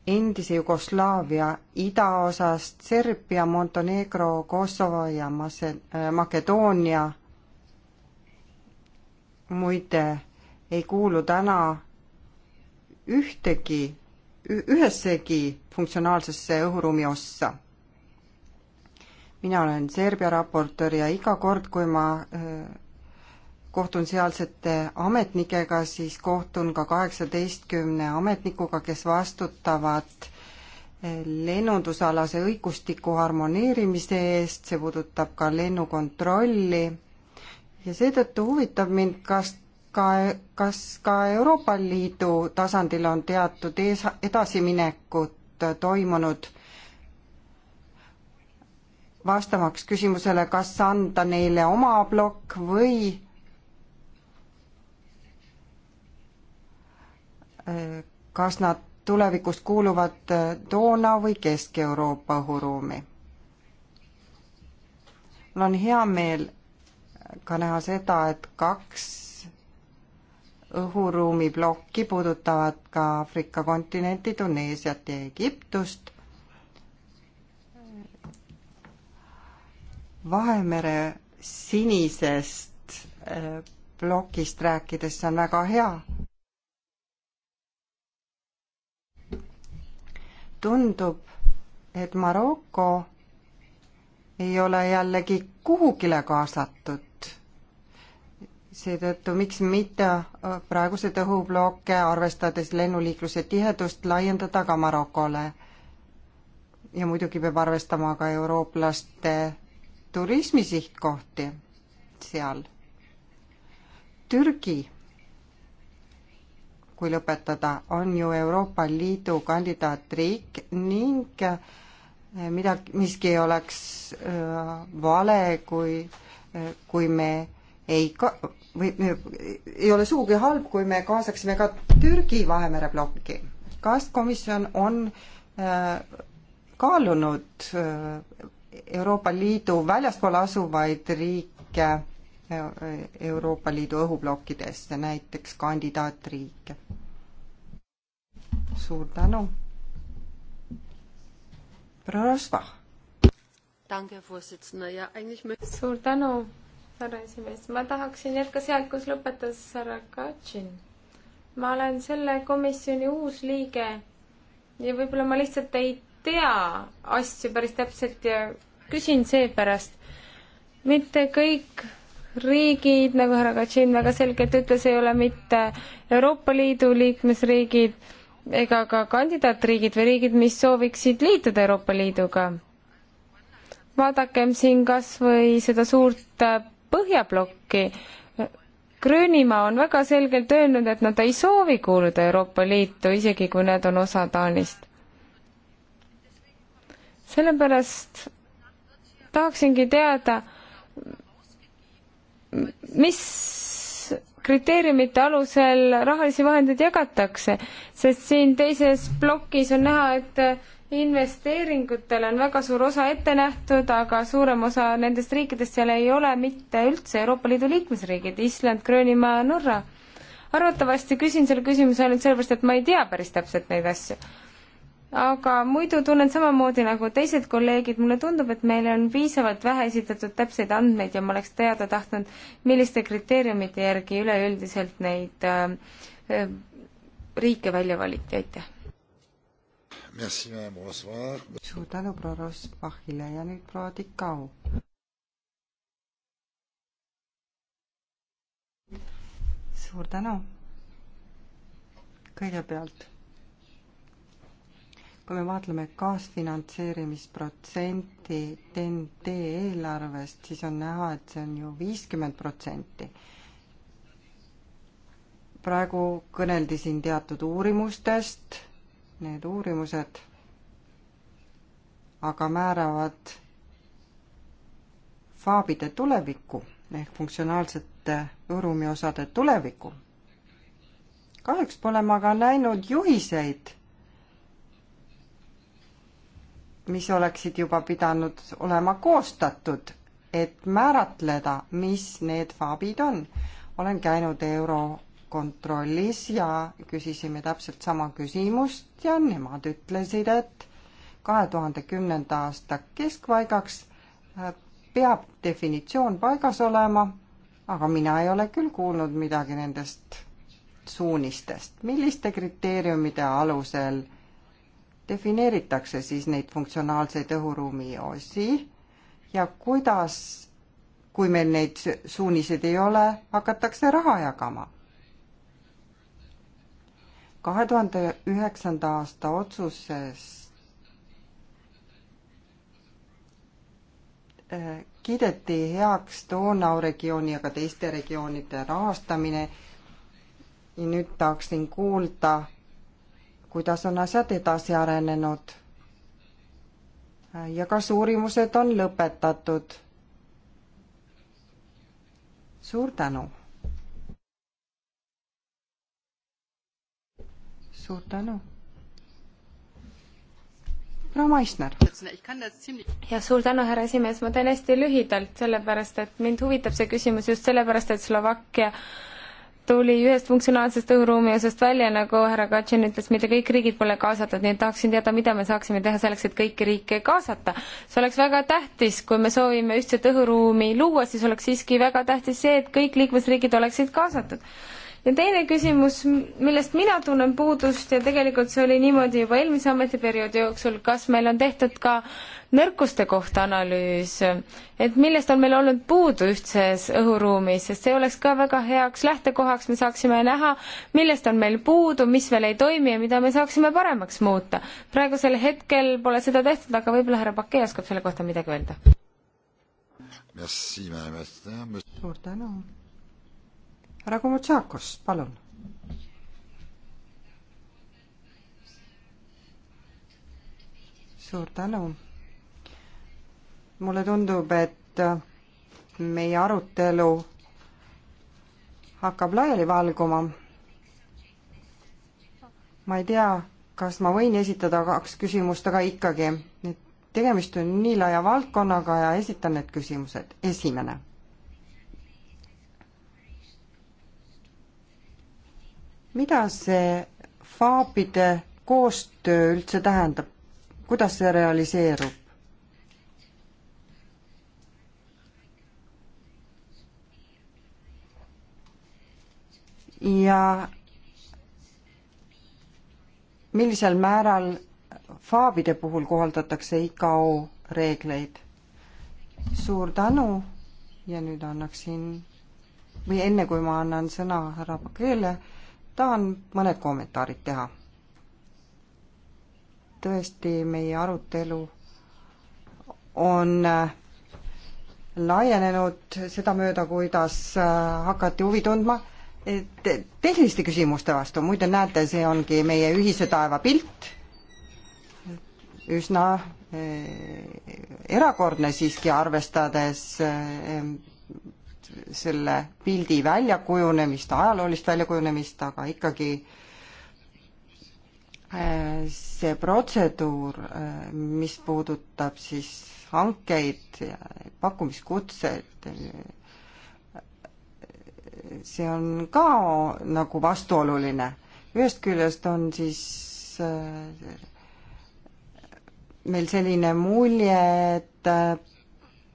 endise Jugoslaavia idaosast Serbia, Montenegro, Kosovo ja Mase-, äh, Makedoonia muide ei kuulu täna ühtegi ühessegi funktsionaalsesse õhuruumi ossa. mina olen Serbia raportöör ja iga kord, kui ma äh, kohtun sealsete ametnikega, siis kohtun ka kaheksateistkümne ametnikuga, kes vastutavad äh, lennundusalase õigustiku harmoneerimise eest, see puudutab ka lennukontrolli ja seetõttu huvitab mind, kas ka, kas ka Euroopa Liidu tasandil on teatud ees, edasiminekut toimunud vastamaks küsimusele, kas anda neile oma plokk või eh, kas nad tulevikus kuuluvad eh, Doona või Kesk-Euroopa õhuruumi. mul on hea meel ka näha seda, et kaks õhuruumi plokki puudutavad ka Aafrika kontinenti, Tuneesiat ja Egiptust. Vahemere sinisest äh, plokist rääkides, see on väga hea. tundub, et Maroko ei ole jällegi kuhugile kaasatud seetõttu miks mitte äh, praeguseid õhublokke, arvestades lennuliikluse tihedust, laiendada ka Marokole. ja muidugi peab arvestama ka eurooplaste turismisihtkohti seal. Türgi, kui lõpetada, on ju Euroopa Liidu kandidaatriik ning äh, midagi, miski oleks äh, vale, kui, kui me ei ka-, või ei ole sugugi halb, kui me kaasaksime ka Türgi Vahemere plokki. kas komisjon on äh, kaalunud äh, Euroopa Liidu väljaspool asuvaid riike äh, Euroopa Liidu õhublokkidesse, näiteks kandidaatriike? suur tänu. proua Rosbach.
suur tänu härra esimees, ma tahaksin jätka sealt, kus lõpetas härra Katšin. ma olen selle komisjoni uus liige ja võib-olla ma lihtsalt ei tea asju päris täpselt ja küsin seepärast. mitte kõik riigid, nagu härra Katšin väga selgelt ütles, ei ole mitte Euroopa Liidu liikmesriigid ega ka kandidaatriigid või riigid, mis sooviksid liituda Euroopa Liiduga. vaadakem siin kas või seda suurt põhjablokki. Gröönimaa on väga selgelt öelnud, et nad ei soovi kuuluda Euroopa Liitu, isegi kui nad on osa Taanist. sellepärast tahaksingi teada, mis kriteeriumite alusel rahalisi vahendeid jagatakse, sest siin teises plokis on näha, et investeeringutel on väga suur osa ette nähtud, aga suurem osa nendest riikidest seal ei ole mitte üldse Euroopa Liidu liikmesriigid, Island, Gröönimaa, Norra. arvatavasti küsin selle küsimuse ainult sellepärast, et ma ei tea päris täpselt neid asju. aga muidu tunnen samamoodi nagu teised kolleegid, mulle tundub, et meil on piisavalt vähe esitatud täpseid andmeid ja ma oleks teada tahtnud, milliste kriteeriumite järgi üleüldiselt neid äh, äh riike välja valiti, aitäh
suur
tänu proua Rosbachile ja nüüd proua Tikau. suur tänu. kõigepealt, kui me vaatleme kaasfinantseerimisprotsenti TNT eelarvest, siis on näha, et see on ju viiskümmend protsenti praegu kõneldi siin teatud uurimustest need uurimused aga määravad faabide tulevikku ehk funktsionaalsete õhuruumiosade tulevikku. kahjuks pole ma ka näinud juhiseid, mis oleksid juba pidanud olema koostatud, et määratleda, mis need faabid on. olen käinud Euro kontrollis ja küsisime täpselt sama küsimust ja nemad ütlesid, et kahe tuhande kümnenda aasta keskpaigaks äh, peab definitsioon paigas olema, aga mina ei ole küll kuulnud midagi nendest suunistest. milliste kriteeriumide alusel defineeritakse siis neid funktsionaalseid õhuruumi osi ja kuidas, kui meil neid suuniseid ei ole, hakatakse raha jagama? kahe tuhande üheksanda aasta otsuses eh, kiideti heaks Donau regiooni ja ka teiste regioonide rahastamine. ja nüüd tahaksin kuulda, kuidas on asjad edasi arenenud. ja kas uurimused on lõpetatud? suur tänu
suur tänu. proua Maisner. jah, suur tänu, härra esimees, ma teen hästi lühidalt, sellepärast et mind huvitab see küsimus just sellepärast, et Slovakkia tuli ühest funktsionaalsest õhuruumi osast välja, nagu härra Katšin ütles, mitte kõik riigid pole kaasatud, nii et tahaksin teada, mida me saaksime teha selleks, et kõiki riike kaasata. see oleks väga tähtis, kui me soovime ühtset õhuruumi luua, siis oleks siiski väga tähtis see, et kõik liikmesriigid oleksid kaasatud ja teine küsimus, millest mina tunnen puudust ja tegelikult see oli niimoodi juba eelmise ametiperioodi jooksul, kas meil on tehtud ka nõrkuste kohta analüüs, et millest on meil olnud puudu ühtses õhuruumis, sest see oleks ka väga heaks lähtekohaks, me saaksime näha, millest on meil puudu, mis veel ei toimi ja mida me saaksime paremaks muuta. praegusel hetkel pole seda tehtud, aga võib-olla härra Pakei oskab selle kohta midagi öelda.
suur
tänu härra Komotšakos,
palun. suur tänu. mulle tundub, et meie arutelu hakkab laiali valguma. ma ei tea, kas ma võin esitada kaks küsimust, aga ikkagi, et tegemist on nii laia valdkonnaga ja esitan need küsimused. esimene mida see faabide koostöö üldse tähendab, kuidas see realiseerub? ja millisel määral faabide puhul kohaldatakse IKO reegleid? suur tänu ja nüüd annaksin või enne, kui ma annan sõna härra Pakeele, tahan mõned kommentaarid teha. tõesti, meie arutelu on äh, laienenud sedamööda, kuidas äh, hakati huvi tundma tehniliste küsimuste vastu, muide näete, see ongi meie ühise taeva pilt, üsna äh, erakordne siiski, arvestades selle pildi väljakujunemist, ajaloolist väljakujunemist, aga ikkagi äh, see protseduur, äh, mis puudutab siis hankeid ja pakkumiskutseid, äh, see on ka nagu vastuoluline. ühest küljest on siis meil selline mulje, et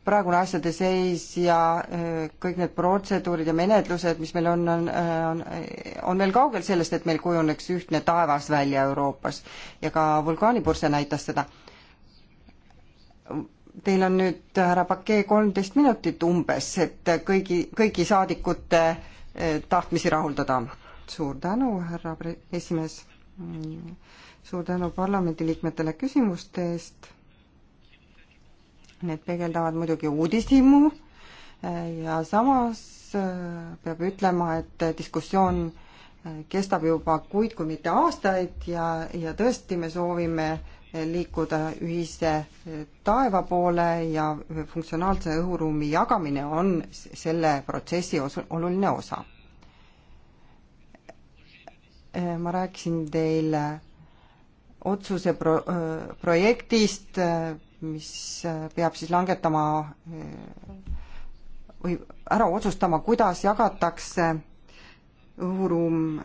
praegune asjade seis ja äh, kõik need protseduurid ja menetlused, mis meil on, on, äh, on, on veel kaugel sellest, et meil kujuneks ühtne taevas välja Euroopas ja ka vulkaanipurse näitas seda. Teil on nüüd, härra Pakee, kolmteist minutit umbes, et kõigi, kõigi saadikute äh, tahtmisi rahuldada. suur tänu, härra esimees. Mm, suur tänu parlamendiliikmetele küsimuste eest Need peegeldavad muidugi uudishimu eh, ja samas eh, peab ütlema, et diskussioon eh, kestab juba kuid, kui mitte aastaid ja, ja tõesti, me soovime liikuda ühise taeva poole ja funktsionaalse õhuruumi jagamine on selle protsessi os-, oluline osa. ma rääkisin teile otsuse pro-, projektist, mis äh, peab siis langetama äh, või ära otsustama, kuidas jagatakse õhuruum,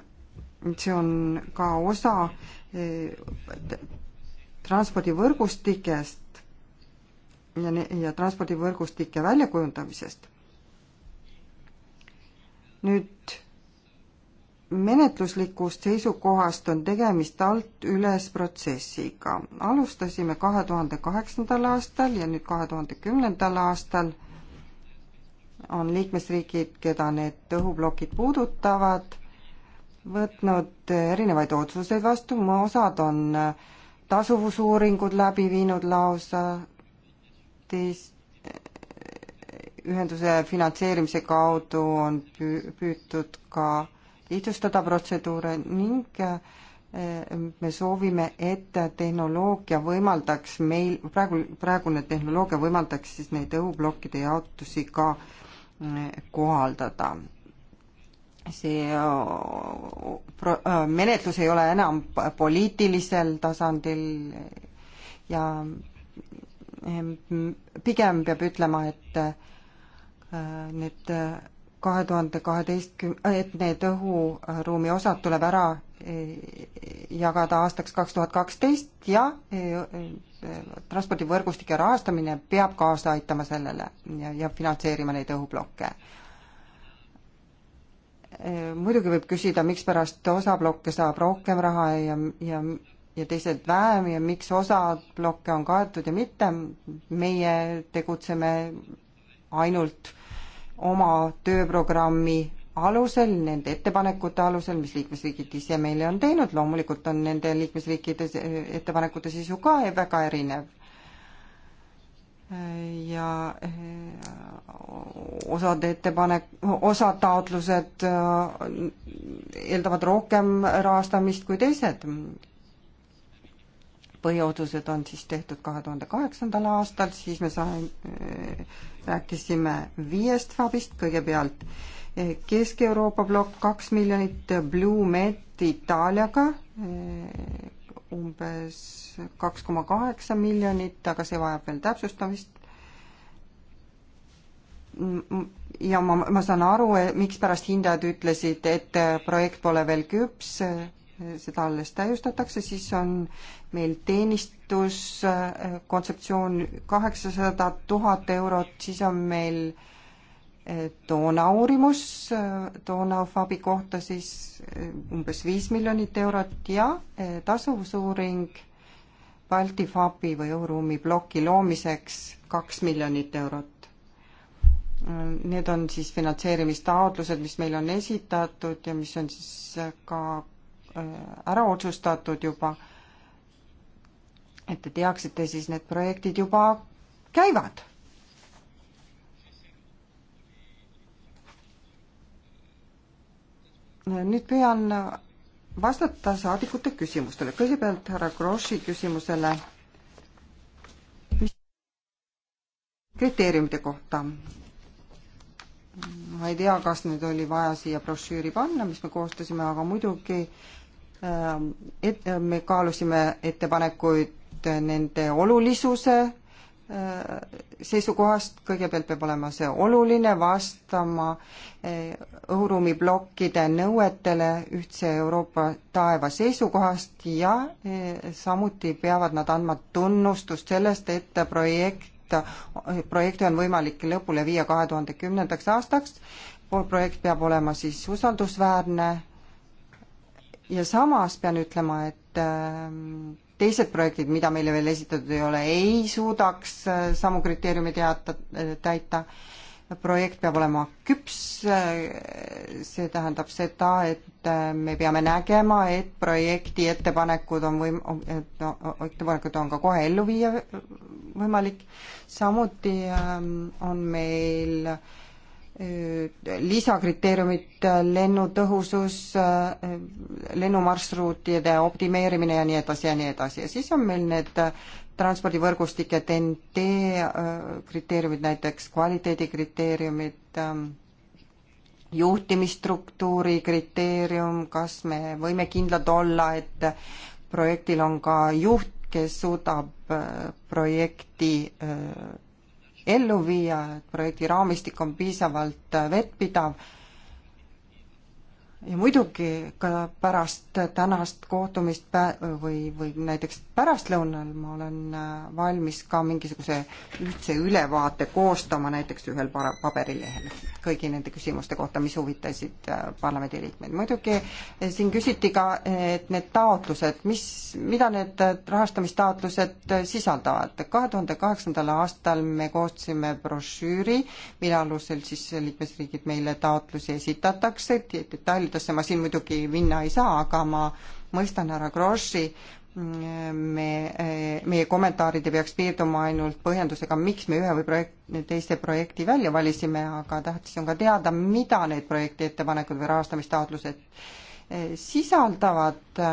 see on ka osa äh, transpordivõrgustikest ja, ja transpordivõrgustike väljakujundamisest. nüüd menetluslikust seisukohast on tegemist alt üles protsessiga. alustasime kahe tuhande kaheksandal aastal ja nüüd kahe tuhande kümnendal aastal on liikmesriigid, keda need õhuplokid puudutavad, võtnud erinevaid otsuseid vastu, osad on tasuvusuuringud läbi viinud lausa, ühenduse finantseerimise kaudu on püütud ka lihtsustada protseduure ning eh, me soovime, et tehnoloogia võimaldaks meil, praegu, praegune tehnoloogia võimaldaks siis neid õhuplokkide jaotusi ka eh, kohaldada. see eh, pro-, menetlus ei ole enam poliitilisel tasandil ja pigem peab ütlema, et need kahe tuhande kaheteistküm-, et need õhuruumi osad tuleb ära e, e, jagada aastaks kaks tuhat kaksteist ja e, transpordivõrgustike rahastamine peab kaasa aitama sellele ja, ja finantseerima neid õhublokke. muidugi võib küsida, mikspärast osa blokke saab rohkem raha ja, ja ja teised vähem ja miks osa blokke on kaetud ja mitte, meie tegutseme ainult oma tööprogrammi alusel, nende ettepanekute alusel, mis liikmesriigid ise meile on teinud, loomulikult on nende liikmesriikide ettepanekute sisu ka väga erinev. ja eh, osad ettepanek, osad taotlused eh, eeldavad rohkem rahastamist kui teised. põhiotsused on siis tehtud kahe tuhande kaheksandal aastal, siis me saime, eh, rääkisime viiest FAB-ist kõigepealt. Kesk-Euroopa plokk kaks miljonit, BlueMed Itaaliaga eh, umbes kaks koma kaheksa miljonit, aga see vajab veel täpsustamist. ja ma, ma saan aru, eh, mikspärast hindajad ütlesid, et eh, projekt pole veel küps, seda alles täiustatakse, siis on meil teenistuskontseptsioon kaheksasada tuhat eurot, siis on meil eh, toona uurimus eh, toonaabi kohta siis eh, umbes viis miljonit eurot ja tasuvusuuring Balti FAB-i või õhuruumi ploki loomiseks kaks miljonit eurot. Need on siis finantseerimistaotlused, mis meil on esitatud ja mis on siis ka Äh, ära otsustatud juba, et te teaksite siis, need projektid juba käivad. nüüd püüan vastata saadikute küsimustele. kõigepealt härra Grossi küsimusele kriteeriumide kohta. ma ei tea, kas nüüd oli vaja siia brošüüri panna, mis me koostasime, aga muidugi Ehm, et äh, me kaalusime ettepanekuid nende olulisuse äh, seisukohast, kõigepealt peab olema see oluline, vastama äh, õhuruumi plokkide nõuetele ühtse Euroopa taeva seisukohast ja samuti peavad nad andma tunnustust sellest, et projekt, projekti on võimalik lõpule viia kahe tuhande kümnendaks aastaks, projekt peab olema siis usaldusväärne ja samas pean ütlema, et ähm, teised projektid, mida meile veel esitatud ei ole, ei suudaks äh, samu kriteeriume teata, äh, täita. projekt peab olema küps, äh, see tähendab seda, et me peame nägema, et projekti ettepanekud on võim-, et no, ettepanekud on ka kohe ellu viia võimalik. samuti ähm, on meil äh, lisakriteeriumid, lennutõhusus, lennumarsruutide optimeerimine ja nii edasi ja nii edasi ja siis on meil need transpordivõrgustike TNT äh, kriteeriumid, näiteks kvaliteedikriteeriumid, ähm, juhtimisstruktuuri kriteerium, kas me võime kindlad olla, et projektil on ka juht, kes suudab äh, projekti äh, ellu viia, et projekti raamistik on piisavalt äh, vettpidav. ja muidugi ka pärast tänast kohtumist või, või näiteks pärastlõunal ma olen äh, valmis ka mingisuguse ühtse ülevaate koostama näiteks ühel paberilehel kõigi nende küsimuste kohta, mis huvitasid äh, parlamendiliikmeid. muidugi äh, siin küsiti ka, et need taotlused, mis, mida need rahastamistaotlused sisaldavad. kahe tuhande kaheksandal aastal me koostasime brošüüri, mille alusel siis liikmesriigid meile taotlusi esitatakse, detailidesse ma siin muidugi minna ei saa, aga ma mõistan härra Grossi me, eh, meie kommentaarid ei peaks piirduma ainult põhjendusega, miks me ühe või projekt, teise projekti välja valisime, aga tähtis on ka teada, mida need projekti ettepanekud või rahastamistaotlused eh, sisaldavad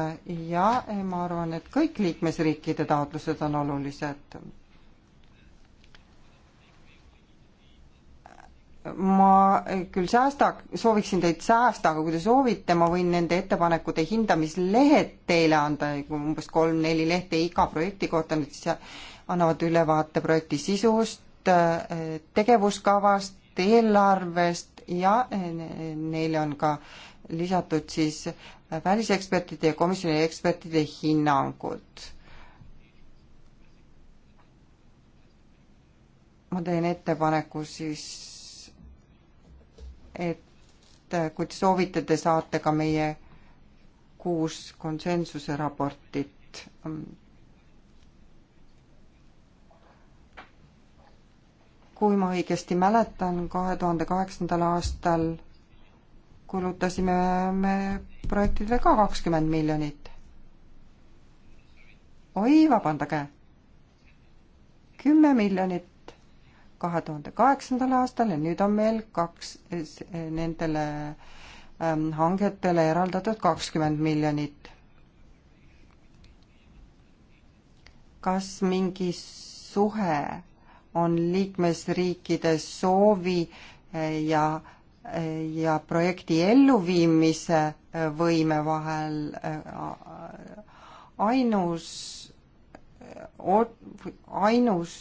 ja eh, ma arvan, et kõik liikmesriikide taotlused on olulised. ma küll säästa, sooviksin teid säästa, aga kui te soovite, ma võin nende ettepanekute hindamislehed teile anda, umbes kolm-neli lehte iga projekti kohta, need siis annavad ülevaate projekti sisust, eh, tegevuskavast, eelarvest ja eh, neile on ka lisatud siis välisekspertide ja komisjoni ekspertide hinnangud ma teen ettepaneku siis et kui te soovite, te saate ka meie kuus konsensuse raportit. kui ma õigesti mäletan, kahe tuhande kaheksandal aastal kulutasime me projektidele ka kakskümmend miljonit. oi, vabandage, kümme miljonit kahe tuhande kaheksandal aastal ja nüüd on meil kaks nendele ähm, hangetele eraldatud kakskümmend miljonit. kas mingi suhe on liikmesriikide soovi äh, ja, äh, ja projekti elluviimise äh, võime vahel ainus, ainus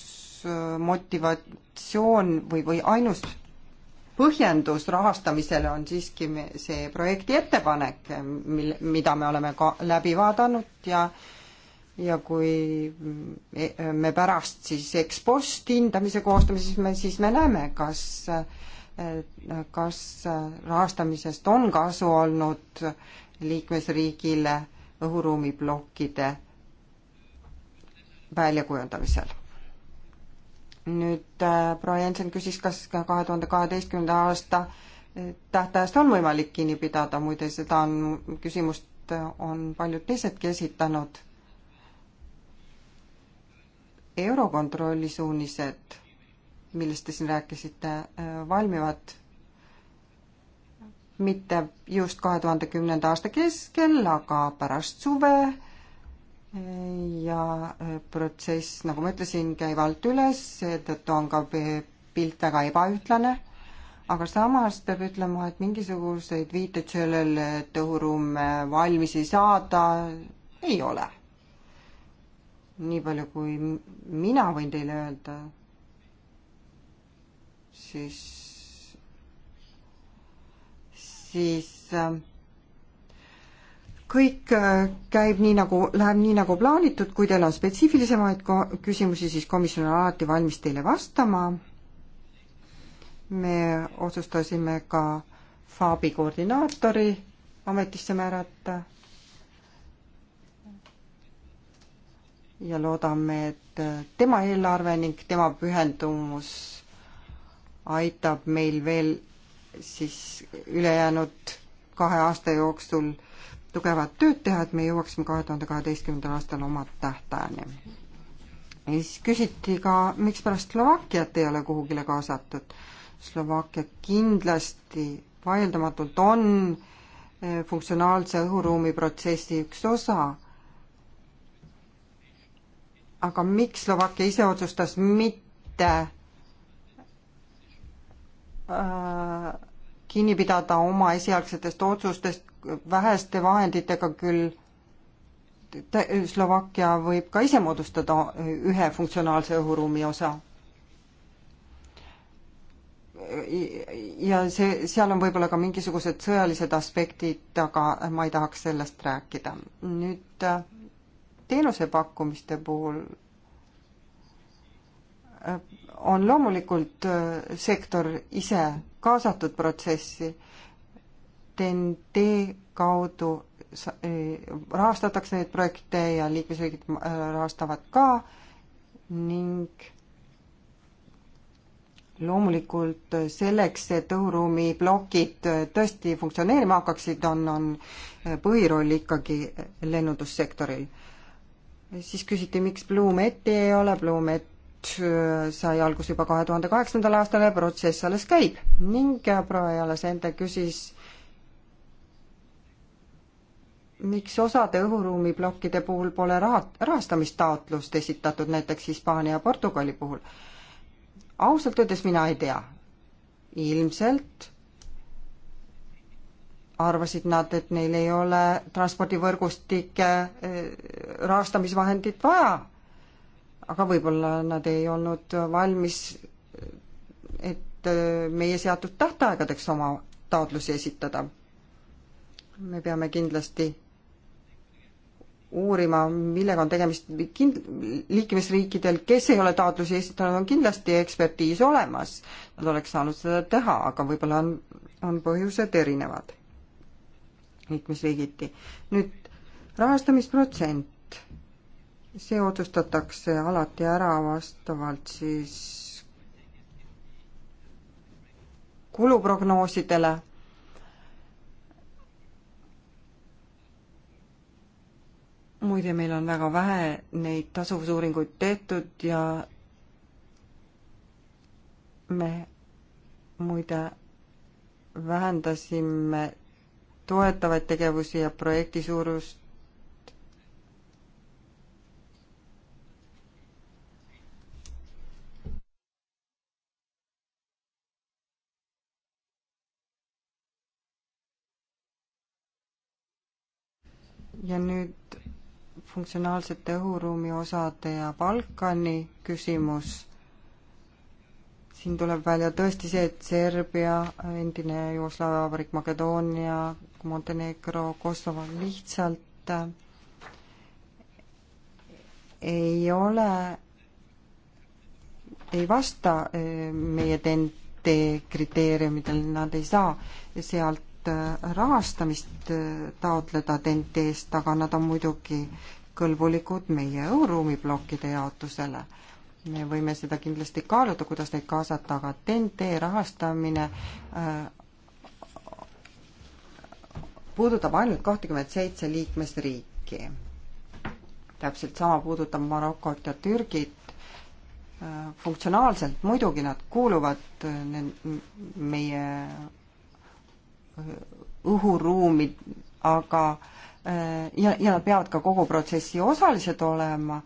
motivatsioon või, või ainus põhjendus rahastamisele on siiski see projekti ettepanek, mil, mida me oleme ka läbi vaadanud ja ja kui e, me pärast siis ekspost hindamise koostame, siis me, siis me näeme, kas, kas rahastamisest on kasu olnud liikmesriigile õhuruumiblokkide väljakujundamisel nüüd äh, proua Jensen küsis, kas ka kahe tuhande kaheteistkümnenda aasta äh, tähtajast on võimalik kinni pidada, muide seda on, küsimust äh, on paljud teisedki esitanud. eurokontrolli suunised, millest te siin rääkisite, valmivad mitte just kahe tuhande kümnenda aasta keskel, aga pärast suve ja äh, protsess, nagu ma ütlesin, käib alt üles, seetõttu on ka pilt väga ebaühtlane, aga samas peab ütlema, et mingisuguseid viiteid sellele, et õhuruum valmis ei saada, ei ole. nii palju, kui mina võin teile öelda, siis, siis äh, kõik äh, käib nii, nagu, läheb nii, nagu plaanitud, kui teil on spetsiifilisemaid küsimusi, siis komisjon on alati valmis teile vastama. me otsustasime ka FAB-i koordinaatori ametisse määrata. ja loodame, et äh, tema eelarve ning tema pühendumus aitab meil veel siis ülejäänud kahe aasta jooksul tugevat tööd teha, et me jõuaksime kahe tuhande kaheteistkümnendal aastal oma tähtajani. ja siis küsiti ka, mikspärast Slovakkiat ei ole kuhugile kaasatud. Slovakkia kindlasti vaieldamatult on e, funktsionaalse õhuruumi protsessi üks osa. aga miks Slovakkia ise otsustas mitte äh, kinni pidada oma esialgsetest otsustest väheste vahenditega küll Slovakkia võib ka ise moodustada ühe funktsionaalse õhuruumi osa. ja see, seal on võib-olla ka mingisugused sõjalised aspektid, aga ma ei tahaks sellest rääkida. nüüd teenusepakkumiste puhul on loomulikult äh, sektor ise kaasatud protsessi. TNT kaudu äh, rahastatakse neid projekte ja liikmesriigid äh, rahastavad ka ning loomulikult selleks, et õhuruumi plokid tõesti funktsioneerima hakkaksid, on, on põhiroll ikkagi lennundussektoril. siis küsiti, miks Blue Meti ei ole, Blue Met Äh, sai alguse juba kahe tuhande kaheksandal aastal ja protsess alles käib ning äh, proua Jalas enda küsis, miks osade õhuruumiplokkide puhul pole raha, rahastamistaotlust esitatud näiteks Hispaania ja Portugali puhul? ausalt öeldes mina ei tea. ilmselt arvasid nad, et neil ei ole transpordivõrgustike äh, rahastamisvahendit vaja aga võib-olla nad ei olnud valmis, et äh, meie seatud tähtaegadeks oma taotlusi esitada. me peame kindlasti uurima, millega on tegemist kind-, liikmesriikidel, kes ei ole taotlusi esitanud, on kindlasti ekspertiis olemas. Nad oleks saanud seda teha, aga võib-olla on, on põhjused erinevad liikmesriigiti. nüüd rahastamisprotsent see otsustatakse alati ära vastavalt siis kuluprognoosidele. muide, meil on väga vähe neid tasuvusuuringuid tehtud ja me muide vähendasime toetavaid tegevusi ja projekti suurust ja nüüd funktsionaalsete õhuruumi osade ja Balkani küsimus. siin tuleb välja tõesti see, et Serbia, endine Jugoslaavia Vabariik Makedoonia, Montenegro, Kosovo lihtsalt äh, ei ole, ei vasta äh, meie TNT kriteeriumidel, nad ei saa sealt Äh, rahastamist äh, taotleda TNT-st, aga nad on muidugi kõlbulikud meie õhuruumi plokkide jaotusele. me võime seda kindlasti kaaluda, kuidas neid kaasata, aga TNT rahastamine äh, puudutab ainult kahtekümmet seitse liikmesriiki. täpselt sama puudutab Marokot ja Türgit, funktsionaalselt muidugi nad kuuluvad meie õhuruumi, aga äh, ja, ja nad peavad ka kogu protsessi osalised olema.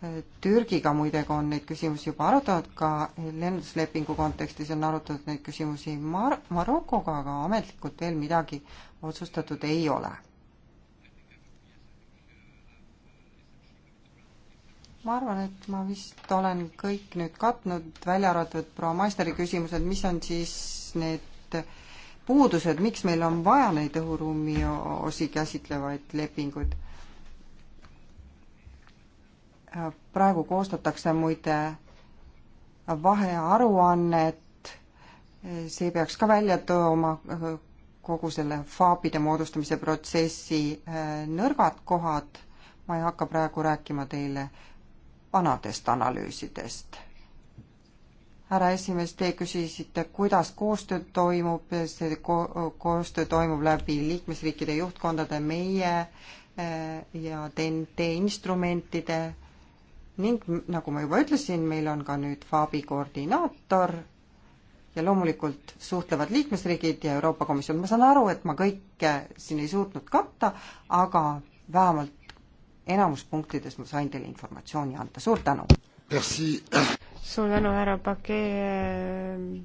Äh, Türgiga muidega on neid küsimusi juba arutatud, ka lennunduslepingu kontekstis on arutatud neid küsimusi Mar-, Marokoga, aga ametlikult veel midagi otsustatud ei ole ma arvan, et ma vist olen kõik nüüd katnud, välja arvatud proua Maisteri küsimused, mis on siis need puudused, miks meil on vaja neid õhuruumi osi käsitlevaid lepinguid. praegu koostatakse muide vahearuannet, see peaks ka välja tooma kogu selle faabide moodustamise protsessi eh, nõrgad kohad, ma ei hakka praegu rääkima teile vanadest analüüsidest härra esimees, te küsisite, kuidas koostöö toimub, see ko-, koostöö toimub läbi liikmesriikide juhtkondade, meie eh, ja TNT instrumentide ning nagu ma juba ütlesin, meil on ka nüüd FAB-i koordinaator ja loomulikult suhtlevad liikmesriigid ja Euroopa Komisjon, ma saan aru, et ma kõike siin ei suutnud katta, aga vähemalt enamus punktides ma sain teile informatsiooni anda,
suur tänu! Merci suur tänu, härra Pakee